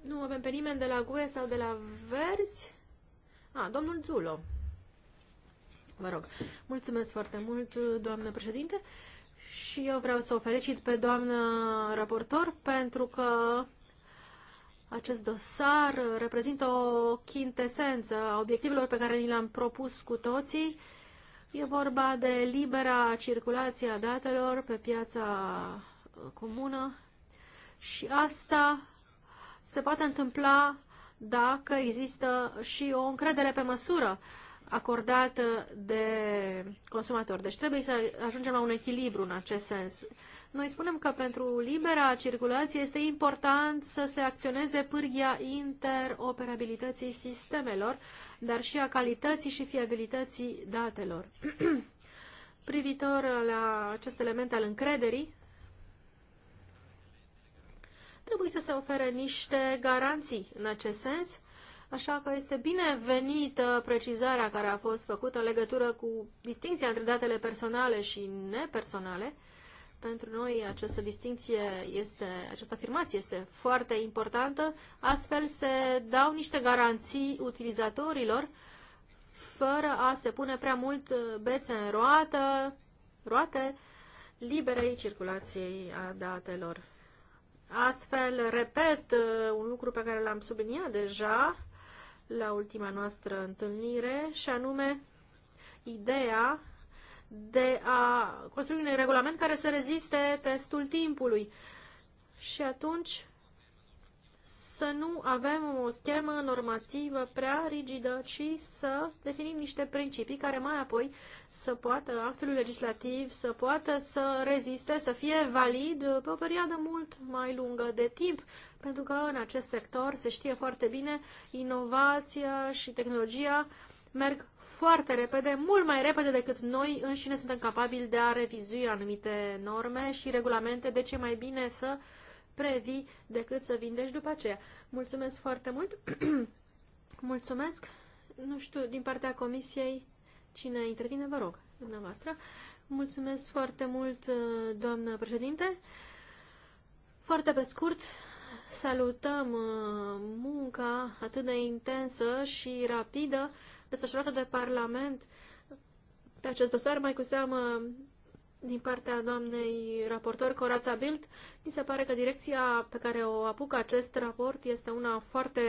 Nu avem pe nimeni de la GUE sau de la Verzi. A, domnul Zulo. Vă rog. Mulțumesc foarte mult, doamnă președinte. Și eu vreau să o felicit pe doamnă raportor pentru că acest dosar reprezintă o chintesență a obiectivelor pe care ni le-am propus cu toții. E vorba de libera circulație a datelor pe piața comună și asta se poate întâmpla dacă există și o încredere pe măsură acordată de consumator. Deci trebuie să ajungem la un echilibru în acest sens. Noi spunem că pentru libera circulație este important să se acționeze pârghia interoperabilității sistemelor, dar și a calității și fiabilității datelor. Privitor la acest element al încrederii, trebuie să se ofere niște garanții în acest sens, așa că este binevenită precizarea care a fost făcută în legătură cu distinția între datele personale și nepersonale. Pentru noi această distinție este, această afirmație este foarte importantă, astfel se dau niște garanții utilizatorilor fără a se pune prea mult uh, bețe în roată, roate liberei circulației a datelor Astfel, repet uh, un lucru pe care l-am subliniat deja la ultima noastră întâlnire, și anume ideea de a construi un regulament care să reziste testul timpului. Și atunci să nu avem o schemă normativă prea rigidă, ci să definim niște principii care mai apoi să poată actul legislativ să poată să reziste, să fie valid pe o perioadă mult mai lungă de timp, pentru că în acest sector se știe foarte bine inovația și tehnologia merg foarte repede, mult mai repede decât noi înșine suntem capabili de a revizui anumite norme și regulamente, de ce mai bine să uh, previi decât să vindești după aceea. Mulțumesc foarte mult! Mulțumesc! Nu știu, din partea comisiei, cine intervine, vă rog, dumneavoastră. Mulțumesc foarte mult, doamnă președinte. Foarte pe scurt, salutăm uh, munca atât de intensă și rapidă desfășurată de Parlament pe acest dosar, mai cu seamă din partea doamnei raportor Corața Bild. Mi se pare că direcția pe care o apucă acest raport este una foarte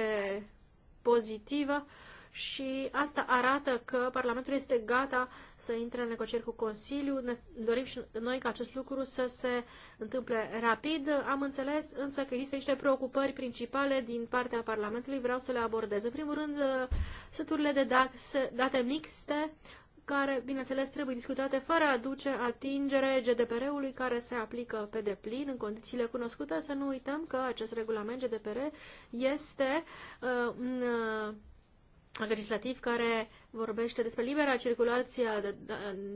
pozitivă și asta arată că Parlamentul este gata să intre în negocieri cu Consiliul. Ne dorim și noi ca acest lucru să se întâmple rapid. Am înțeles însă că există niște preocupări principale din partea Parlamentului. Vreau să le abordez. În primul rând, săturile de date mixte care, bineînțeles, trebuie discutate fără a duce atingere GDPR-ului care se aplică pe deplin în condițiile cunoscute. Să nu uităm că acest regulament GDPR este uh, un uh, legislativ care vorbește despre libera circulație a da,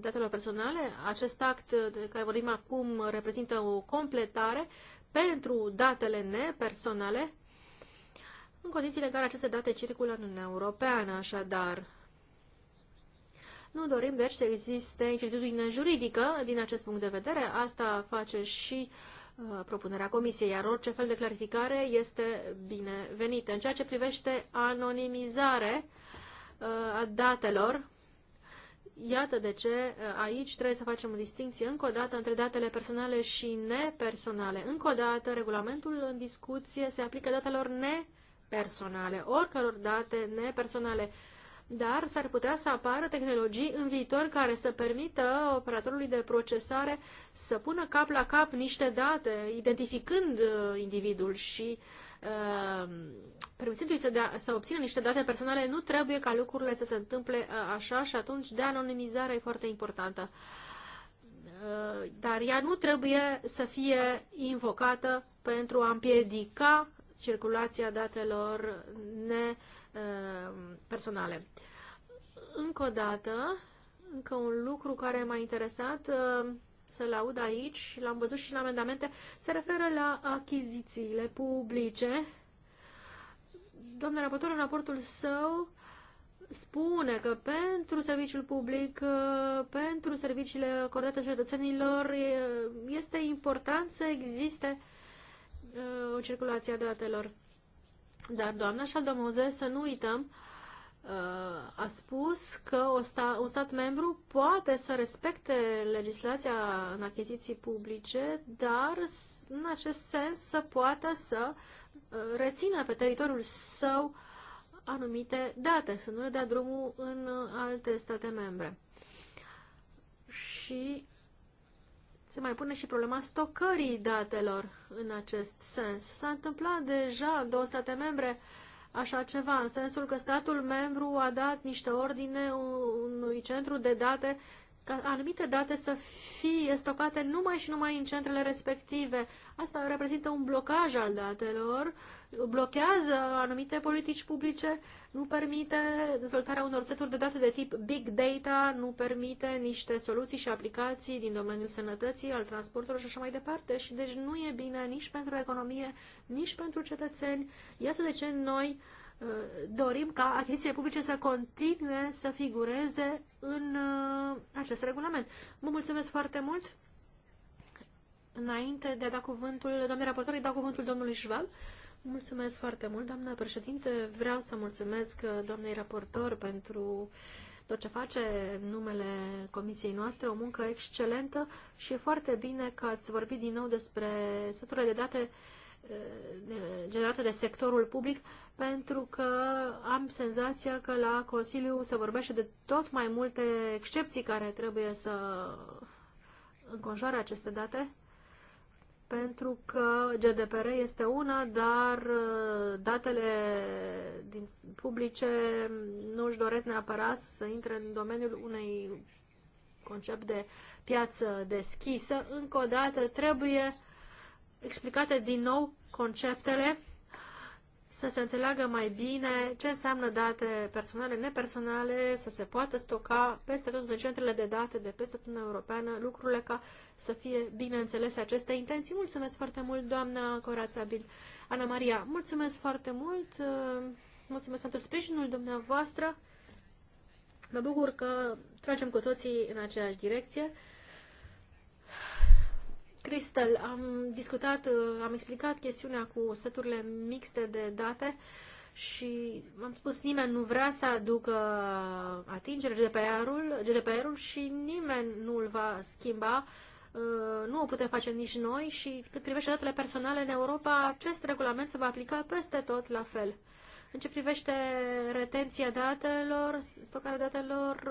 datelor personale. Acest act de care vorbim acum reprezintă o completare pentru datele nepersonale în condițiile în care aceste date circulă în Uniunea Europeană, așadar nu dorim, deci, să existe incertitudine juridică din acest punct de vedere. Asta face și uh, propunerea comisiei, iar orice fel de clarificare este binevenită. În ceea ce privește anonimizare uh, a datelor, Iată de ce uh, aici trebuie să facem o distinție încă o dată între datele personale și nepersonale. Încă o dată, regulamentul în discuție se aplică datelor nepersonale, oricăror date nepersonale dar s-ar putea să apară tehnologii în viitor care să permită operatorului de procesare să pună cap la cap niște date, identificând uh, individul și uh, permițându-i să, dea, să obțină niște date personale, nu trebuie ca lucrurile să se întâmple uh, așa și atunci de anonimizare e foarte importantă. dar ea nu trebuie să fie invocată pentru a împiedica circulația datelor ne Uh, personale. Încă o dată, încă un lucru care m-a interesat uh, să-l aud aici și l-am văzut și la amendamente, se referă la achizițiile publice. Domnul raportor, în raportul său, spune că pentru serviciul public, uh, pentru serviciile acordate cetățenilor, este important să existe o circulație a datelor. Dar doamna Șaldomoze, să nu uităm, uh, a spus că o sta, un stat membru poate să respecte legislația în achiziții publice, dar în acest sens să poată să uh, rețină pe teritoriul său anumite date, să nu le dea drumul în uh, alte state membre. Și se mai pune și problema stocării datelor în acest sens. S-a întâmplat deja în două state membre așa ceva, în sensul că statul membru a dat niște ordine unui centru de date ca anumite date să fie stocate numai și numai în centrele respective. Asta reprezintă un blocaj al datelor, blochează anumite politici publice, nu permite dezvoltarea unor seturi de date de tip big data, nu permite niște soluții și aplicații din domeniul sănătății, al transportului și așa mai departe. Și deci nu e bine nici pentru economie, nici pentru cetățeni. Iată de ce noi uh, Uh, dorim ca achizițiile publice să continue să figureze în uh, acest regulament. Vă mulțumesc foarte mult! Înainte de a da cuvântul, doamne raportor, îi dau cuvântul domnului Șval. Mulțumesc foarte mult, doamna președinte. Vreau să mulțumesc uh, doamnei raportor pentru tot ce face în numele comisiei noastre, o muncă excelentă și e foarte bine că ați vorbit din nou despre seturile de date uh, Generată de sectorul public, pentru că am senzația că la Consiliu se vorbește de tot mai multe excepții care trebuie să înconjoare aceste date, pentru că GDPR este una, dar uh, datele din publice nu își doresc neapărat să intre în domeniul unei concept de piață deschisă. Încă o dată trebuie explicate din nou conceptele, să se înțeleagă mai bine ce înseamnă date personale, nepersonale, să se poată stoca peste tot în centrele de date de peste tot în Europeană, lucrurile ca să fie bine înțelese aceste intenții. Mulțumesc foarte mult, doamna Corața Bil. Ana Maria, mulțumesc foarte mult, uh, mulțumesc pentru sprijinul dumneavoastră. Mă bucur că tragem cu toții în aceeași direcție. Cristel, am discutat, am explicat chestiunea cu seturile mixte de date și am spus nimeni nu vrea să aducă atingere GDPR-ul GDPR și nimeni nu îl va schimba. Uh, nu o putem face nici noi și cât privește datele personale în Europa, acest regulament se va aplica peste tot la fel. În ce privește retenția datelor, stocarea datelor,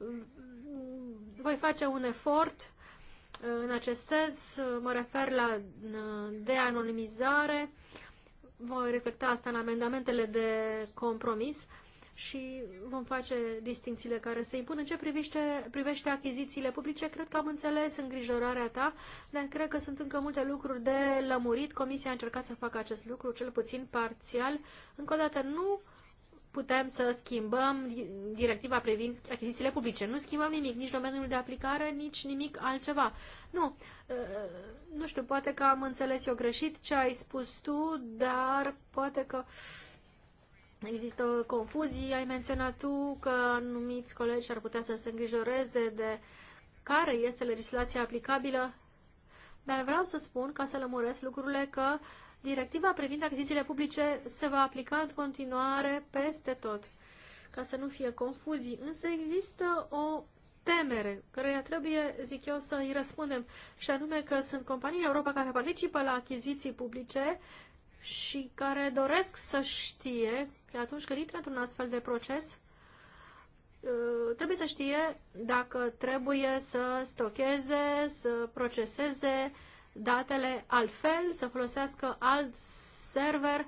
uh, voi face un efort în acest sens, mă refer la uh, deanonimizare, voi reflecta asta în amendamentele de compromis și vom face distințiile care se impun. În ce privește, privește achizițiile publice, cred că am înțeles îngrijorarea ta, dar cred că sunt încă multe lucruri de lămurit. Comisia a încercat să facă acest lucru, cel puțin parțial. Încă o dată, nu putem să schimbăm directiva privind achizițiile publice. Nu schimbăm nimic, nici domeniul de aplicare, nici nimic altceva. Nu, nu știu, poate că am înțeles eu greșit ce ai spus tu, dar poate că există confuzii. Ai menționat tu că anumiți colegi ar putea să se îngrijoreze de care este legislația aplicabilă, dar vreau să spun, ca să lămuresc lucrurile, că uh, Directiva privind achizițiile publice se va aplica în continuare peste tot, ca să nu fie confuzii. Însă există o temere, care trebuie, zic eu, să îi răspundem, și anume că sunt companii în Europa care participă la achiziții publice și care doresc să știe că atunci când intră într-un astfel de proces, ă, trebuie să știe dacă trebuie să stocheze, să proceseze datele altfel, să folosească alt server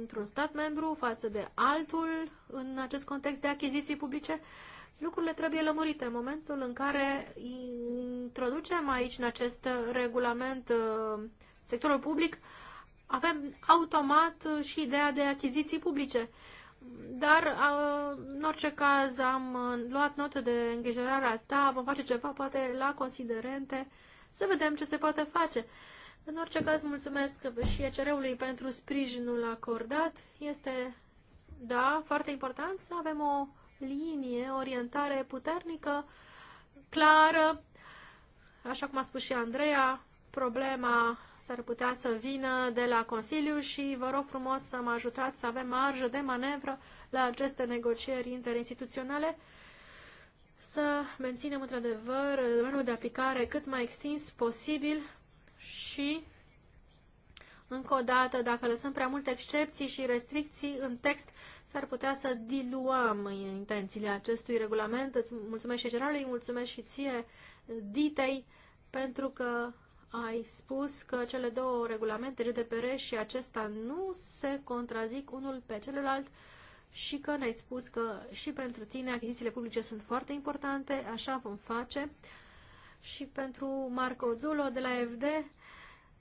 într-un stat membru față de altul în acest context de achiziții publice. Lucrurile trebuie lămurite în momentul în care introducem aici în acest regulament uh, sectorul public, avem automat uh, și ideea de achiziții publice. Dar, uh, în orice caz, am luat notă de îngrijorarea ta, vom face ceva, poate, la considerente să vedem ce se poate face. În orice caz, mulțumesc și ECR-ului pentru sprijinul acordat. Este, da, foarte important să avem o linie, orientare puternică, clară. Așa cum a spus și Andreea, problema s-ar putea să vină de la Consiliu și vă rog frumos să mă ajutați să avem marjă de manevră la aceste negocieri interinstituționale să menținem într-adevăr domeniul de aplicare cât mai extins posibil și încă o dată, dacă lăsăm prea multe excepții și restricții în text, s-ar putea să diluăm intențiile acestui regulament. Îți mulțumesc și generalului, mulțumesc și ție, Ditei, pentru că ai spus că cele două regulamente, GDPR și acesta, nu se contrazic unul pe celălalt și că ne-ai spus că și pentru tine achizițiile publice sunt foarte importante, așa vom face. Și pentru Marco Zulo de la FD,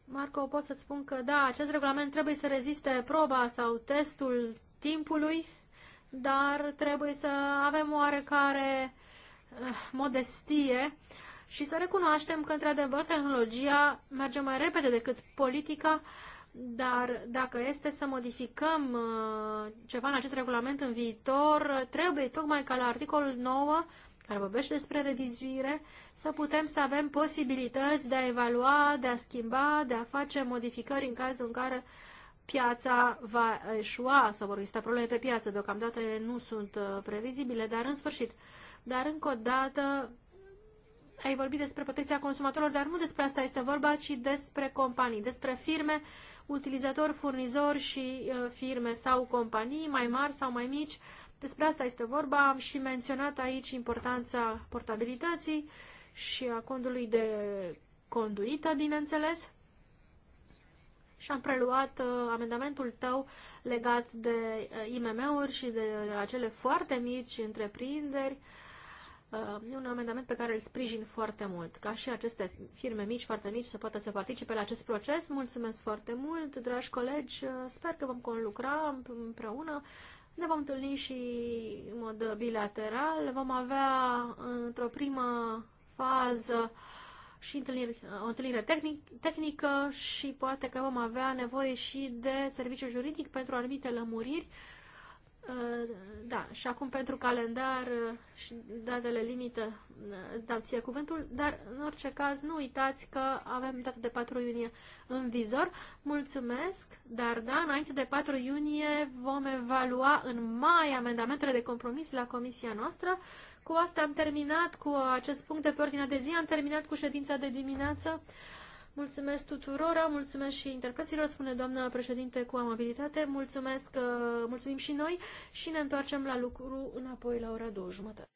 Marco, pot să-ți spun că da, acest regulament trebuie să reziste proba sau testul timpului, dar trebuie să avem oarecare eh, modestie și să recunoaștem că, într-adevăr, tehnologia merge mai repede decât politica dar dacă este să modificăm uh, ceva în acest regulament în viitor, trebuie tocmai ca la articolul 9 care vorbește despre revizuire, să putem să avem posibilități de a evalua, de a schimba, de a face modificări în cazul în care piața va eșua sau vor exista probleme pe piață. Deocamdată ele nu sunt uh, previzibile, dar în sfârșit. Dar încă o dată ai vorbit despre protecția consumatorilor, dar nu despre asta este vorba, ci despre companii, despre firme utilizatori, furnizori și uh, firme sau companii mai mari sau mai mici. Despre asta este vorba. Am și menționat aici importanța portabilității și a condului de conduită, bineînțeles. Și am preluat uh, amendamentul tău legat de uh, IMM-uri și de acele foarte mici întreprinderi Uh, e un amendament pe care îl sprijin foarte mult, ca și aceste firme mici, foarte mici, să poată să participe la acest proces. Mulțumesc foarte mult, dragi colegi, uh, sper că vom conlucra împreună, ne vom întâlni și în mod bilateral, vom avea uh, într-o primă fază și întâlnire, o întâlnire tehnic, tehnică și poate că vom avea nevoie și de serviciu juridic pentru anumite lămuriri Uh, da, și acum pentru calendar uh, și datele limită uh, îți dau ție cuvântul, dar în orice caz nu uitați că avem data de 4 iunie în vizor. Mulțumesc, dar da, înainte de 4 iunie vom evalua în mai amendamentele de compromis la comisia noastră. Cu asta am terminat cu acest punct de pe ordinea de zi, am terminat cu ședința de dimineață. Mulțumesc tuturora, mulțumesc și interpreților, spune doamna președinte cu amabilitate. Mulțumesc, uh, mulțumim și noi și ne întoarcem la lucru înapoi la ora două jumătate.